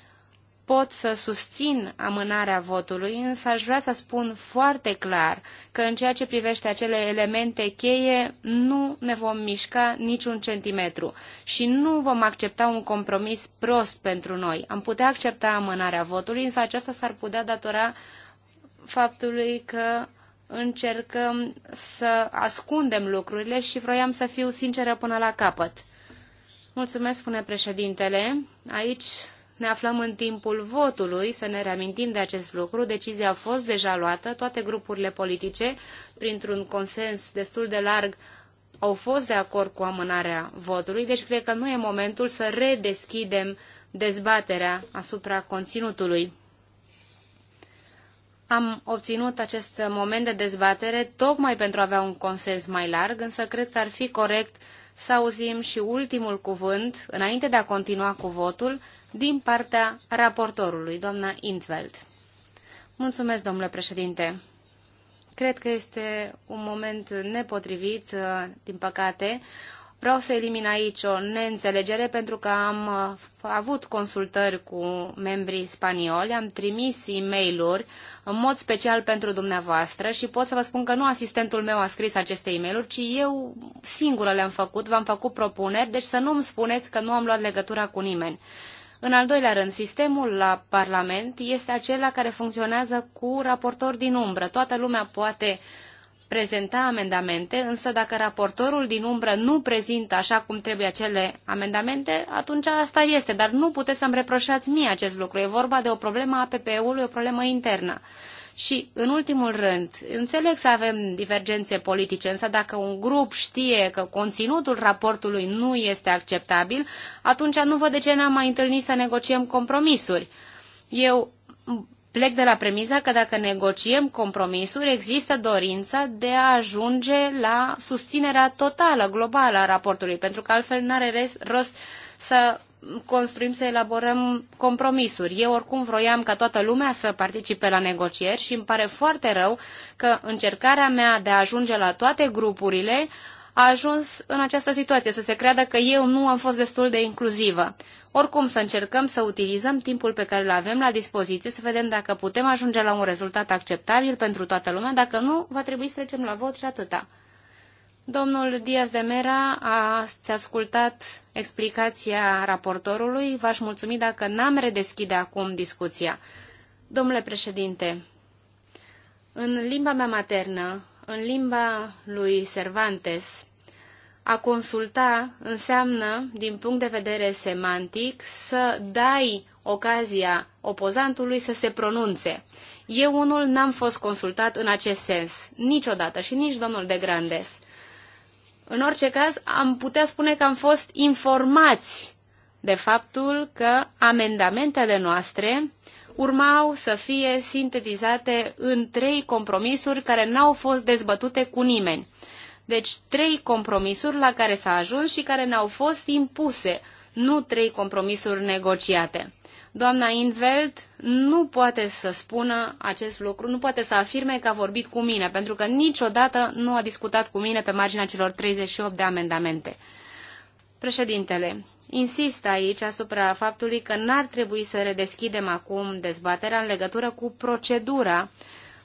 pot să susțin amânarea votului, însă aș vrea să spun foarte clar că în ceea ce privește acele elemente cheie nu ne vom mișca niciun centimetru și nu vom accepta un compromis prost pentru noi. Am putea accepta amânarea votului, însă aceasta s-ar putea datora faptului că încercăm să ascundem lucrurile și vroiam să fiu sinceră până la capăt. Mulțumesc, spune președintele. Aici ne aflăm în timpul votului, să ne reamintim de acest lucru. Decizia a fost deja luată, toate grupurile politice, printr-un consens destul de larg, au fost de acord cu amânarea votului, deci cred că nu e momentul să redeschidem dezbaterea asupra conținutului. Am obținut acest moment de dezbatere tocmai pentru a avea un consens mai larg, însă cred că ar fi corect să auzim și ultimul cuvânt, înainte de a continua cu votul, din partea raportorului, doamna Intveld. Mulțumesc, domnule președinte. Cred că este un moment nepotrivit, uh, din păcate. Vreau să elimin aici o neînțelegere pentru că am uh, avut consultări cu membrii spanioli, am trimis e mail în mod special pentru dumneavoastră și pot să vă spun că nu asistentul meu a scris aceste e mail ci eu singură le-am făcut, v-am făcut propuneri, deci să nu-mi spuneți că nu am luat legătura cu nimeni. În al doilea rând, sistemul la Parlament este acela care funcționează cu raportori din umbră. Toată lumea poate prezenta amendamente, însă dacă raportorul din umbră nu prezintă așa cum trebuie acele amendamente, atunci asta este, dar nu puteți să-mi reproșați mie acest lucru. E vorba de o problemă a app ului o problemă internă. Și, în ultimul rând, înțeleg să avem divergențe politice, însă dacă un grup știe că conținutul raportului nu este acceptabil, atunci nu văd de ce ne-am mai întâlnit să negociem compromisuri. Eu plec de la premiza că dacă negociem compromisuri, există dorința de a ajunge la susținerea totală, globală a raportului, pentru că altfel nu are rost să construim, să elaborăm compromisuri. Eu oricum vroiam ca toată lumea să participe la negocieri și îmi pare foarte rău că încercarea mea de a ajunge la toate grupurile a ajuns în această situație, să se creadă că eu nu am fost destul de inclusivă. Oricum, să încercăm să utilizăm timpul pe care îl avem la dispoziție, să vedem dacă putem ajunge la un rezultat acceptabil pentru toată lumea, dacă nu, va trebui să trecem la vot și atâta. Domnul Diaz de Mera, ați ascultat explicația raportorului. V-aș mulțumi dacă n-am redeschide acum discuția. Domnule președinte, în limba mea maternă, în limba lui Cervantes, a consulta înseamnă, din punct de vedere semantic, să dai ocazia opozantului să se pronunțe. Eu unul n-am fost consultat în acest sens, niciodată și nici domnul de Grandes. În orice caz, am putea spune că am fost informați de faptul că amendamentele noastre urmau să fie sintetizate în trei compromisuri care n-au fost dezbătute cu nimeni. Deci trei compromisuri la care s-a ajuns și care n au fost impuse, nu trei compromisuri negociate. Doamna Invelt nu poate să spună acest lucru, nu poate să afirme că a vorbit cu mine, pentru că niciodată nu a discutat cu mine pe marginea celor 38 de amendamente. Președintele, insist aici asupra faptului că n-ar trebui să redeschidem acum dezbaterea în legătură cu procedura,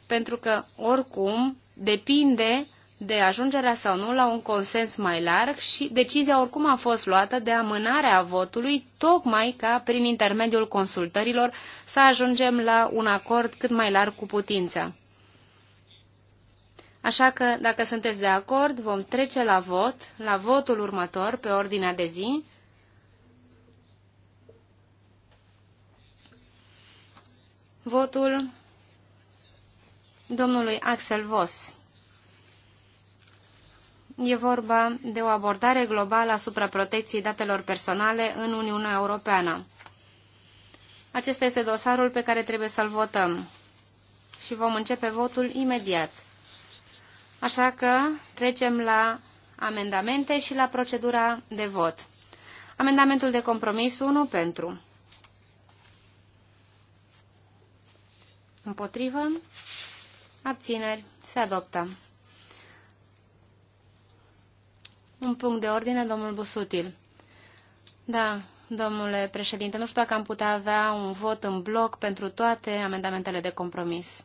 pentru că oricum depinde de ajungerea sau nu la un consens mai larg și decizia oricum a fost luată de amânarea votului, tocmai ca prin intermediul consultărilor să ajungem la un acord cât mai larg cu putință. Așa că, dacă sunteți de acord, vom trece la vot, la votul următor, pe ordinea de zi. Votul domnului Axel Voss e vorba de o abordare globală asupra protecției datelor personale în Uniunea Europeană. Acesta este dosarul pe care trebuie să-l votăm și vom începe votul imediat. Așa că trecem la amendamente și la procedura de vot. Amendamentul de compromis 1 pentru. Împotrivă. Abțineri. Se adoptă. Un punct de ordine, domnul Busutil. Da, domnule președinte, nu știu dacă am putea avea un vot în bloc pentru toate amendamentele de compromis.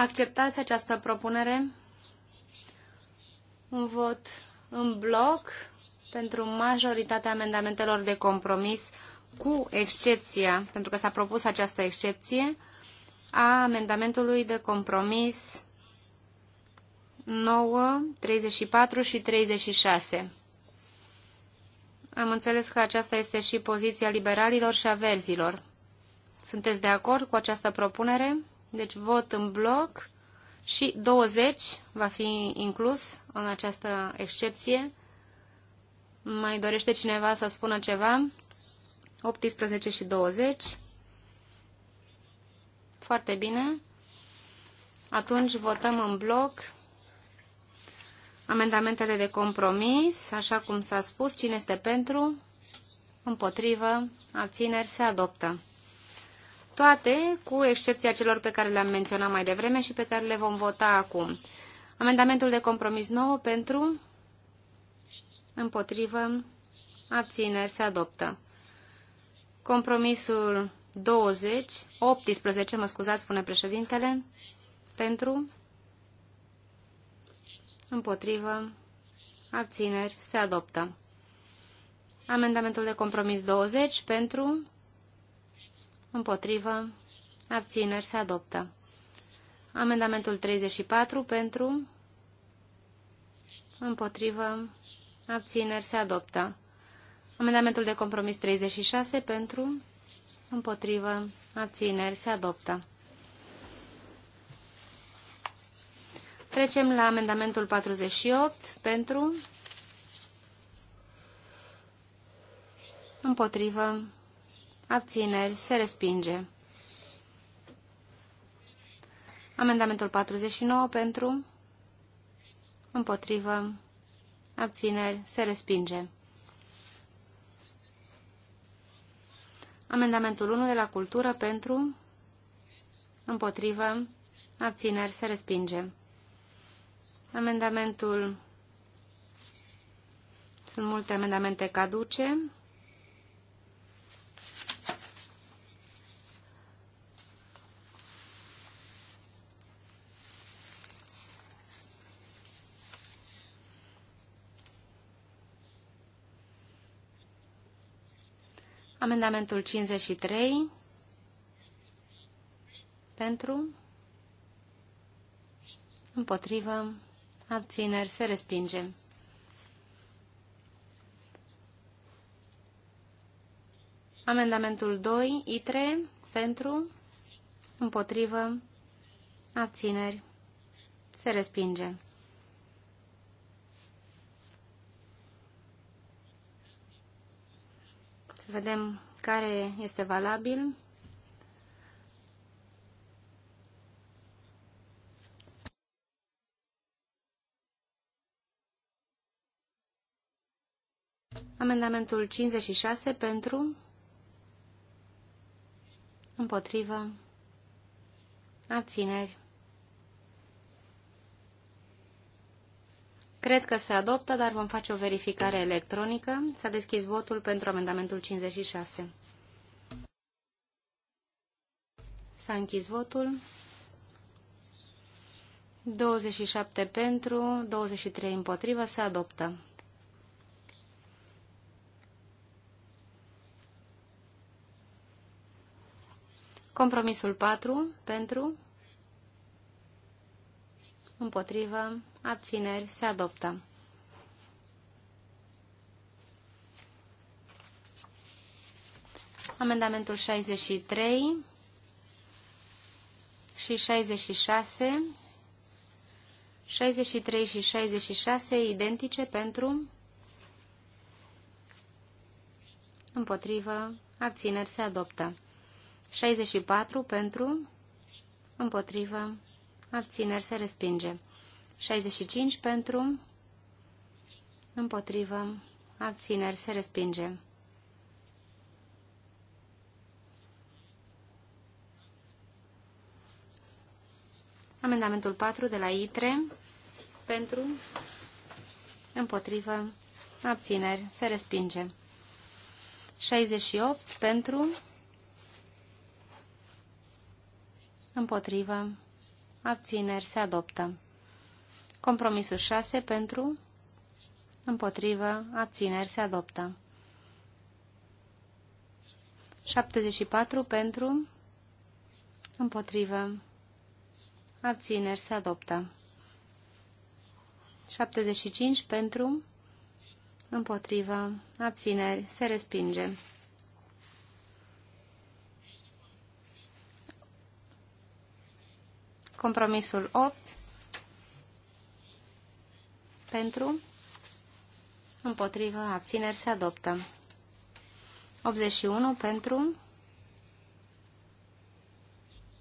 Acceptați această propunere? Un vot în bloc pentru majoritatea amendamentelor de compromis, cu excepția, pentru că s-a propus această excepție, a amendamentului de compromis 9, 34 și 36. Am înțeles că aceasta este și poziția liberalilor și a verzilor. Sunteți de acord cu această propunere? Deci vot în bloc și 20 va fi inclus în această excepție. Mai dorește cineva să spună ceva? 18 și 20. Foarte bine. Atunci votăm în bloc amendamentele de compromis, așa cum s-a spus, cine este pentru, împotrivă, abțineri, se adoptă toate cu excepția celor pe care le-am menționat mai devreme și pe care le vom vota acum. Amendamentul de compromis 9 pentru, împotrivă, abține, se adoptă. Compromisul 20, 18, mă scuzați, spune președintele, pentru, împotrivă, abțineri, se adoptă. Amendamentul de compromis 20 pentru, împotrivă, abțineri, se adoptă. Amendamentul 34 pentru, împotrivă, abțineri, se adoptă. Amendamentul de compromis 36 pentru, împotrivă, abțineri, se adoptă. Trecem la amendamentul 48 pentru, împotrivă, abțineri, se respinge. Amendamentul 49 pentru, împotrivă, abțineri, se respinge. Amendamentul 1 de la cultură pentru, împotrivă, abțineri, se respinge. Amendamentul, sunt multe amendamente caduce, Amendamentul 53 pentru, împotrivă, abțineri, se respinge. Amendamentul 2, I3, pentru, împotrivă, abțineri, se respinge. vedem care este valabil. Amendamentul 56 pentru, împotrivă, abțineri. Cred că se adoptă, dar vom face o verificare electronică. S-a deschis votul pentru amendamentul 56. S-a închis votul. 27 pentru, 23 împotrivă, se adoptă. Compromisul 4 pentru, împotrivă, abțineri, se adoptă. Amendamentul 63 și 66, 63 și 66 identice pentru, împotrivă, abțineri, se adoptă. 64 pentru, împotrivă, abțineri se respinge. 65 pentru, împotrivă, abțineri se respinge. 4. Amendamentul 4 de la ITRE pentru, împotrivă, abțineri, se respinge. 68 pentru, împotrivă, abțineri, se adoptă. Compromisul 6 pentru, împotrivă, abțineri, se adoptă. 74 pentru, împotrivă, abțineri, se adoptă. 75 pentru, împotrivă, abțineri, se respinge. Compromisul 8 pentru, împotrivă, abțineri se adoptă. 81 pentru,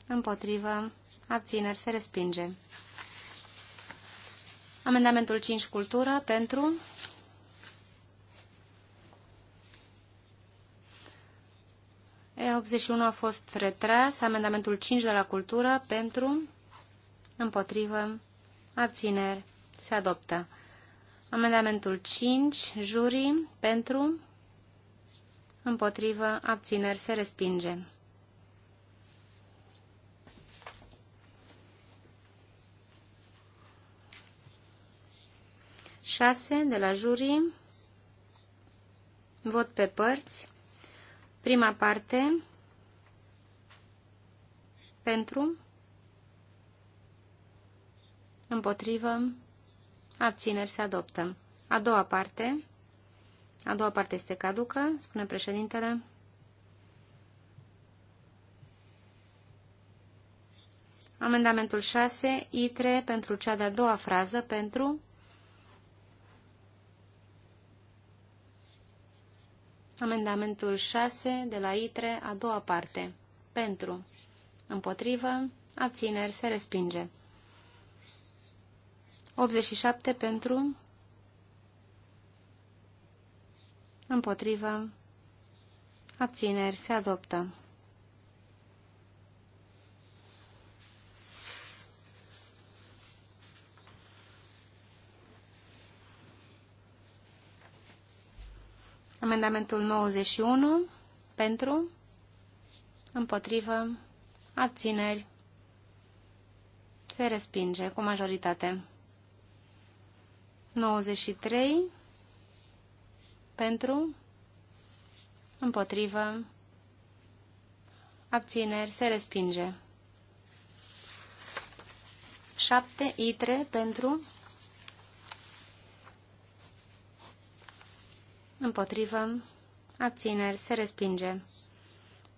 împotrivă, abțineri se respinge. Amendamentul 5 cultură pentru, E81 a fost retras, amendamentul 5 de la cultură pentru, împotrivă, abțineri, se adoptă. Amendamentul 5, jurii, pentru, împotrivă, abțineri, se respinge. Șase de la jurii, vot pe părți, prima parte, pentru, împotrivă, abțineri se adoptă. A doua parte, a doua parte este caducă, spune președintele. Amendamentul 6, ITRE, pentru cea de-a doua frază, pentru... Amendamentul 6, de la ITRE, a doua parte, pentru... Împotrivă, abțineri, se respinge. 87 pentru, împotrivă, abțineri, se adoptă. Amendamentul 91 pentru, împotrivă, abțineri, se respinge cu majoritate. 93 pentru, împotrivă, abțineri, se respinge. 7 itre pentru, împotrivă, abțineri, se respinge.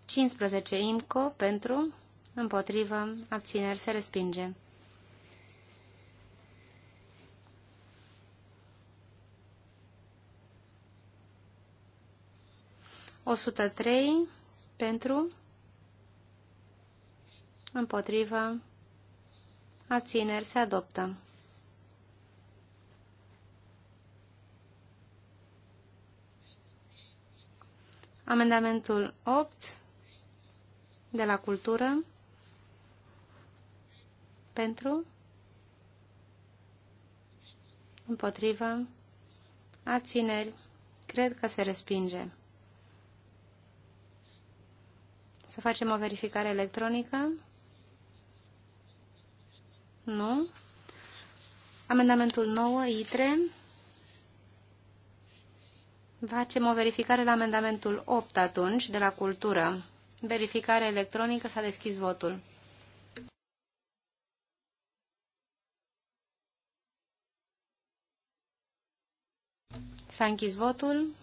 15 imco pentru, împotrivă, abțineri, se respinge. 103 pentru, împotrivă, abțineri se adoptă. Amendamentul 8 de la cultură pentru, împotrivă, abțineri, cred că se respinge. Să facem o verificare electronică? Nu. Amendamentul 9, ITRE. Facem o verificare la amendamentul 8 atunci, de la cultură. Verificare electronică, s-a deschis votul. S-a închis votul.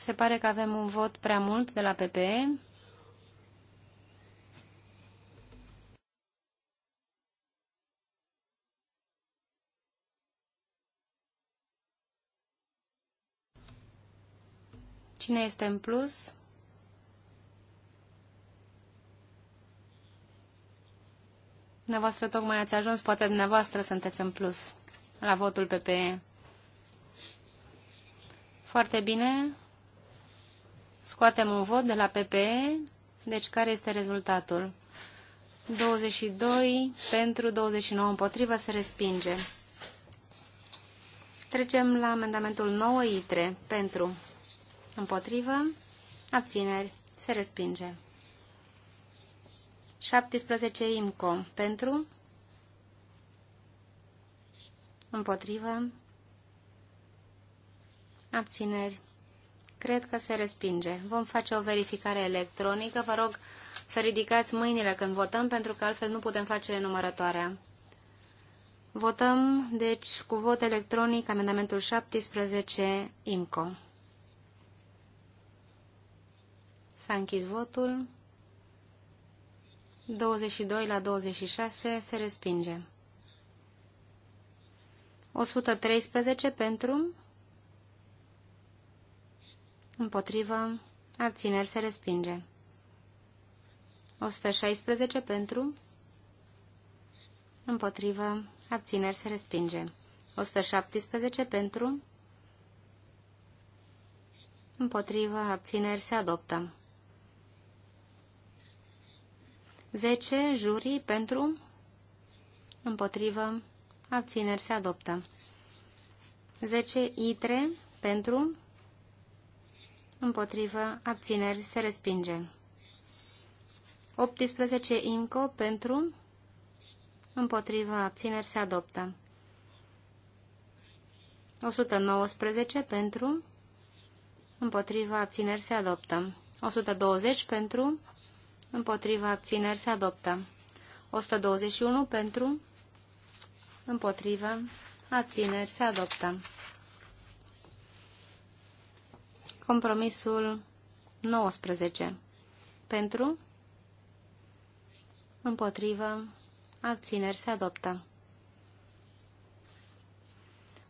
Se pare că avem un vot prea mult de la PPE. Cine este în plus? Dumneavoastră tocmai ați ajuns, poate dumneavoastră sunteți în plus la votul PPE. Foarte bine, Scoatem un vot de la PPE. Deci care este rezultatul? 22 pentru 29 împotrivă se respinge. Trecem la amendamentul 9 ITRE pentru împotrivă abțineri se respinge. 17 IMCO pentru împotrivă abțineri Cred că se respinge. Vom face o verificare electronică. Vă rog să ridicați mâinile când votăm, pentru că altfel nu putem face numărătoarea. Votăm, deci, cu vot electronic, amendamentul 17, IMCO. S-a închis votul. 22 la 26 se respinge. 113 pentru, împotrivă, abțineri se respinge. 116 pentru, împotrivă, abțineri se respinge. 117 pentru, împotrivă, abțineri se adoptă. 10 jurii pentru, împotrivă, abțineri se adoptă. 10 itre pentru, împotrivă, abțineri, se respinge. 18 INCO pentru, împotrivă, abțineri, se adoptă. 119 pentru, împotrivă, abțineri, se adoptă. 120 pentru, împotrivă, abțineri, se adoptă. 121 pentru, împotrivă, abțineri, se adoptă. Compromisul 19. Pentru, împotrivă, abțineri se adoptă.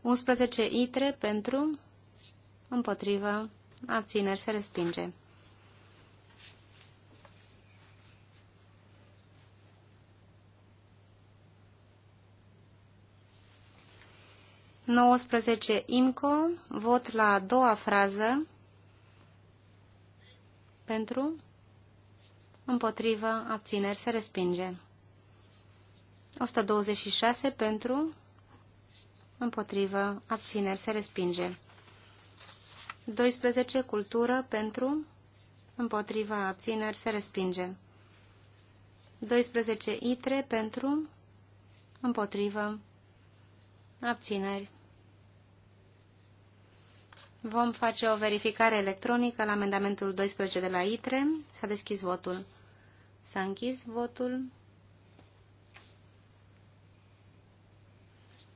11 itre pentru, împotrivă, abțineri se respinge. 19 IMCO, vot la a doua frază, pentru, împotrivă, abțineri, se respinge. 126 pentru, împotrivă, abțineri, se respinge. 12 cultură pentru, împotrivă, abțineri, se respinge. 12 itre pentru, împotrivă, abțineri. Vom face o verificare electronică la amendamentul 12 de la ITRE. S-a deschis votul. S-a închis votul.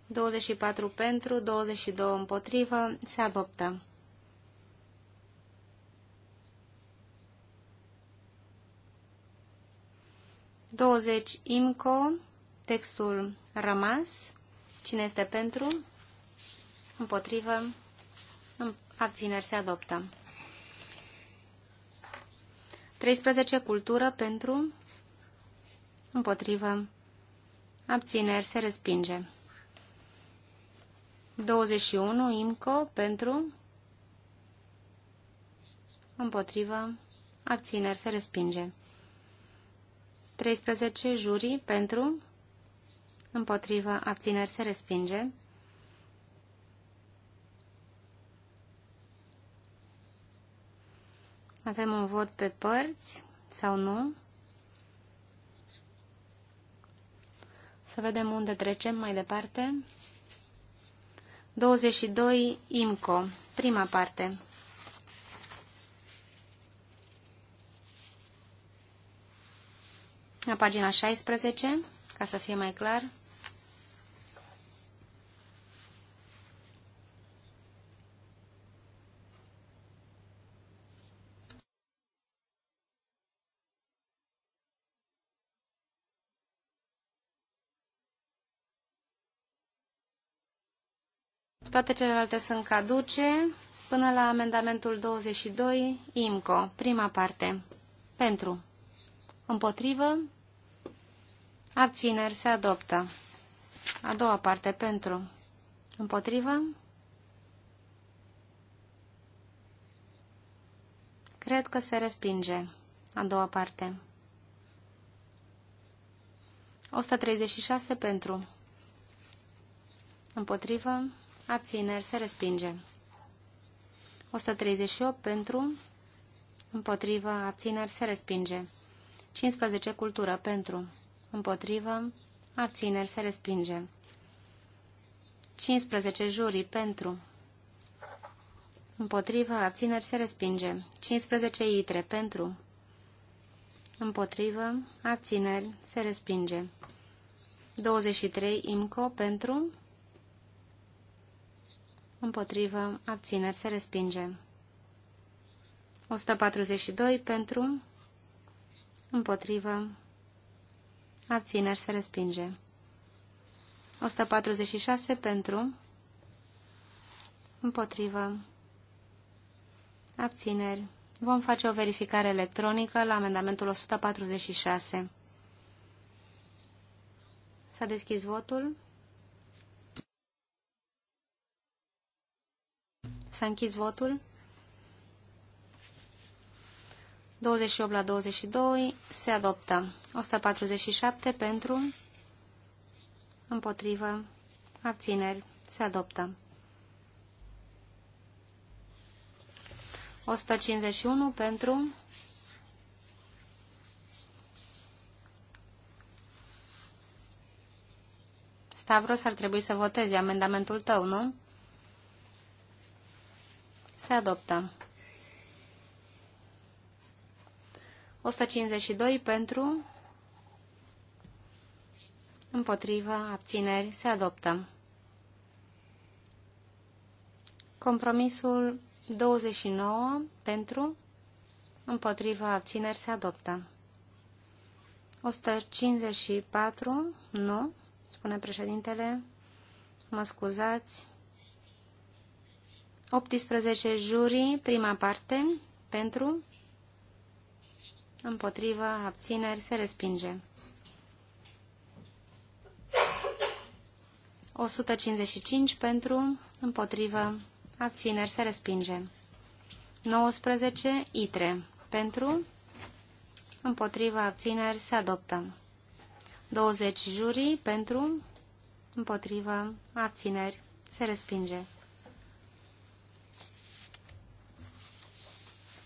24 pentru, 22 împotrivă. Se adoptă. Douăzeci IMCO, textul rămas. Cine este pentru? Împotrivă abțineri se adoptă. 13. Cultură pentru, împotrivă, abțineri se respinge. 21. IMCO pentru, împotrivă, abțineri se respinge. 13. Jurii pentru, împotrivă, abțineri se respinge. Avem un vot pe părți sau nu? Să vedem unde trecem mai departe. 22 IMCO, prima parte. La pagina 16, ca să fie mai clar. Toate celelalte sunt caduce până la amendamentul 22, IMCO, prima parte. Pentru. Împotrivă. Abțineri se adoptă. A doua parte, pentru. Împotrivă. Cred că se respinge. A doua parte. 136 pentru. Împotrivă abțineri, se respinge. 138 pentru, împotrivă, abțineri, se respinge. 15 cultură pentru, împotrivă, abțineri, se respinge. 15 jurii pentru, împotrivă, abțineri, se respinge. 15 itre pentru, împotrivă, abțineri, se respinge. 23 imco pentru, împotrivă, abțineri, se respinge. 142 pentru, împotrivă, abțineri, se respinge. 146 pentru, împotrivă, abțineri. Vom face o verificare electronică la amendamentul 146. S-a deschis votul. S-a închis votul. 28 la 22 se adoptă. 147 pentru, împotrivă, abțineri, se adoptă. 151 pentru, Stavros ar trebui să voteze amendamentul tău, nu? Se adoptă. 152 pentru, împotrivă, abțineri, se adoptă. Compromisul 29 pentru, împotrivă, abțineri, se adoptă. 154, nu, spune președintele, mă scuzați, 18 jurii, prima parte, pentru, împotrivă, abțineri, se respinge. 155 pentru, împotrivă, abțineri, se respinge. 19 itre, pentru, împotrivă, abțineri, se adoptă. 20 jurii, pentru, împotrivă, abțineri, se respinge.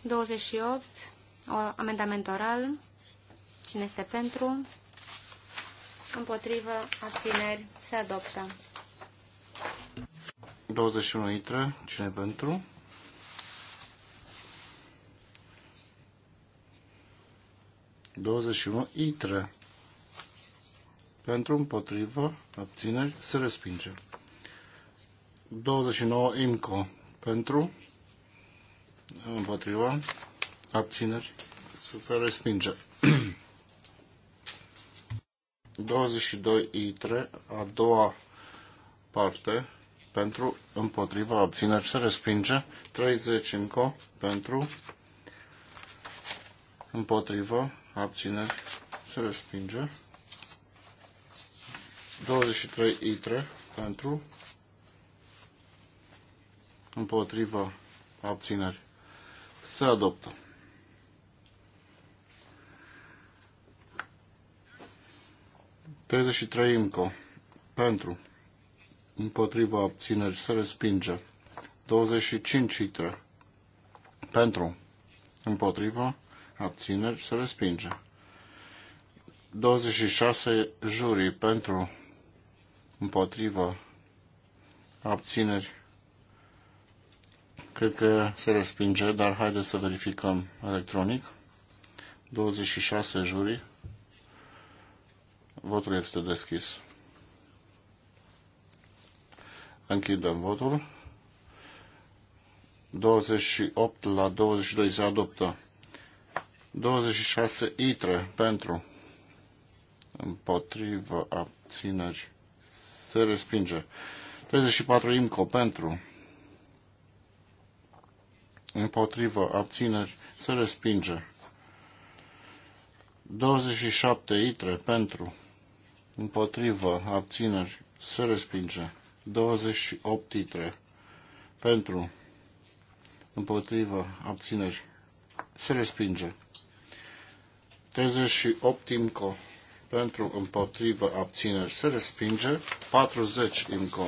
28, o, amendament oral. Cine este pentru? Împotrivă, abțineri, se adoptă. 21 itră, cine pentru? Douăzeci și unu itră. Pentru împotrivă, abțineri, se respinge. 29 imco. Pentru împotriva, abțineri, se respinge. 22 itre, a doua parte, pentru, împotriva, abțineri, se respinge. 30 încă, pentru, împotriva, abțineri, se respinge. 23 itre, pentru, împotriva, abțineri, se adoptă. Treizeci și trăimco. Pentru. Împotriva abțineri. Se respinge. 25 litre. Pentru. Împotriva abțineri. Se respinge. 26 jurii pentru împotriva abțineri Cred că se respinge, dar haideți să verificăm electronic. 26 juri. Votul este deschis. Închidem votul. 28 la 22 se adoptă. 26 itre pentru împotrivă abțineri se respinge. 34 imco pentru împotrivă, abțineri, se respinge. 27 itre pentru, împotrivă, abțineri, se respinge. 28 itre pentru, împotrivă, abțineri, se respinge. 38 imco pentru, împotrivă, abțineri, se respinge. 40 imco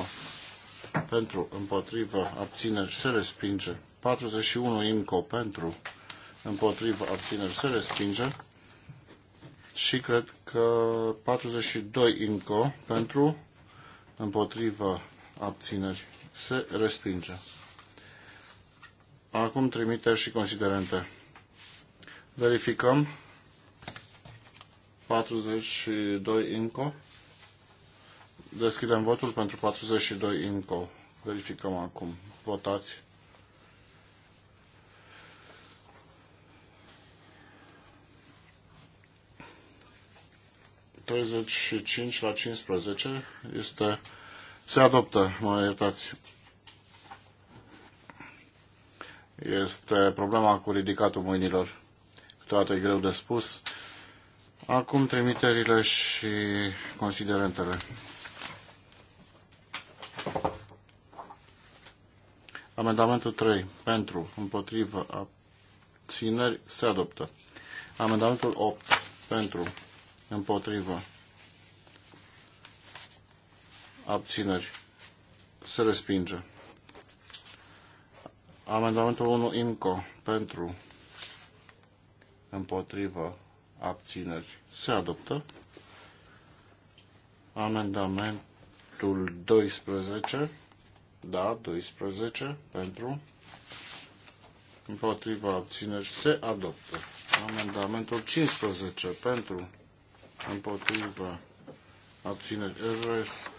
pentru, împotrivă, abțineri, se respinge. 41 IMCO pentru, împotriva abțineri se respinge și cred că 42 IMCO pentru, împotriva abțineri se respinge. Acum trimiteri și considerente. Verificăm 42 INCO. Deschidem votul pentru 42 INCO. Verificăm acum. Votați. 35 la 15 este, se adoptă, mă iertați, este problema cu ridicatul mâinilor. Câteodată e greu de spus. Acum trimiterile și considerentele. Amendamentul 3. Pentru, împotrivă, abțineri, se adoptă. Amendamentul 8. Pentru, împotriva, abțineri, se respinge. Amendamentul 1 INCO pentru împotriva abțineri se adoptă. Amendamentul 12 da, 12 pentru împotriva abțineri se adoptă. Amendamentul 15 pentru împotriva abțineri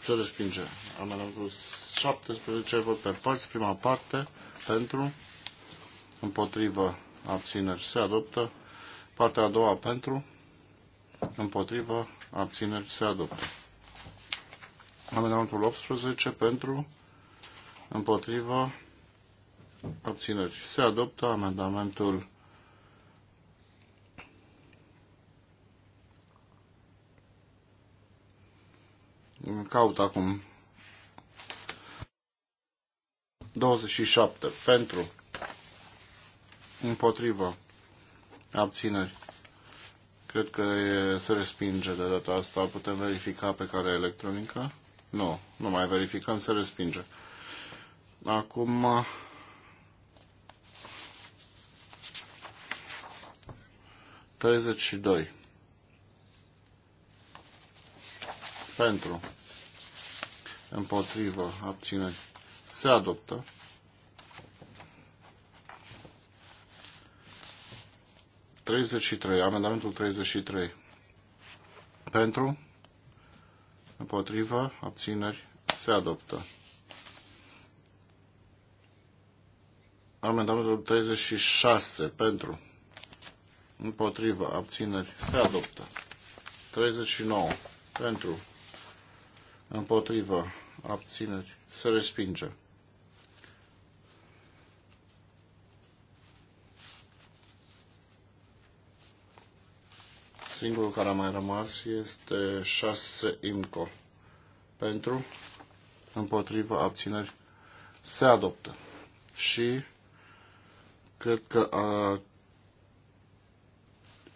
se respinge. avut 17 vot pe părți, prima parte pentru împotriva abțineri se adoptă, partea a doua pentru împotriva abțineri se adoptă. Amendamentul 18 pentru împotriva abțineri se adoptă amendamentul Caut acum. 27 pentru împotrivă abțineri. Cred că e, se respinge de data asta. Putem verifica pe care electronică? Nu, nu mai verificăm, se respinge. Acum treizeci și doi. pentru, împotrivă, abține, se adoptă. Treizeci trei, amendamentul 33. Pentru, împotrivă, abțineri, se adoptă. Amendamentul 36 pentru împotrivă abțineri se adoptă. 39 pentru împotriva, abțineri, se respinge. Singurul care a mai rămas este 6 IMCO. Pentru, împotriva, abțineri, se adoptă. Și cred că a,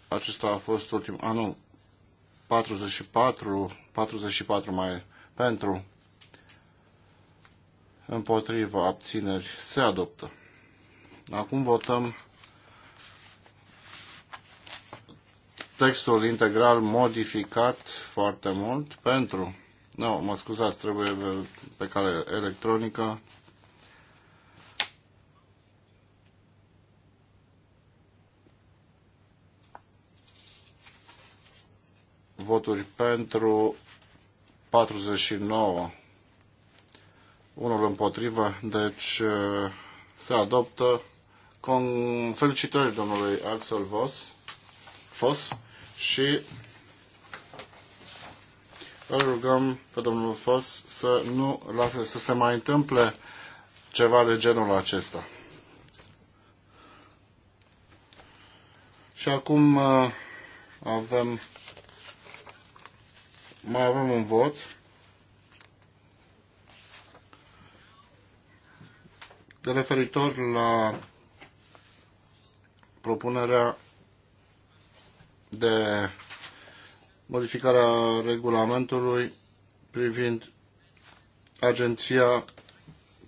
acesta a fost ultimul. anul 44, 44 mai pentru, împotriva, abțineri, se adoptă. Acum votăm textul integral modificat foarte mult pentru, nu, no, mă scuzați, trebuie pe cale electronică, voturi pentru 49. Unul împotrivă, deci uh, se adoptă. Con... Felicitări domnului Axel Voss, Foss și îl rugăm pe domnul Foss să nu lase, să se mai întâmple ceva de genul acesta. Și acum uh, avem mai avem un vot. De Referitor la propunerea de modificarea regulamentului privind Agenția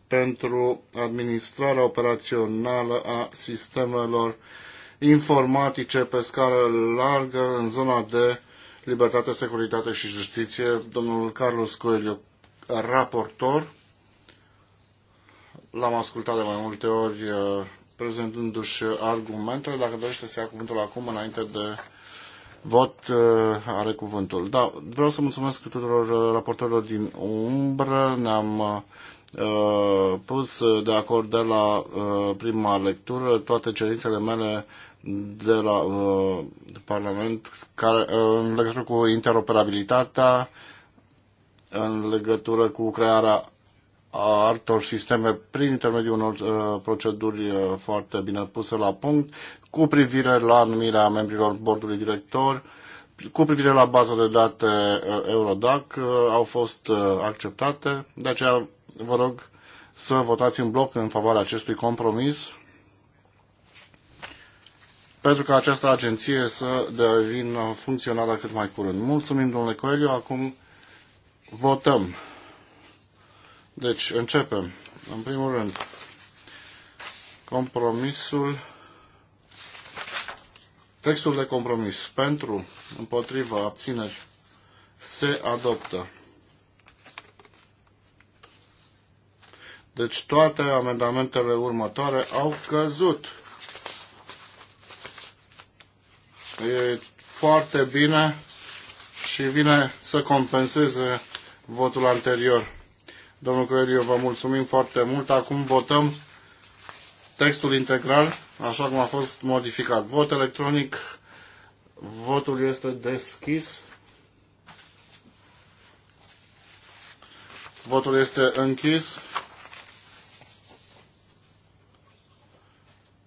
pentru administrarea operațională a sistemelor informatice pe scară largă în zona de Libertate, Securitate și Justiție, domnul Carlos Coelho, raportor. L-am ascultat de mai multe ori uh, prezentându-și argumentele. Dacă dorește să ia cuvântul acum, înainte de vot, uh, are cuvântul. Da, vreau să mulțumesc tuturor uh, raportorilor din umbră. Ne-am pus de acord de la prima lectură toate cerințele mele de la uh, Parlament care, uh, în legătură cu interoperabilitatea, în legătură cu crearea altor sisteme prin intermediul unor uh, proceduri uh, foarte bine puse la punct, cu privire la numirea membrilor bordului director, cu privire la baza de date uh, Eurodac, uh, au fost uh, acceptate. De aceea vă rog să votați în bloc în favoarea acestui compromis pentru ca această agenție să devină funcțională cât mai curând. Mulțumim, domnule Coelho. Acum votăm. Deci, începem. În primul rând, compromisul, textul de compromis pentru, împotriva, abțineri, se adoptă. Deci toate amendamentele următoare au căzut. e foarte bine și vine să compenseze votul anterior. Domnul Coelho, vă mulțumim foarte mult. Acum votăm textul integral, așa cum a fost modificat. Vot electronic, votul este deschis. Votul este închis.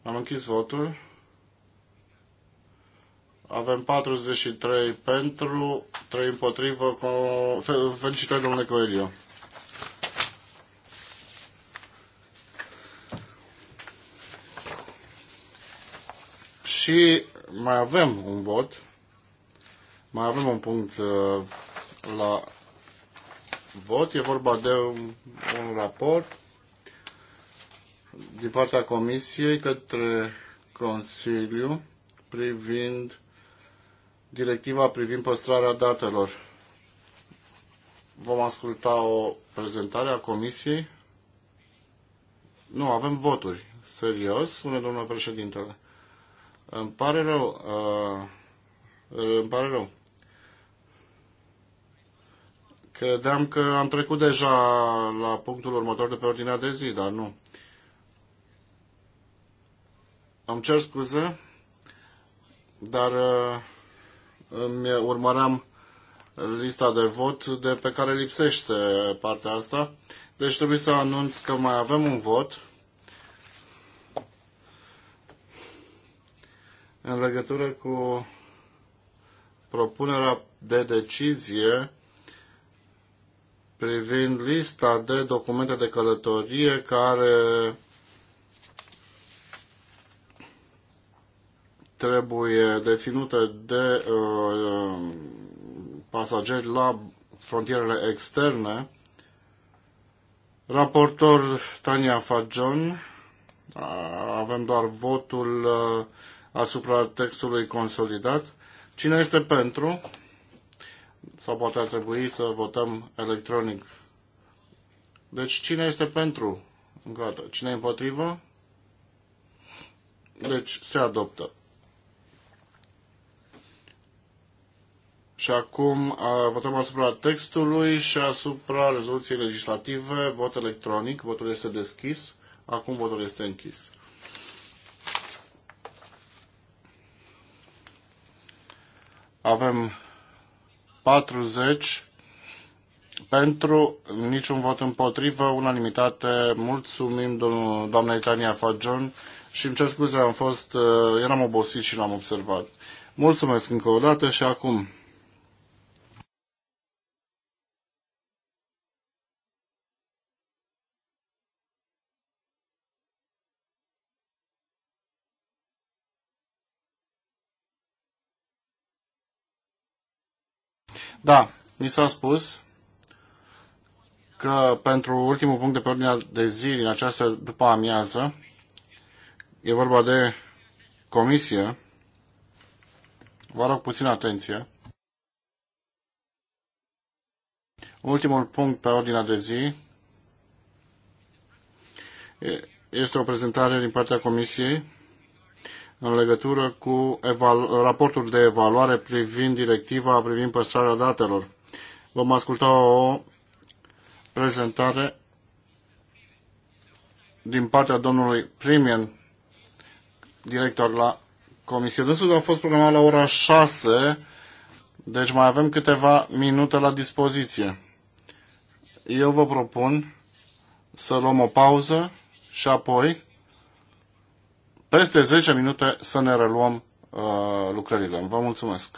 Am închis votul. Avem 43 pentru, 3 împotrivă. Felicitări, domnule Coelio. Și mai avem un vot. Mai avem un punct uh, la vot. E vorba de un, un raport din partea Comisiei către Consiliu privind directiva privind păstrarea datelor. Vom asculta o prezentare a Comisiei. Nu, avem voturi. Serios, spune domnul președintele. Îmi pare rău. Uh, îmi pare rău. Credeam că am trecut deja la punctul următor de pe ordinea de zi, dar nu. Am cer scuze, dar uh, îmi urmăream lista de vot de pe care lipsește partea asta. Deci trebuie să anunț că mai avem un vot în legătură cu propunerea de decizie privind lista de documente de călătorie care trebuie deținute de uh, pasageri la frontierele externe. Raportor Tania Fajon, avem doar votul uh, asupra textului consolidat. Cine este pentru? Sau poate ar trebui să votăm electronic. Deci cine este pentru? Gata. Cine e împotrivă? Deci se adoptă. Și acum votăm asupra textului și asupra rezoluției legislative. Vot electronic. Votul este deschis. Acum votul este închis. Avem 40 pentru, niciun vot împotrivă, unanimitate. Mulțumim doamna Itania Fagion și îmi cer scuze, am fost, uh, eram obosit și l-am observat. Mulțumesc încă o dată și acum Da, ni s-a spus că pentru ultimul punct de pe ordinea de zi din această după amiază, e vorba de comisie, vă rog puțin atenție. Ultimul punct pe ordinea de zi este o prezentare din partea comisiei în legătură cu raportul de evaluare privind directiva privind păstrarea datelor. Vom asculta o prezentare din partea domnului Primien, director la Comisie. Dânsul a fost programat la ora 6, deci mai avem câteva minute la dispoziție. Eu vă propun să luăm o pauză și apoi peste 10 minute să ne reluăm uh, lucrările. Vă mulțumesc!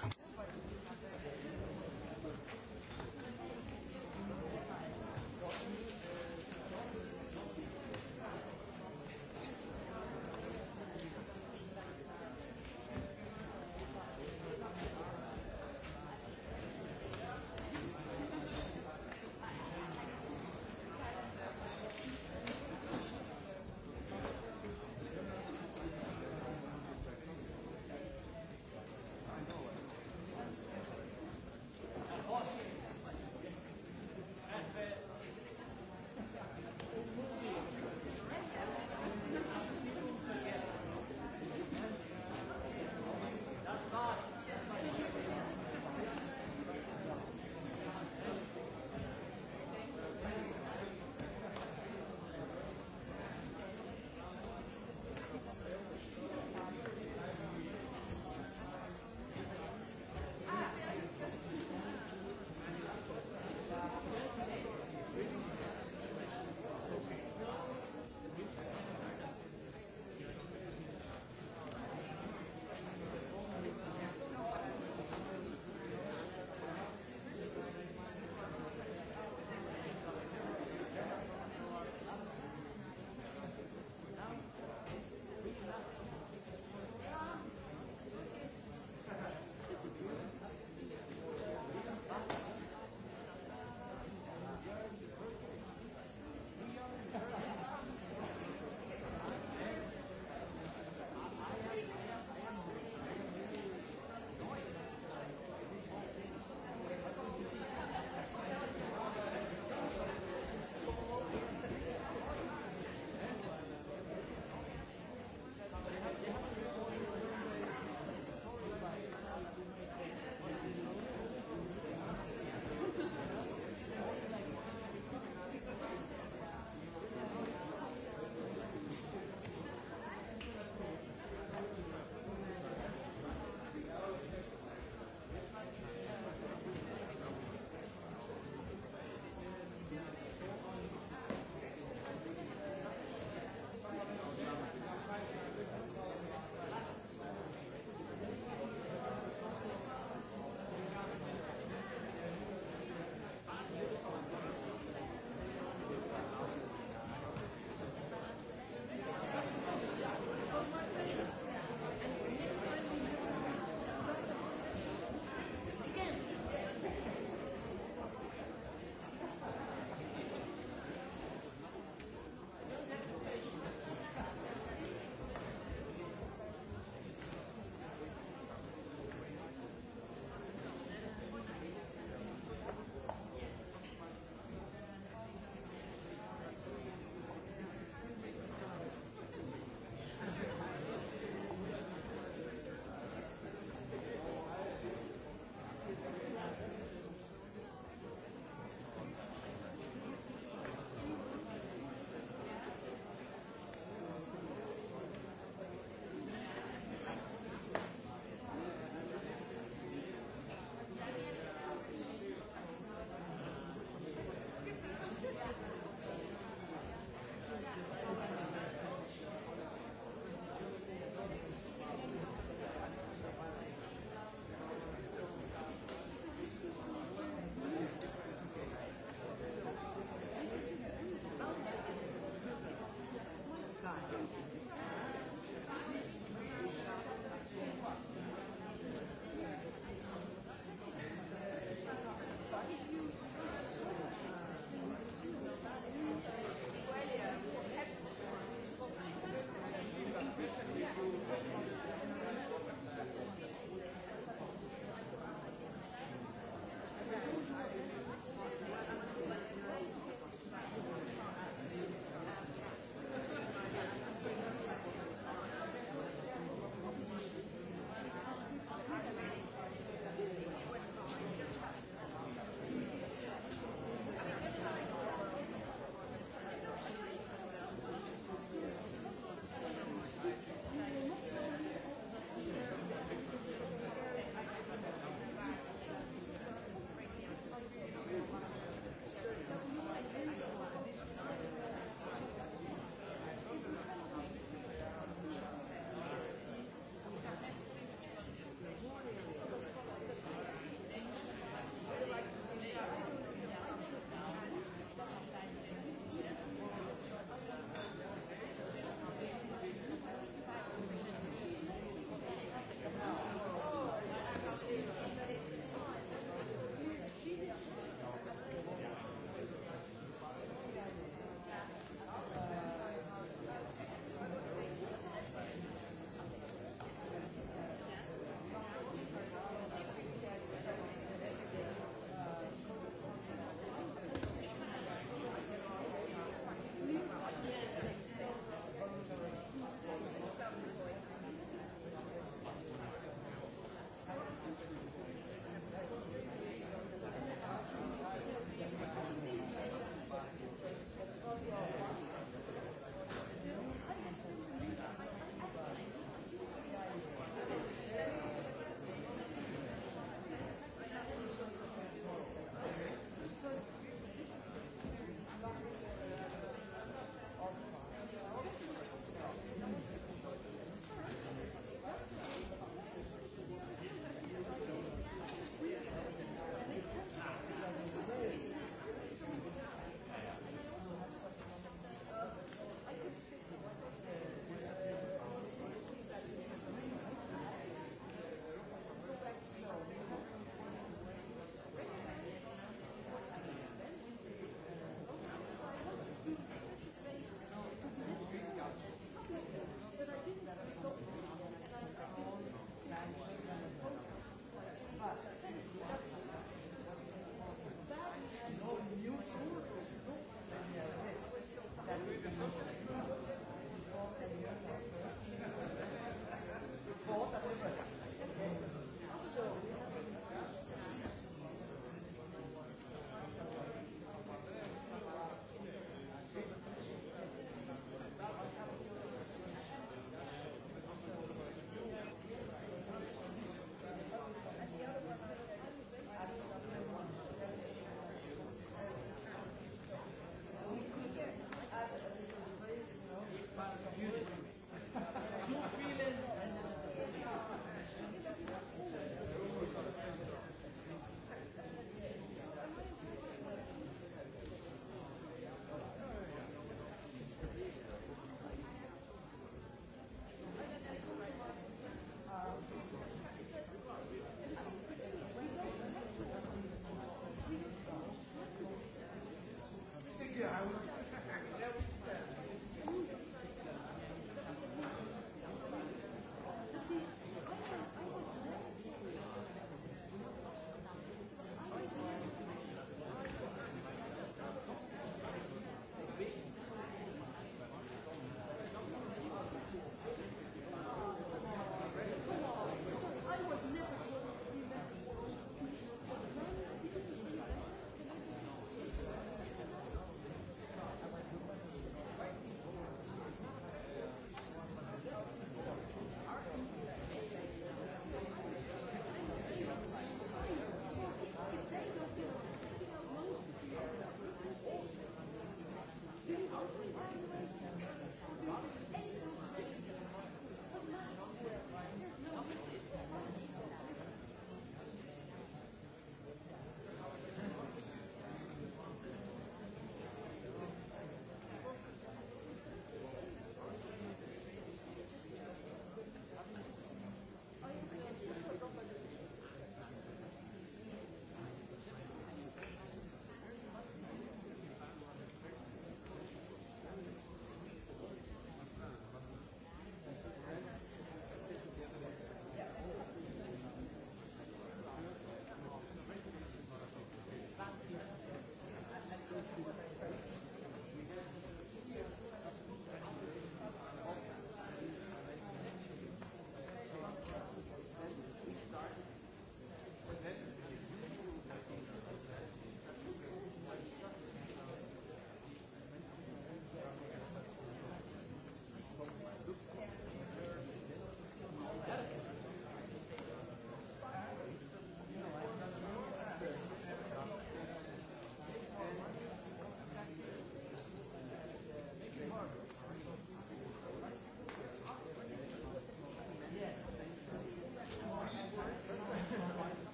Mulțumesc.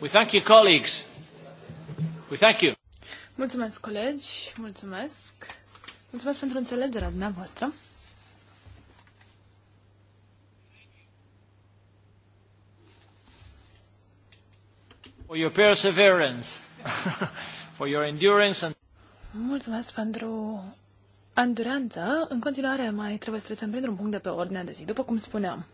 We thank you, colleagues. We thank you. Mulțumesc, colegi. Mulțumesc. Mulțumesc pentru înțelegerea dumneavoastră. For your perseverance, for your endurance and... Mulțumesc pentru înduranță. În continuare mai trebuie să trecem printr-un punct de pe ordinea de zi, după cum spuneam.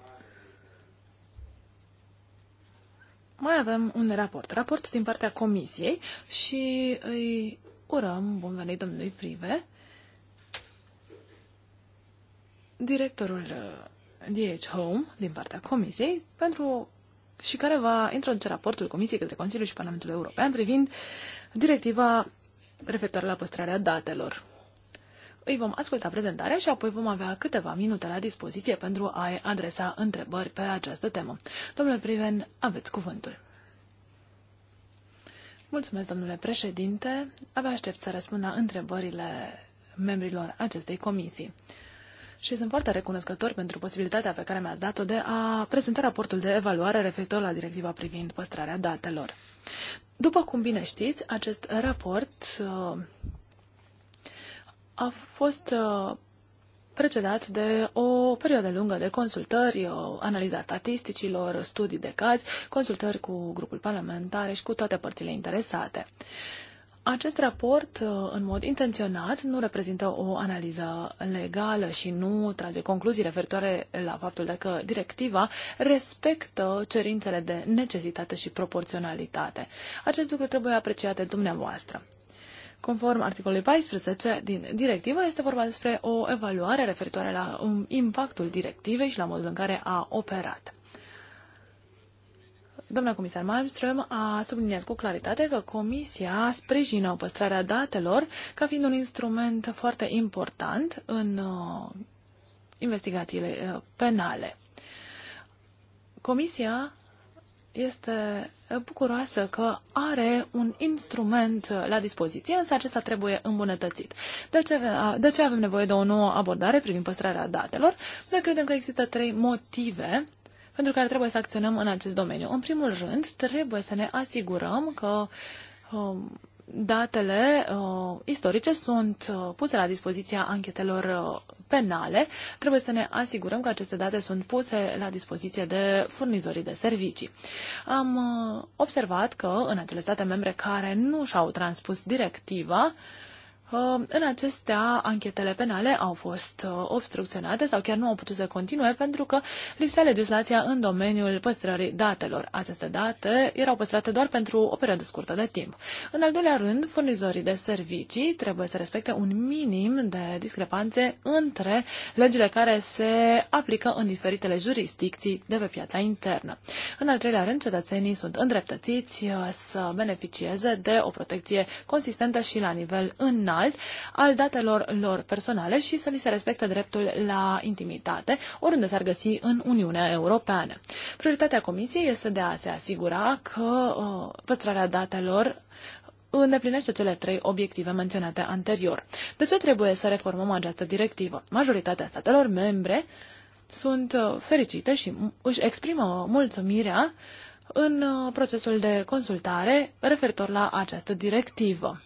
avem un raport, raport din partea comisiei și îi urăm bun venit domnului Prive, directorul DH uh, Home din partea comisiei, pentru și care va introduce raportul Comisiei către Consiliul și Parlamentul European privind directiva referitoare la păstrarea datelor. Îi vom asculta prezentarea și apoi vom avea câteva minute la dispoziție pentru a adresa întrebări pe această temă. Domnule Priven, aveți cuvântul. Mulțumesc, domnule președinte. Abia aștept să răspund la întrebările membrilor acestei comisii. Și sunt foarte recunoscător pentru posibilitatea pe care mi-ați dat-o de a prezenta raportul de evaluare referitor la directiva privind păstrarea datelor. După cum bine știți, acest raport uh, a fost uh, precedat de o perioadă lungă de consultări, o analiza statisticilor, studii de caz, consultări cu grupul parlamentar și cu toate părțile interesate. Acest raport, uh, în mod intenționat, nu reprezintă o analiză legală și nu trage concluzii referitoare la faptul dacă directiva respectă cerințele de necesitate și proporționalitate. Acest lucru trebuie apreciat de dumneavoastră. Conform articolului 14 din directivă, este vorba despre o evaluare referitoare la um, impactul directivei și la modul în care a operat. Doamna comisar Malmström a subliniat cu claritate că Comisia sprijină păstrarea datelor ca fiind un instrument foarte important în uh, investigațiile uh, penale. Comisia este bucuroasă că are un instrument la dispoziție, însă acesta trebuie îmbunătățit. De ce, de ce avem nevoie de o nouă abordare privind păstrarea datelor? Noi credem că există trei motive pentru care trebuie să acționăm în acest domeniu. În primul rând, trebuie să ne asigurăm că um, datele uh, istorice sunt uh, puse la dispoziția anchetelor uh, penale. Trebuie să ne asigurăm că aceste date sunt puse la dispoziție de furnizorii de servicii. Am uh, observat că în acele state membre care nu și-au transpus directiva, uh, în acestea, anchetele penale au fost uh, obstrucționate sau chiar nu au putut să continue pentru că lipsea legislația în domeniul păstrării datelor. Aceste date erau păstrate doar pentru o perioadă scurtă de timp. În al doilea rând, furnizorii de servicii trebuie să respecte un minim de discrepanțe între legile care se aplică în diferitele jurisdicții de pe piața internă. În al treilea rând, cetățenii sunt îndreptățiți uh, să beneficieze de o protecție consistentă și la nivel înalt înalt al datelor lor personale și să li se respecte dreptul la intimitate oriunde s-ar găsi în Uniunea Europeană. Prioritatea Comisiei este de a se asigura că uh, păstrarea datelor îndeplinește cele trei obiective menționate anterior. De ce trebuie să reformăm această directivă? Majoritatea statelor membre sunt uh, fericite și își exprimă mulțumirea în uh, procesul de consultare referitor la această directivă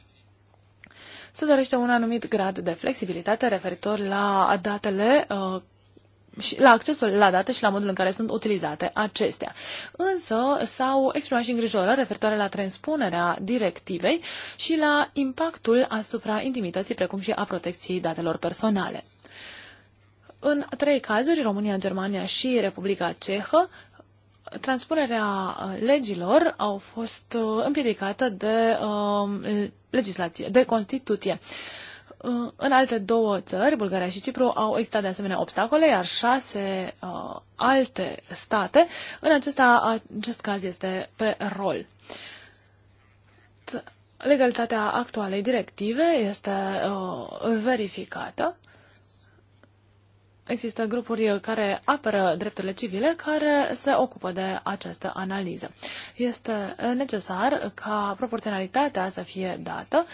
se dorește un anumit grad de flexibilitate referitor la datele uh, și la accesul la date și la modul în care sunt utilizate acestea. Însă s-au exprimat și îngrijorări referitoare la transpunerea directivei și la impactul asupra intimității precum și a protecției datelor personale. În trei cazuri, România, Germania și Republica Cehă, transpunerea uh, legilor au fost uh, împiedicată de uh, legislație, de Constituție. Uh, în alte două țări, Bulgaria și Cipru, au existat de asemenea obstacole, iar șase uh, alte state, în acesta, acest caz este pe rol. Legalitatea actualei directive este uh, verificată Există grupuri care apără drepturile civile care se ocupă de această analiză. Este necesar ca proporționalitatea să fie dată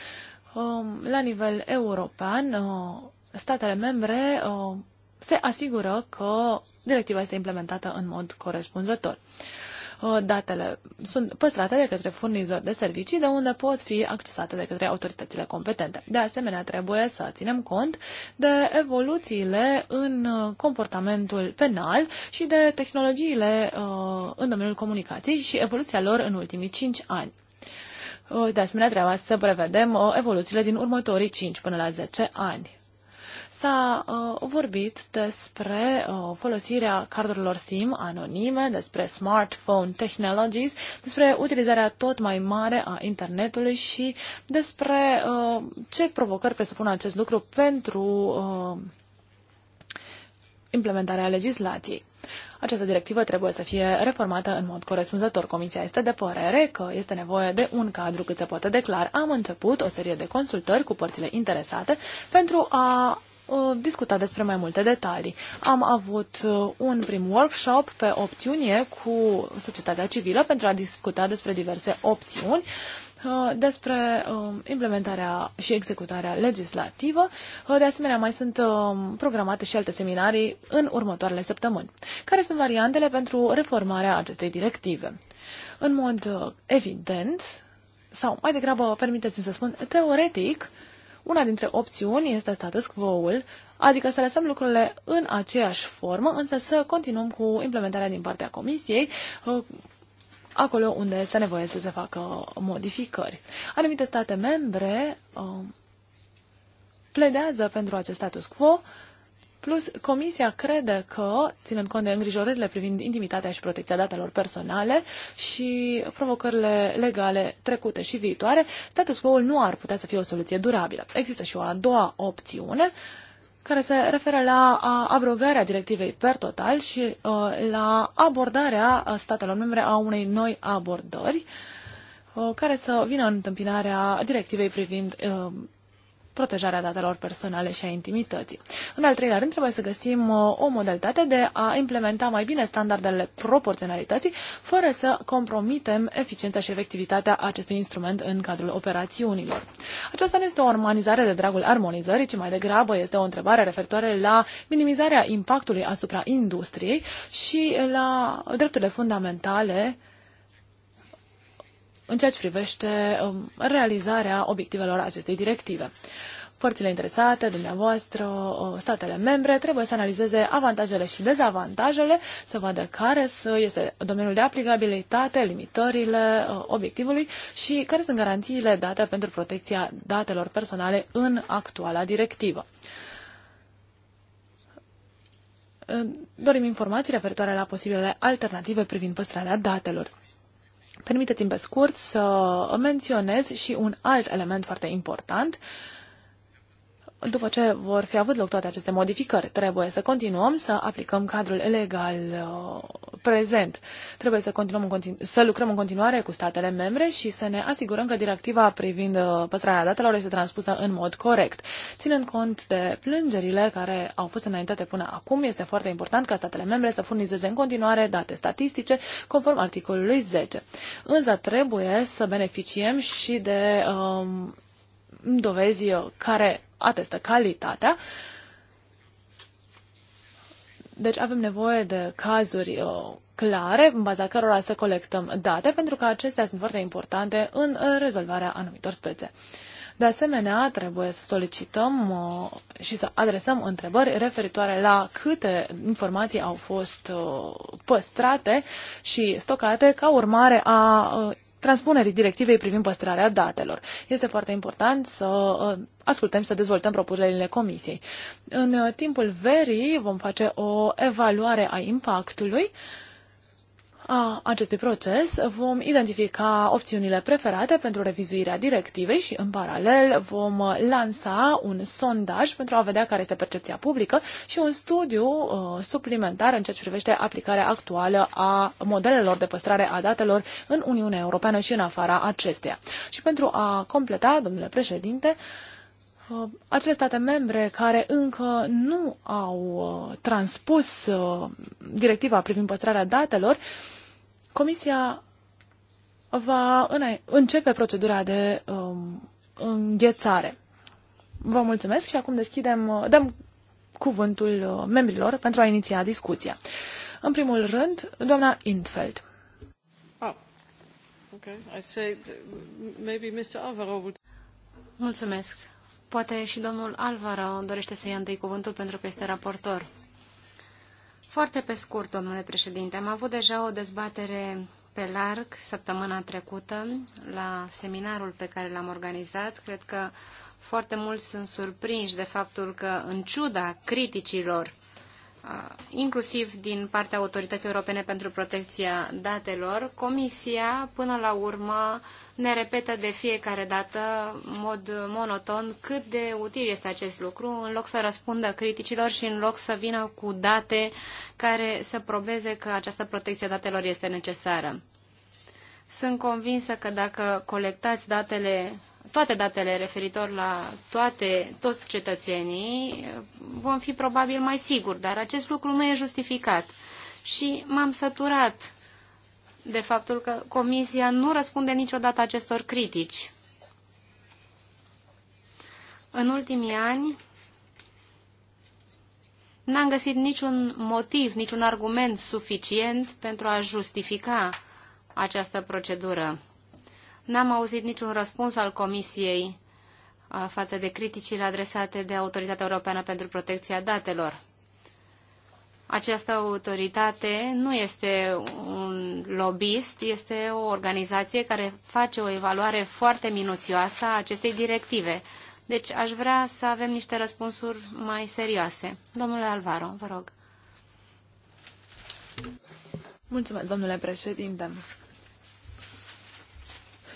um, la nivel european. Uh, statele membre uh, se asigură că directiva este implementată în mod corespunzător. Uh, datele sunt păstrate de către furnizori de servicii, de unde pot fi accesate de către autoritățile competente. De asemenea, trebuie să ținem cont de evoluțiile în uh, comportamentul penal și de tehnologiile uh, în domeniul comunicației și evoluția lor în ultimii 5 ani. De asemenea, trebuie să prevedem evoluțiile din următorii 5 până la 10 ani. S-a uh, vorbit despre uh, folosirea cardurilor SIM anonime, despre smartphone technologies, despre utilizarea tot mai mare a internetului și despre uh, ce provocări presupune acest lucru pentru uh, implementarea legislației. Această directivă trebuie să fie reformată în mod corespunzător. Comisia este de părere că este nevoie de un cadru cât se poate declar. Am început o serie de consultări cu părțile interesate pentru a uh, discuta despre mai multe detalii. Am avut uh, un prim workshop pe opțiune cu societatea civilă pentru a discuta despre diverse opțiuni Uh, despre um, implementarea și executarea legislativă. Uh, de asemenea, mai sunt um, programate și alte seminarii în următoarele săptămâni. Care sunt variantele pentru reformarea acestei directive? În mod uh, evident, sau mai degrabă, permiteți-mi să spun, teoretic, una dintre opțiuni este status quo-ul, adică să lăsăm lucrurile în aceeași formă, însă să continuăm cu implementarea din partea Comisiei acolo unde este nevoie să se facă modificări. Anumite state membre um, pledează pentru acest status quo, plus Comisia crede că, ținând cont de îngrijorările privind intimitatea și protecția datelor personale și provocările legale trecute și viitoare, status quo-ul nu ar putea să fie o soluție durabilă. Există și o a doua opțiune, uh, care se referă la abrogarea directivei per total și uh, la abordarea uh, statelor membre a unei noi abordări uh, care să vină în întâmpinarea directivei privind protejarea datelor personale și a intimității. În al treilea rând, trebuie să găsim uh, o modalitate de a implementa mai bine standardele proporționalității, fără să compromitem eficiența și efectivitatea acestui instrument în cadrul operațiunilor. Aceasta nu este o armonizare de dragul armonizării, ci mai degrabă este o întrebare referitoare la minimizarea impactului asupra industriei și la drepturile fundamentale în ceea ce privește um, realizarea obiectivelor acestei directive. Părțile interesate, dumneavoastră, uh, statele membre, trebuie să analizeze avantajele și dezavantajele, să vadă care este domeniul de aplicabilitate, limitările uh, obiectivului și care sunt garanțiile date pentru protecția datelor personale în actuala directivă. Uh, dorim informații referitoare la posibilele alternative privind păstrarea datelor. Permiteți-mi pe scurt să menționez și un alt element foarte important, după ce vor fi avut loc toate aceste modificări, trebuie să continuăm să aplicăm cadrul legal uh, prezent. Trebuie să, continuăm în continu- să lucrăm în continuare cu statele membre și să ne asigurăm că directiva privind uh, păstrarea datelor este transpusă în mod corect. Ținând cont de plângerile care au fost înaintate până acum, este foarte important ca statele membre să furnizeze în continuare date statistice conform articolului 10. Însă trebuie să beneficiem și de um, dovezi care atestă calitatea. Deci avem nevoie de cazuri uh, clare, în baza cărora să colectăm date, pentru că acestea sunt foarte importante în uh, rezolvarea anumitor spețe. De asemenea, trebuie să solicităm uh, și să adresăm întrebări referitoare la câte informații au fost păstrate și stocate ca urmare a transpunerii directivei privind păstrarea datelor. Este foarte important să uh, ascultăm și să dezvoltăm propunerile comisiei. În uh, timpul verii vom face o evaluare a impactului a acestui proces vom identifica opțiunile preferate pentru revizuirea directivei și, în paralel, vom lansa un sondaj pentru a vedea care este percepția publică și un studiu uh, suplimentar în ceea ce privește aplicarea actuală a modelelor de păstrare a datelor în Uniunea Europeană și în afara acesteia. Și pentru a completa, domnule președinte, uh, Uh, acele state membre care încă nu au uh, transpus uh, directiva privind păstrarea datelor, Comisia va începe procedura de um, înghețare. Vă mulțumesc și acum deschidem, dăm cuvântul membrilor pentru a iniția discuția. În primul rând, doamna Intfeld. Ah, mulțumesc. Poate și domnul Alvaro dorește să ia întâi cuvântul pentru că este raportor. Foarte pe scurt, domnule președinte, am avut deja o dezbatere pe larg săptămâna trecută la seminarul pe care l-am organizat. Cred că foarte mulți sunt surprinși de faptul că, în ciuda criticilor inclusiv din partea Autorității Europene pentru Protecția Datelor, Comisia, până la urmă, ne repetă de fiecare dată, în mod monoton, cât de util este acest lucru, în loc să răspundă criticilor și în loc să vină cu date care să probeze că această protecție a datelor este necesară. Sunt convinsă că dacă colectați datele toate datele referitor la toate, toți cetățenii, vom fi probabil mai siguri, dar acest lucru nu e justificat. Și m-am săturat de faptul că Comisia nu răspunde niciodată acestor critici. În ultimii ani n-am găsit niciun motiv, niciun argument suficient pentru a justifica această procedură. N-am auzit niciun răspuns al Comisiei față de criticile adresate de Autoritatea Europeană pentru Protecția Datelor. Această autoritate nu este un lobbyist, este o organizație care face o evaluare foarte minuțioasă a acestei directive. Deci aș vrea să avem niște răspunsuri mai serioase. Domnule Alvaro, vă rog. Mulțumesc, domnule președinte.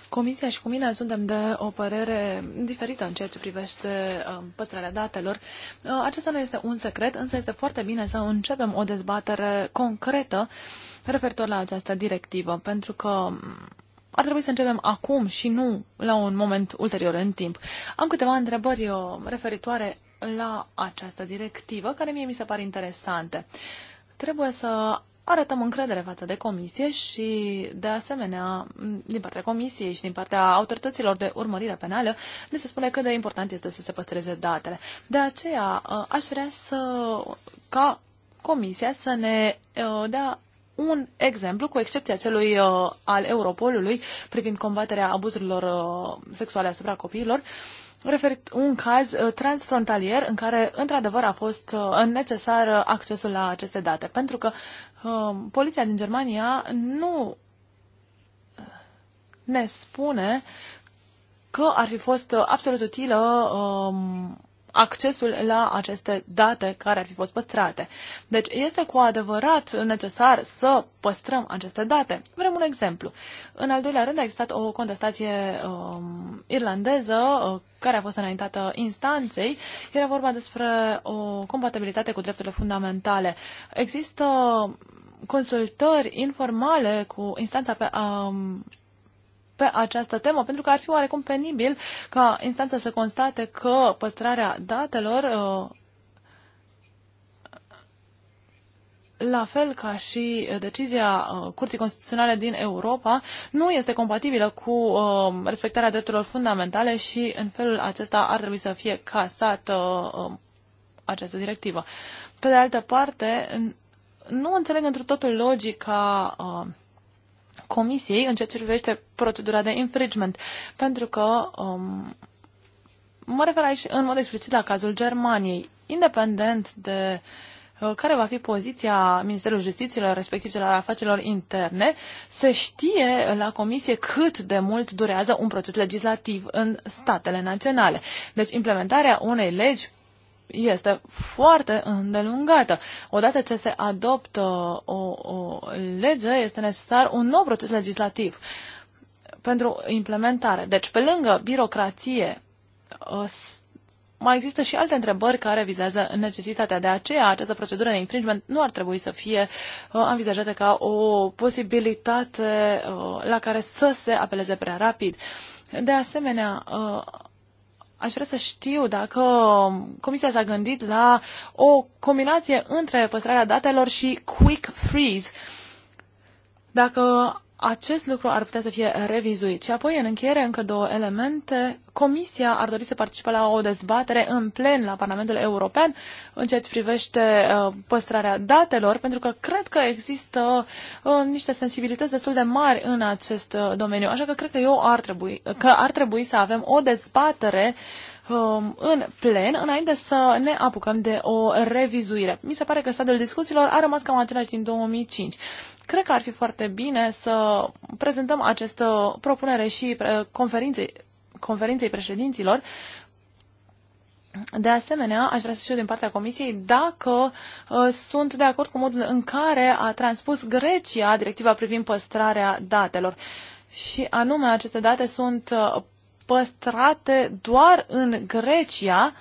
Comisia și cu mine suntem de o părere diferită în ceea ce privește um, păstrarea datelor. Uh, acesta nu este un secret, însă este foarte bine să începem o dezbatere concretă referitor la această directivă, pentru că um, ar trebui să începem acum și nu la un moment ulterior în timp. Am câteva întrebări uh, referitoare la această directivă, care mie mi se par interesante. Trebuie să arătăm încredere față de comisie și, de asemenea, din partea comisiei și din partea autorităților de urmărire penală, ne se spune cât de important este să se păstreze datele. De aceea, ă, aș vrea să, ca comisia să ne ă, dea un exemplu, cu excepția celui uh, al Europolului, privind combaterea abuzurilor uh, sexuale asupra copiilor, referit un caz uh, transfrontalier în care, într-adevăr, a fost uh, necesar accesul la aceste date, pentru că Um, poliția din Germania nu ne spune că ar fi fost absolut utilă um, accesul la aceste date care ar fi fost păstrate. Deci este cu adevărat necesar să păstrăm aceste date. Vrem un exemplu. În al doilea rând a existat o contestație um, irlandeză uh, care a fost înaintată instanței. Era vorba despre o compatibilitate cu drepturile fundamentale. Există consultări informale cu instanța pe, um, pe această temă, pentru că ar fi oarecum penibil ca instanța să constate că păstrarea datelor uh, la fel ca și decizia uh, Curții Constituționale din Europa, nu este compatibilă cu uh, respectarea drepturilor fundamentale și în felul acesta ar trebui să fie casată această directivă. Pe de altă parte, nu înțeleg într totul logica uh, Comisiei în ceea ce privește procedura de infringement, pentru că um, mă refer aici în mod explicit la cazul Germaniei, independent de uh, care va fi poziția Ministerului Justiției, respectiv cel al afacerilor interne, se știe la comisie cât de mult durează un proces legislativ în statele naționale. Deci implementarea unei legi este foarte îndelungată. Odată ce se adoptă o, o lege, este necesar un nou proces legislativ pentru implementare. Deci, pe lângă birocrație, ă, mai există și alte întrebări care vizează necesitatea. De aceea, această procedură de infringement nu ar trebui să fie învizajată ă, ca o posibilitate ă, la care să se apeleze prea rapid. De asemenea, aș vrea să știu dacă Comisia s-a gândit la o combinație între păstrarea datelor și quick freeze. Dacă acest lucru ar putea să fie revizuit. Și apoi, în încheiere, încă două elemente. Comisia ar dori să participe la o dezbatere în plen la Parlamentul European în ceea ce privește uh, păstrarea datelor, pentru că cred că există uh, niște sensibilități destul de mari în acest uh, domeniu. Așa că cred că eu ar trebui, că ar trebui să avem o dezbatere um, în plen înainte să ne apucăm de o revizuire. Mi se pare că stadiul discuțiilor a rămas cam același din 2005. Cred că ar fi foarte bine să prezentăm această propunere și uh, conferinței, conferinței președinților. De asemenea, aș vrea să știu din partea Comisiei dacă uh, sunt de acord cu modul în care a transpus Grecia directiva privind păstrarea datelor. Și anume, aceste date sunt uh, păstrate doar în Grecia,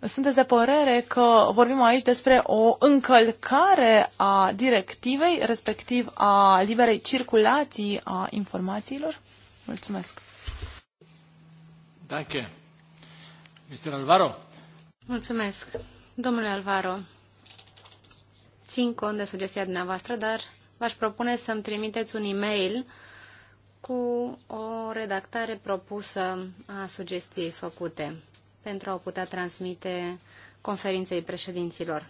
sunteți de părere că vorbim aici despre o încălcare a directivei, respectiv a liberei circulații a informațiilor? Mulțumesc. Danke. Mr. Alvaro. Mulțumesc. Domnule Alvaro, țin cont de sugestia dumneavoastră, dar v-aș propune să-mi trimiteți un e-mail cu o redactare propusă a sugestiei făcute pentru a o putea transmite conferinței președinților.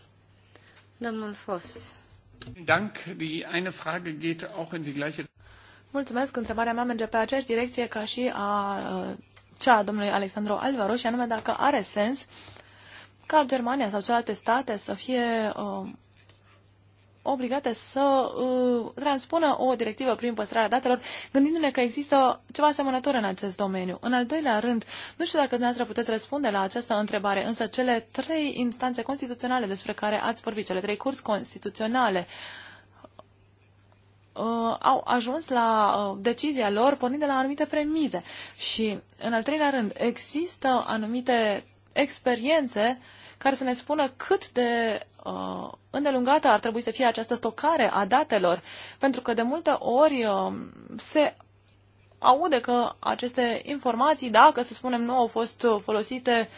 Domnul Fos. Mulțumesc. Întrebarea mea merge pe aceeași direcție ca și a cea a domnului Alexandru Alvaro, și anume dacă are sens ca Germania sau celelalte state să fie uh, obligate să uh, transpună o directivă prin păstrarea datelor, gândindu-ne că există ceva asemănător în acest domeniu. În al doilea rând, nu știu dacă dumneavoastră puteți răspunde la această întrebare, însă cele trei instanțe constituționale despre care ați vorbit, cele trei curs constituționale, uh, au ajuns la uh, decizia lor pornind de la anumite premize. Și, în al treilea rând, există anumite experiențe uh, care să ne spună cât de uh, îndelungată ar trebui să fie această stocare a datelor, pentru că de multe ori uh, se aude că aceste informații, dacă, să spunem, nu au fost folosite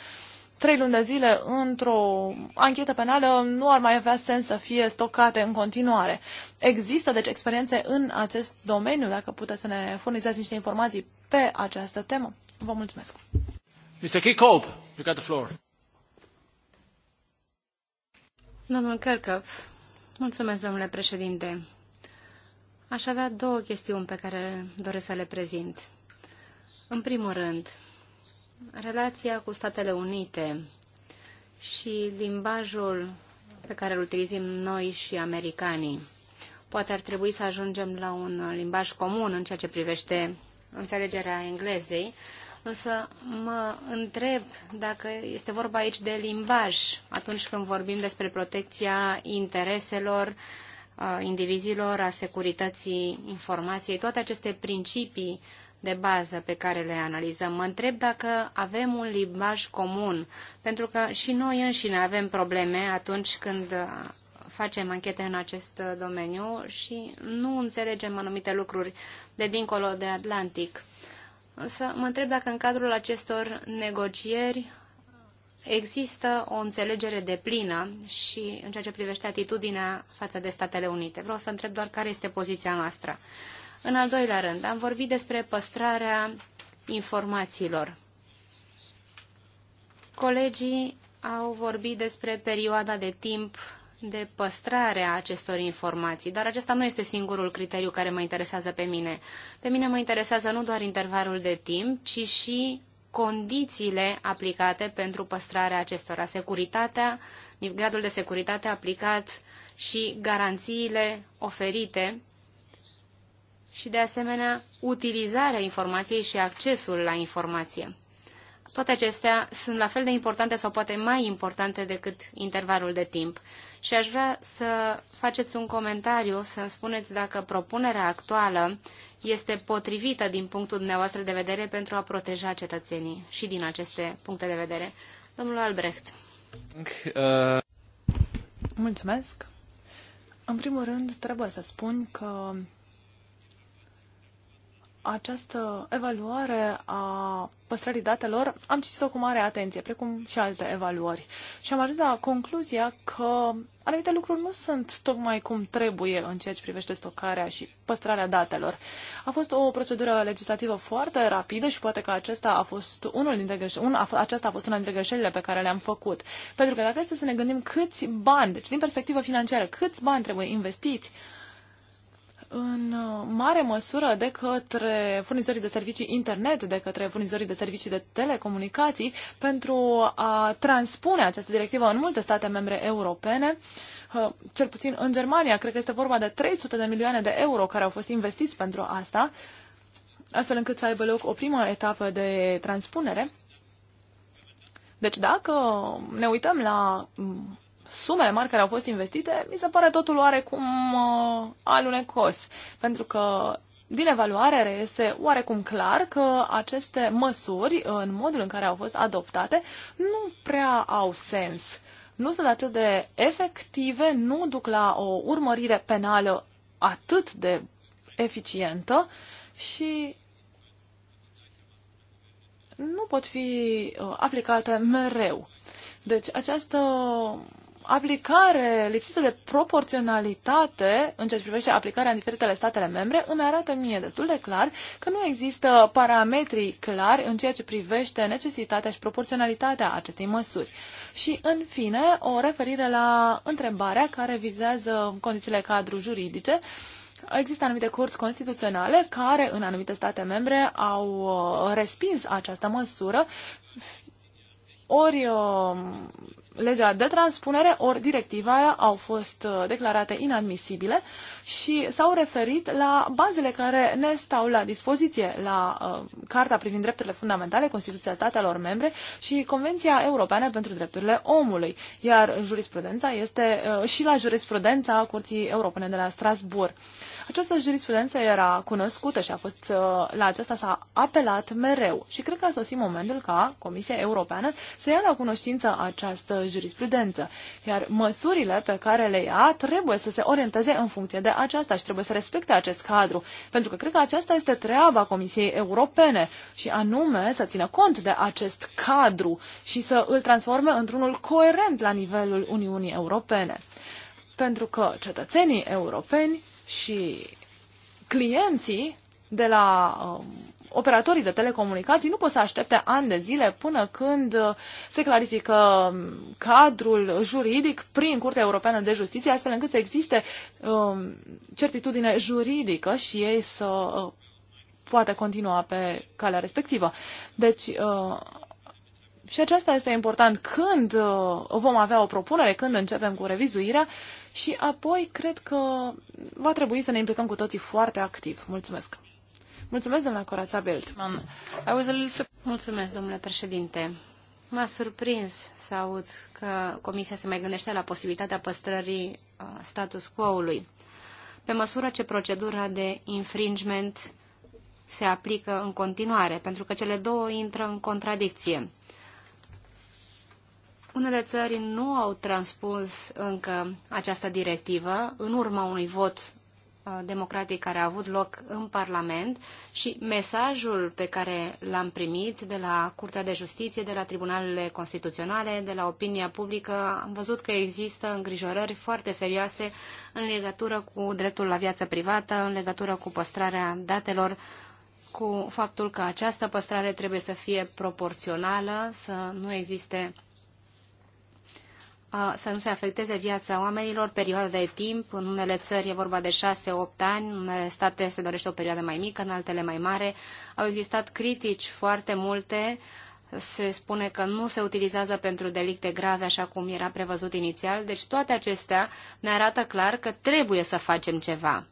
trei luni de zile într-o anchetă penală, nu ar mai avea sens să fie stocate în continuare. Există, deci, experiențe în acest domeniu, dacă puteți să ne furnizați niște informații pe această temă. Vă mulțumesc. Mr. Kikob, you got the floor. Domnul Kerkăp, mulțumesc, domnule președinte. Aș avea două chestiuni pe care doresc să le prezint. În primul rând, relația cu Statele Unite și limbajul pe care îl utilizăm noi și americanii. Poate ar trebui să ajungem la un limbaj comun în ceea ce privește înțelegerea englezei, Însă mă întreb dacă este vorba aici de limbaj atunci când vorbim despre protecția intereselor indivizilor, a securității informației, toate aceste principii de bază pe care le analizăm. Mă întreb dacă avem un limbaj comun, pentru că și noi înșine avem probleme atunci când facem anchete în acest domeniu și nu înțelegem anumite lucruri de dincolo de Atlantic. Însă mă întreb dacă în cadrul acestor negocieri există o înțelegere de plină și în ceea ce privește atitudinea față de Statele Unite. Vreau să întreb doar care este poziția noastră. În al doilea rând, am vorbit despre păstrarea informațiilor. Colegii au vorbit despre perioada de timp de păstrare a acestor informații, dar acesta nu este singurul criteriu care mă interesează pe mine. Pe mine mă interesează nu doar intervalul de timp, ci și condițiile aplicate pentru păstrarea acestora, securitatea, gradul de securitate aplicat și garanțiile oferite și, de asemenea, utilizarea informației și accesul la informație. Toate acestea sunt la fel de importante sau poate mai importante decât intervalul de timp și aș vrea să faceți un comentariu, să-mi spuneți dacă propunerea actuală este potrivită din punctul dumneavoastră de vedere pentru a proteja cetățenii și din aceste puncte de vedere. Domnul Albrecht. Uh, Mulțumesc. În primul rând, trebuie să spun că această evaluare a păstrării datelor am citit-o cu mare atenție, precum și alte evaluări. Și am ajuns la concluzia că anumite lucruri nu sunt tocmai cum trebuie în ceea ce privește stocarea și păstrarea datelor. A fost o procedură legislativă foarte rapidă și poate că acesta a fost unul dintre greșe- un, a, aceasta a fost una dintre greșelile pe care le-am făcut. Pentru că dacă este să ne gândim câți bani, deci din perspectivă financiară, câți bani trebuie investiți în mare măsură de către furnizorii de servicii internet, de către furnizorii de servicii de telecomunicații, pentru a transpune această directivă în multe state membre europene. Uh, cel puțin în Germania, cred că este vorba de 300 de milioane de euro care au fost investiți pentru asta, astfel încât să aibă loc o primă etapă de transpunere. Deci dacă ne uităm la mm, sumele mari care au fost investite, mi se pare totul oarecum uh, alunecos, pentru că din evaluare este oarecum clar că aceste măsuri, uh, în modul în care au fost adoptate, nu prea au sens. Nu sunt atât de efective, nu duc la o urmărire penală atât de eficientă și nu pot fi uh, aplicate mereu. Deci această aplicare lipsită de proporționalitate în ceea ce privește aplicarea în diferitele statele membre îmi arată mie destul de clar că nu există parametri clari în ceea ce privește necesitatea și proporționalitatea acestei măsuri. Și, în fine, o referire la întrebarea care vizează condițiile cadru juridice. Există anumite curți constituționale care, în anumite state membre, au uh, respins această măsură ori uh, legea de transpunere ori directiva au fost uh, declarate inadmisibile și s-au referit la bazele care ne stau la dispoziție, la uh, Carta privind drepturile fundamentale, Constituția statelor membre și Convenția Europeană pentru Drepturile Omului, iar jurisprudența este uh, și la jurisprudența Curții Europene de la Strasbourg. Această jurisprudență era cunoscută și a fost, uh, la aceasta s-a apelat mereu și cred că a sosit momentul ca Comisia Europeană să ia la cunoștință această jurisprudență, iar măsurile pe care le ia trebuie să se orienteze în funcție de aceasta și trebuie să respecte acest cadru, pentru că cred că aceasta este treaba Comisiei Europene și anume să țină cont de acest cadru și să îl transforme într-unul coerent la nivelul Uniunii Europene. Pentru că cetățenii europeni și clienții de la um, operatorii de telecomunicații nu pot să aștepte ani de zile până când uh, se clarifică um, cadrul juridic prin Curtea Europeană de Justiție, astfel încât să existe um, certitudine juridică și ei să uh, poată continua pe calea respectivă. Deci, uh, și aceasta este important când uh, vom avea o propunere, când începem cu revizuirea și apoi cred că va trebui să ne implicăm cu toții foarte activ. Mulțumesc! Mulțumesc, doamna Corața Belt. Mulțumesc, domnule președinte. M-a surprins să aud că Comisia se mai gândește la posibilitatea păstrării uh, status quo-ului. Pe măsură ce procedura de infringement se aplică în continuare, pentru că cele două intră în contradicție unele țări nu au transpus încă această directivă în urma unui vot uh, democratic care a avut loc în Parlament și mesajul pe care l-am primit de la Curtea de Justiție, de la Tribunalele Constituționale, de la opinia publică, am văzut că există îngrijorări foarte serioase în legătură cu dreptul la viață privată, în legătură cu păstrarea datelor, cu faptul că această păstrare trebuie să fie proporțională, să nu existe să nu se afecteze viața oamenilor, perioada de timp. În unele țări e vorba de 6-8 ani, în unele state se dorește o perioadă mai mică, în altele mai mare. Au existat critici foarte multe. Se spune că nu se utilizează pentru delicte grave așa cum era prevăzut inițial. Deci toate acestea ne arată clar că trebuie să facem ceva.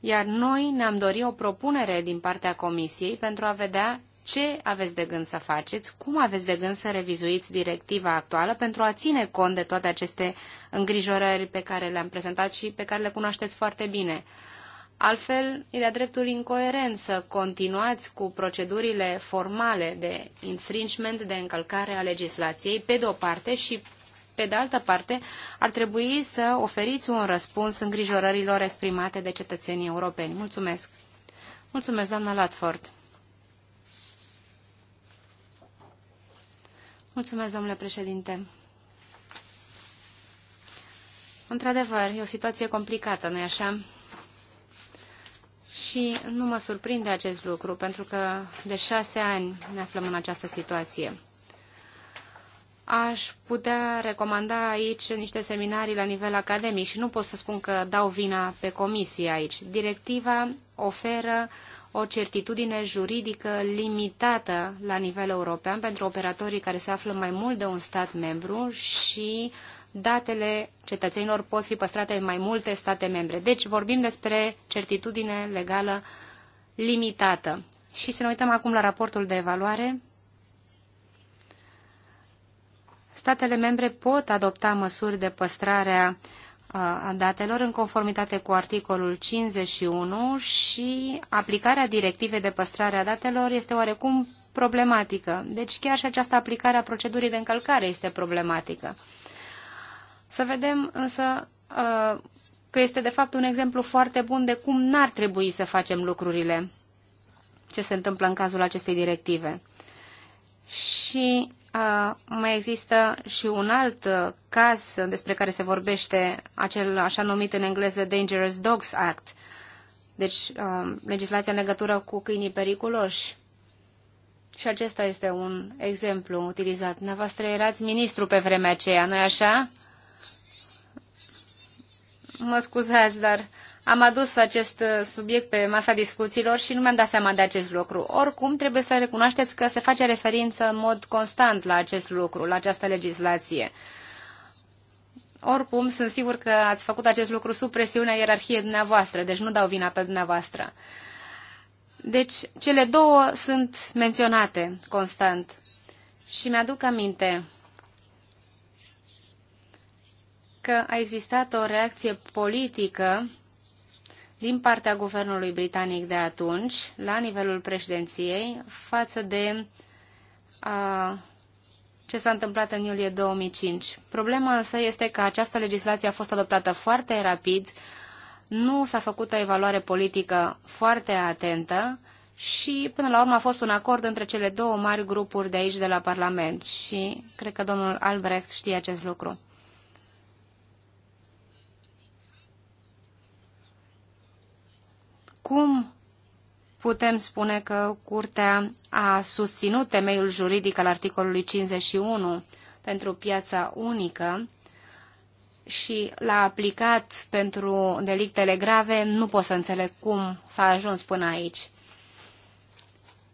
Iar noi ne-am dorit o propunere din partea Comisiei pentru a vedea ce aveți de gând să faceți, cum aveți de gând să revizuiți directiva actuală pentru a ține cont de toate aceste îngrijorări pe care le-am prezentat și pe care le cunoașteți foarte bine. Altfel, e de-a dreptul incoerent să continuați cu procedurile formale de infringement, de încălcare a legislației, pe de o parte și pe de altă parte, ar trebui să oferiți un răspuns îngrijorărilor exprimate de cetățenii europeni. Mulțumesc! Mulțumesc, doamna Latford! Mulțumesc, domnule președinte. Într-adevăr, e o situație complicată, nu-i așa? Și nu mă surprinde acest lucru, pentru că de șase ani ne aflăm în această situație. Aș putea recomanda aici niște seminarii la nivel academic și nu pot să spun că dau vina pe comisie aici. Directiva oferă o certitudine juridică limitată la nivel european pentru operatorii care se află mai mult de un stat membru și datele cetățenilor pot fi păstrate în mai multe state membre. Deci vorbim despre certitudine legală limitată. Și să ne uităm acum la raportul de evaluare. Statele membre pot adopta măsuri de păstrare a a datelor în conformitate cu articolul 51 și aplicarea directivei de păstrare a datelor este oarecum problematică. Deci chiar și această aplicare a procedurii de încălcare este problematică. Să vedem însă că este de fapt un exemplu foarte bun de cum n-ar trebui să facem lucrurile, ce se întâmplă în cazul acestei directive. Și uh, mai există și un alt uh, caz despre care se vorbește, acel așa numit în engleză Dangerous Dogs Act, deci uh, legislația în legătură cu câinii periculoși. Și acesta este un exemplu utilizat. Dumneavoastră erați ministru pe vremea aceea, nu-i așa? Mă scuzați, dar am adus acest uh, subiect pe masa discuțiilor și nu mi-am dat seama de acest lucru. Oricum, trebuie să recunoașteți că se face referință în mod constant la acest lucru, la această legislație. Oricum, sunt sigur că ați făcut acest lucru sub presiunea ierarhiei dumneavoastră, deci nu dau vina pe dumneavoastră. Deci, cele două sunt menționate constant. Și mi-aduc aminte că a existat o reacție politică din partea guvernului britanic de atunci, la nivelul președinției, față de uh, ce s-a întâmplat în iulie 2005. Problema însă este că această legislație a fost adoptată foarte rapid, nu s-a făcut o evaluare politică foarte atentă și, până la urmă, a fost un acord între cele două mari grupuri de aici, de la Parlament. Și cred că domnul Albrecht știe acest lucru. cum putem spune că Curtea a susținut temeiul juridic al articolului 51 pentru piața unică și l-a aplicat pentru delictele grave, nu pot să înțeleg cum s-a ajuns până aici.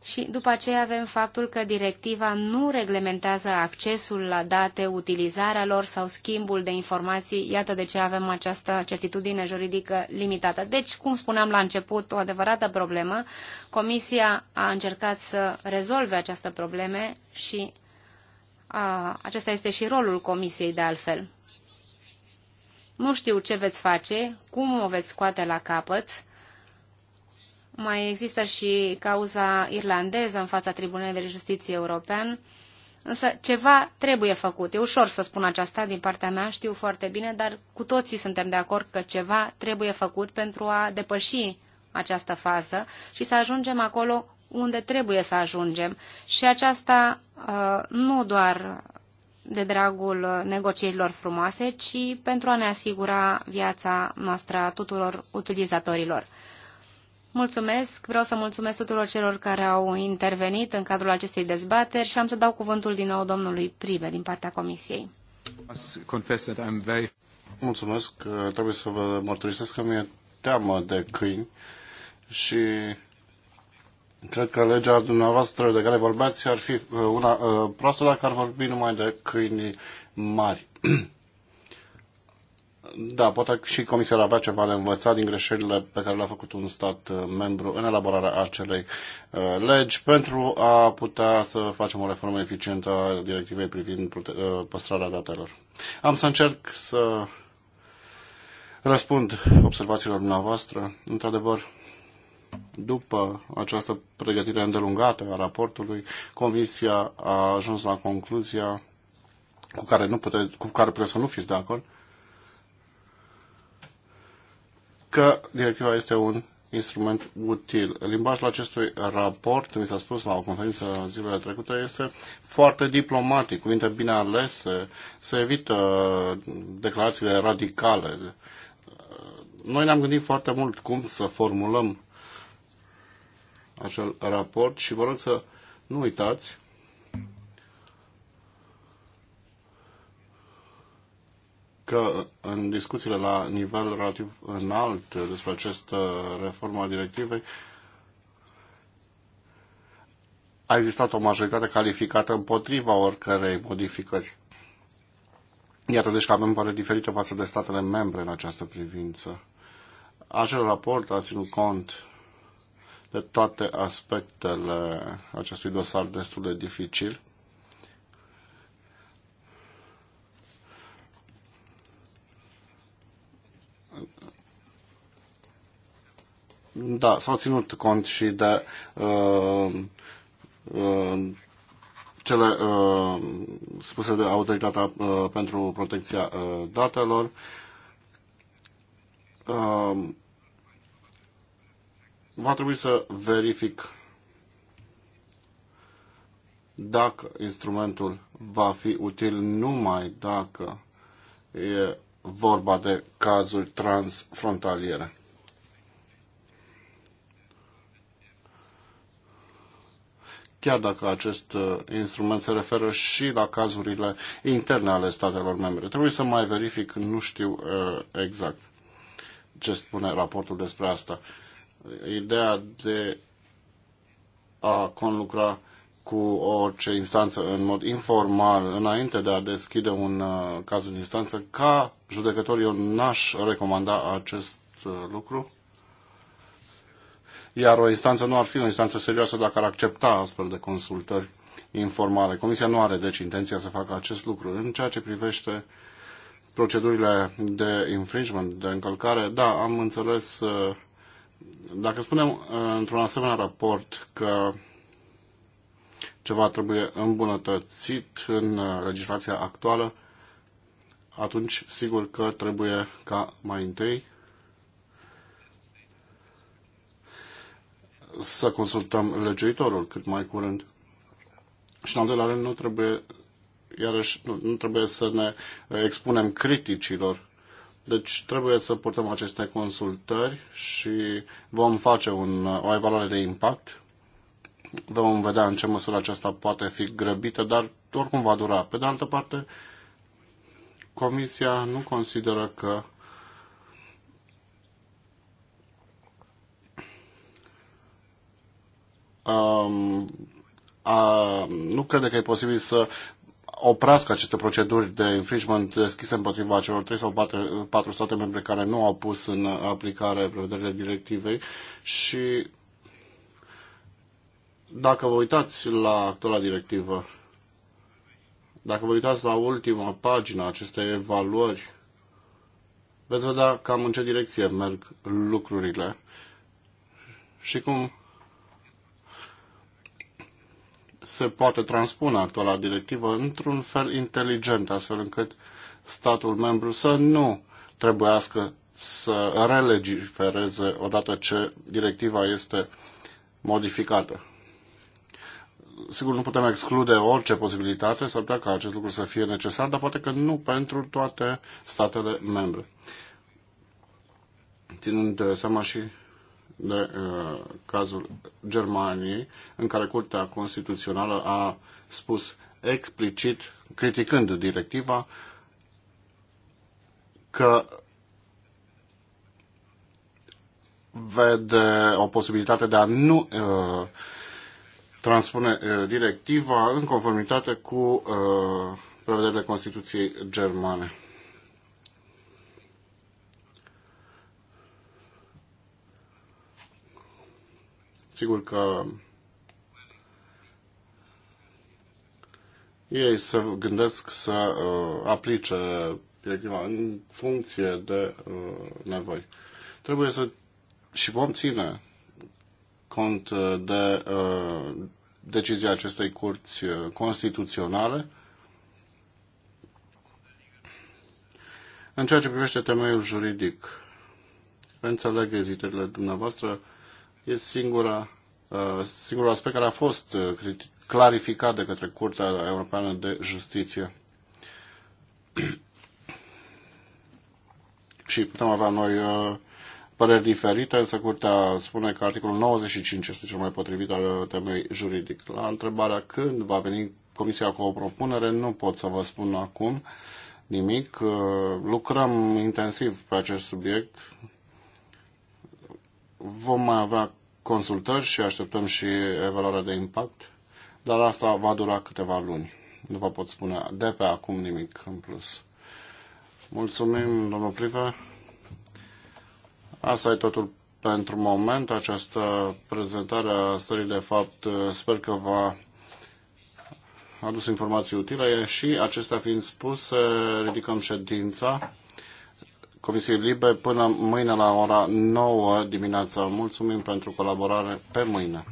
Și după aceea avem faptul că directiva nu reglementează accesul la date, utilizarea lor sau schimbul de informații. Iată de ce avem această certitudine juridică limitată. Deci, cum spuneam la început, o adevărată problemă. Comisia a încercat să rezolve această probleme și a, acesta este și rolul Comisiei de altfel. Nu știu ce veți face, cum o veți scoate la capăt, mai există și cauza irlandeză în fața Tribunalului de Justiție European, însă ceva trebuie făcut. E ușor să spun aceasta din partea mea, știu foarte bine, dar cu toții suntem de acord că ceva trebuie făcut pentru a depăși această fază și să ajungem acolo unde trebuie să ajungem. Și aceasta uh, nu doar de dragul negocierilor frumoase, ci pentru a ne asigura viața noastră a tuturor utilizatorilor. Mulțumesc, vreau să mulțumesc tuturor celor care au intervenit în cadrul acestei dezbateri și am să dau cuvântul din nou domnului Prive din partea Comisiei. Mulțumesc, trebuie să vă mărturisesc că mi-e teamă de câini și cred că legea dumneavoastră de care vorbeați ar fi uh, una uh, proastă dacă ar vorbi numai de câini mari. Da, poate și Comisia ar avea ceva de învățat din greșelile pe care le-a făcut un stat uh, membru în elaborarea acelei uh, legi pentru a putea să facem o reformă eficientă a directivei privind uh, păstrarea datelor. Am să încerc să răspund observațiilor dumneavoastră. Într-adevăr, după această pregătire îndelungată a raportului, Comisia a ajuns la concluzia cu care, nu pute, cu care puteți să nu fiți de acord, că directiva este un instrument util. Limbajul acestui raport, mi s-a spus la o conferință zilele trecute, este foarte diplomatic, cuvinte bine alese, se evită uh, declarațiile radicale. Uh, noi ne-am gândit foarte mult cum să formulăm acel raport și vă rog să nu uitați că în discuțiile la nivel relativ înalt despre această reformă a directivei a existat o majoritate calificată împotriva oricărei modificări. Iată deci că avem pare diferite față de statele membre în această privință. Acel raport a ținut cont de toate aspectele acestui dosar destul de dificil Da, s-au ținut cont și de uh, uh, cele uh, spuse de Autoritatea uh, pentru Protecția uh, Datelor. Uh, va trebui să verific dacă instrumentul va fi util numai dacă e vorba de cazuri transfrontaliere. chiar dacă acest uh, instrument se referă și la cazurile interne ale statelor membre. Trebuie să mai verific, nu știu uh, exact ce spune raportul despre asta. Ideea de a conlucra cu orice instanță în mod informal, înainte de a deschide un uh, caz în instanță, ca judecător eu n-aș recomanda acest lucru iar o instanță nu ar fi o instanță serioasă dacă ar accepta astfel de consultări informale. Comisia nu are deci intenția să facă acest lucru. În ceea ce privește procedurile de infringement, de încălcare, da, am înțeles, uh, dacă spunem uh, într-un asemenea raport că ceva trebuie îmbunătățit în uh, legislația actuală, atunci sigur că trebuie ca mai întâi să consultăm legiuitorul cât mai curând. Și în al doilea rând, nu trebuie, iarăși, nu, nu trebuie să ne expunem criticilor. Deci trebuie să purtăm aceste consultări și vom face un, o evaluare de impact. Vom vedea în ce măsură aceasta poate fi grăbită, dar oricum va dura. Pe de altă parte, Comisia nu consideră că um, a, nu crede că e posibil să oprească aceste proceduri de infringement deschise împotriva celor 3 sau 4, 4 state membre care nu au pus în aplicare prevederile directivei și dacă vă uitați la actuala directivă, dacă vă uitați la ultima pagină acestei evaluări, veți vedea cam în ce direcție merg lucrurile și cum se poate transpune actuala directivă într-un fel inteligent, astfel încât statul membru să nu trebuiască să relegifereze odată ce directiva este modificată. Sigur, nu putem exclude orice posibilitate, s-ar putea ca acest lucru să fie necesar, dar poate că nu pentru toate statele membre. Ținând seama și de uh, cazul Germaniei, în care Curtea Constituțională a spus explicit, criticând directiva, că vede o posibilitate de a nu uh, transpune uh, directiva în conformitate cu uh, prevederile Constituției germane. Sigur că ei se gândesc să uh, aplice directiva în funcție de uh, nevoi. Trebuie să și vom ține cont uh, de uh, decizia acestei curți uh, constituționale în ceea ce privește temeiul juridic. Înțeleg ezitările dumneavoastră E singura, uh, singurul aspect care a fost uh, clarificat de către Curtea Europeană de Justiție. și putem avea noi uh, păreri diferite, însă Curtea spune că articolul 95 este cel mai potrivit al temei juridic. La întrebarea când va veni Comisia cu o propunere, nu pot să vă spun acum nimic. Lucrăm intensiv pe acest subiect. Vom mai avea consultări și așteptăm și evaluarea de impact, dar asta va dura câteva luni. Nu vă pot spune de pe acum nimic în plus. Mulțumim, domnul Prive. Asta e totul pentru moment. Această prezentare a stării de fapt sper că va adus informații utile și acestea fiind spuse, ridicăm ședința. Comisiei Libe până mâine la ora 9 dimineața. Mulțumim pentru colaborare pe mâine.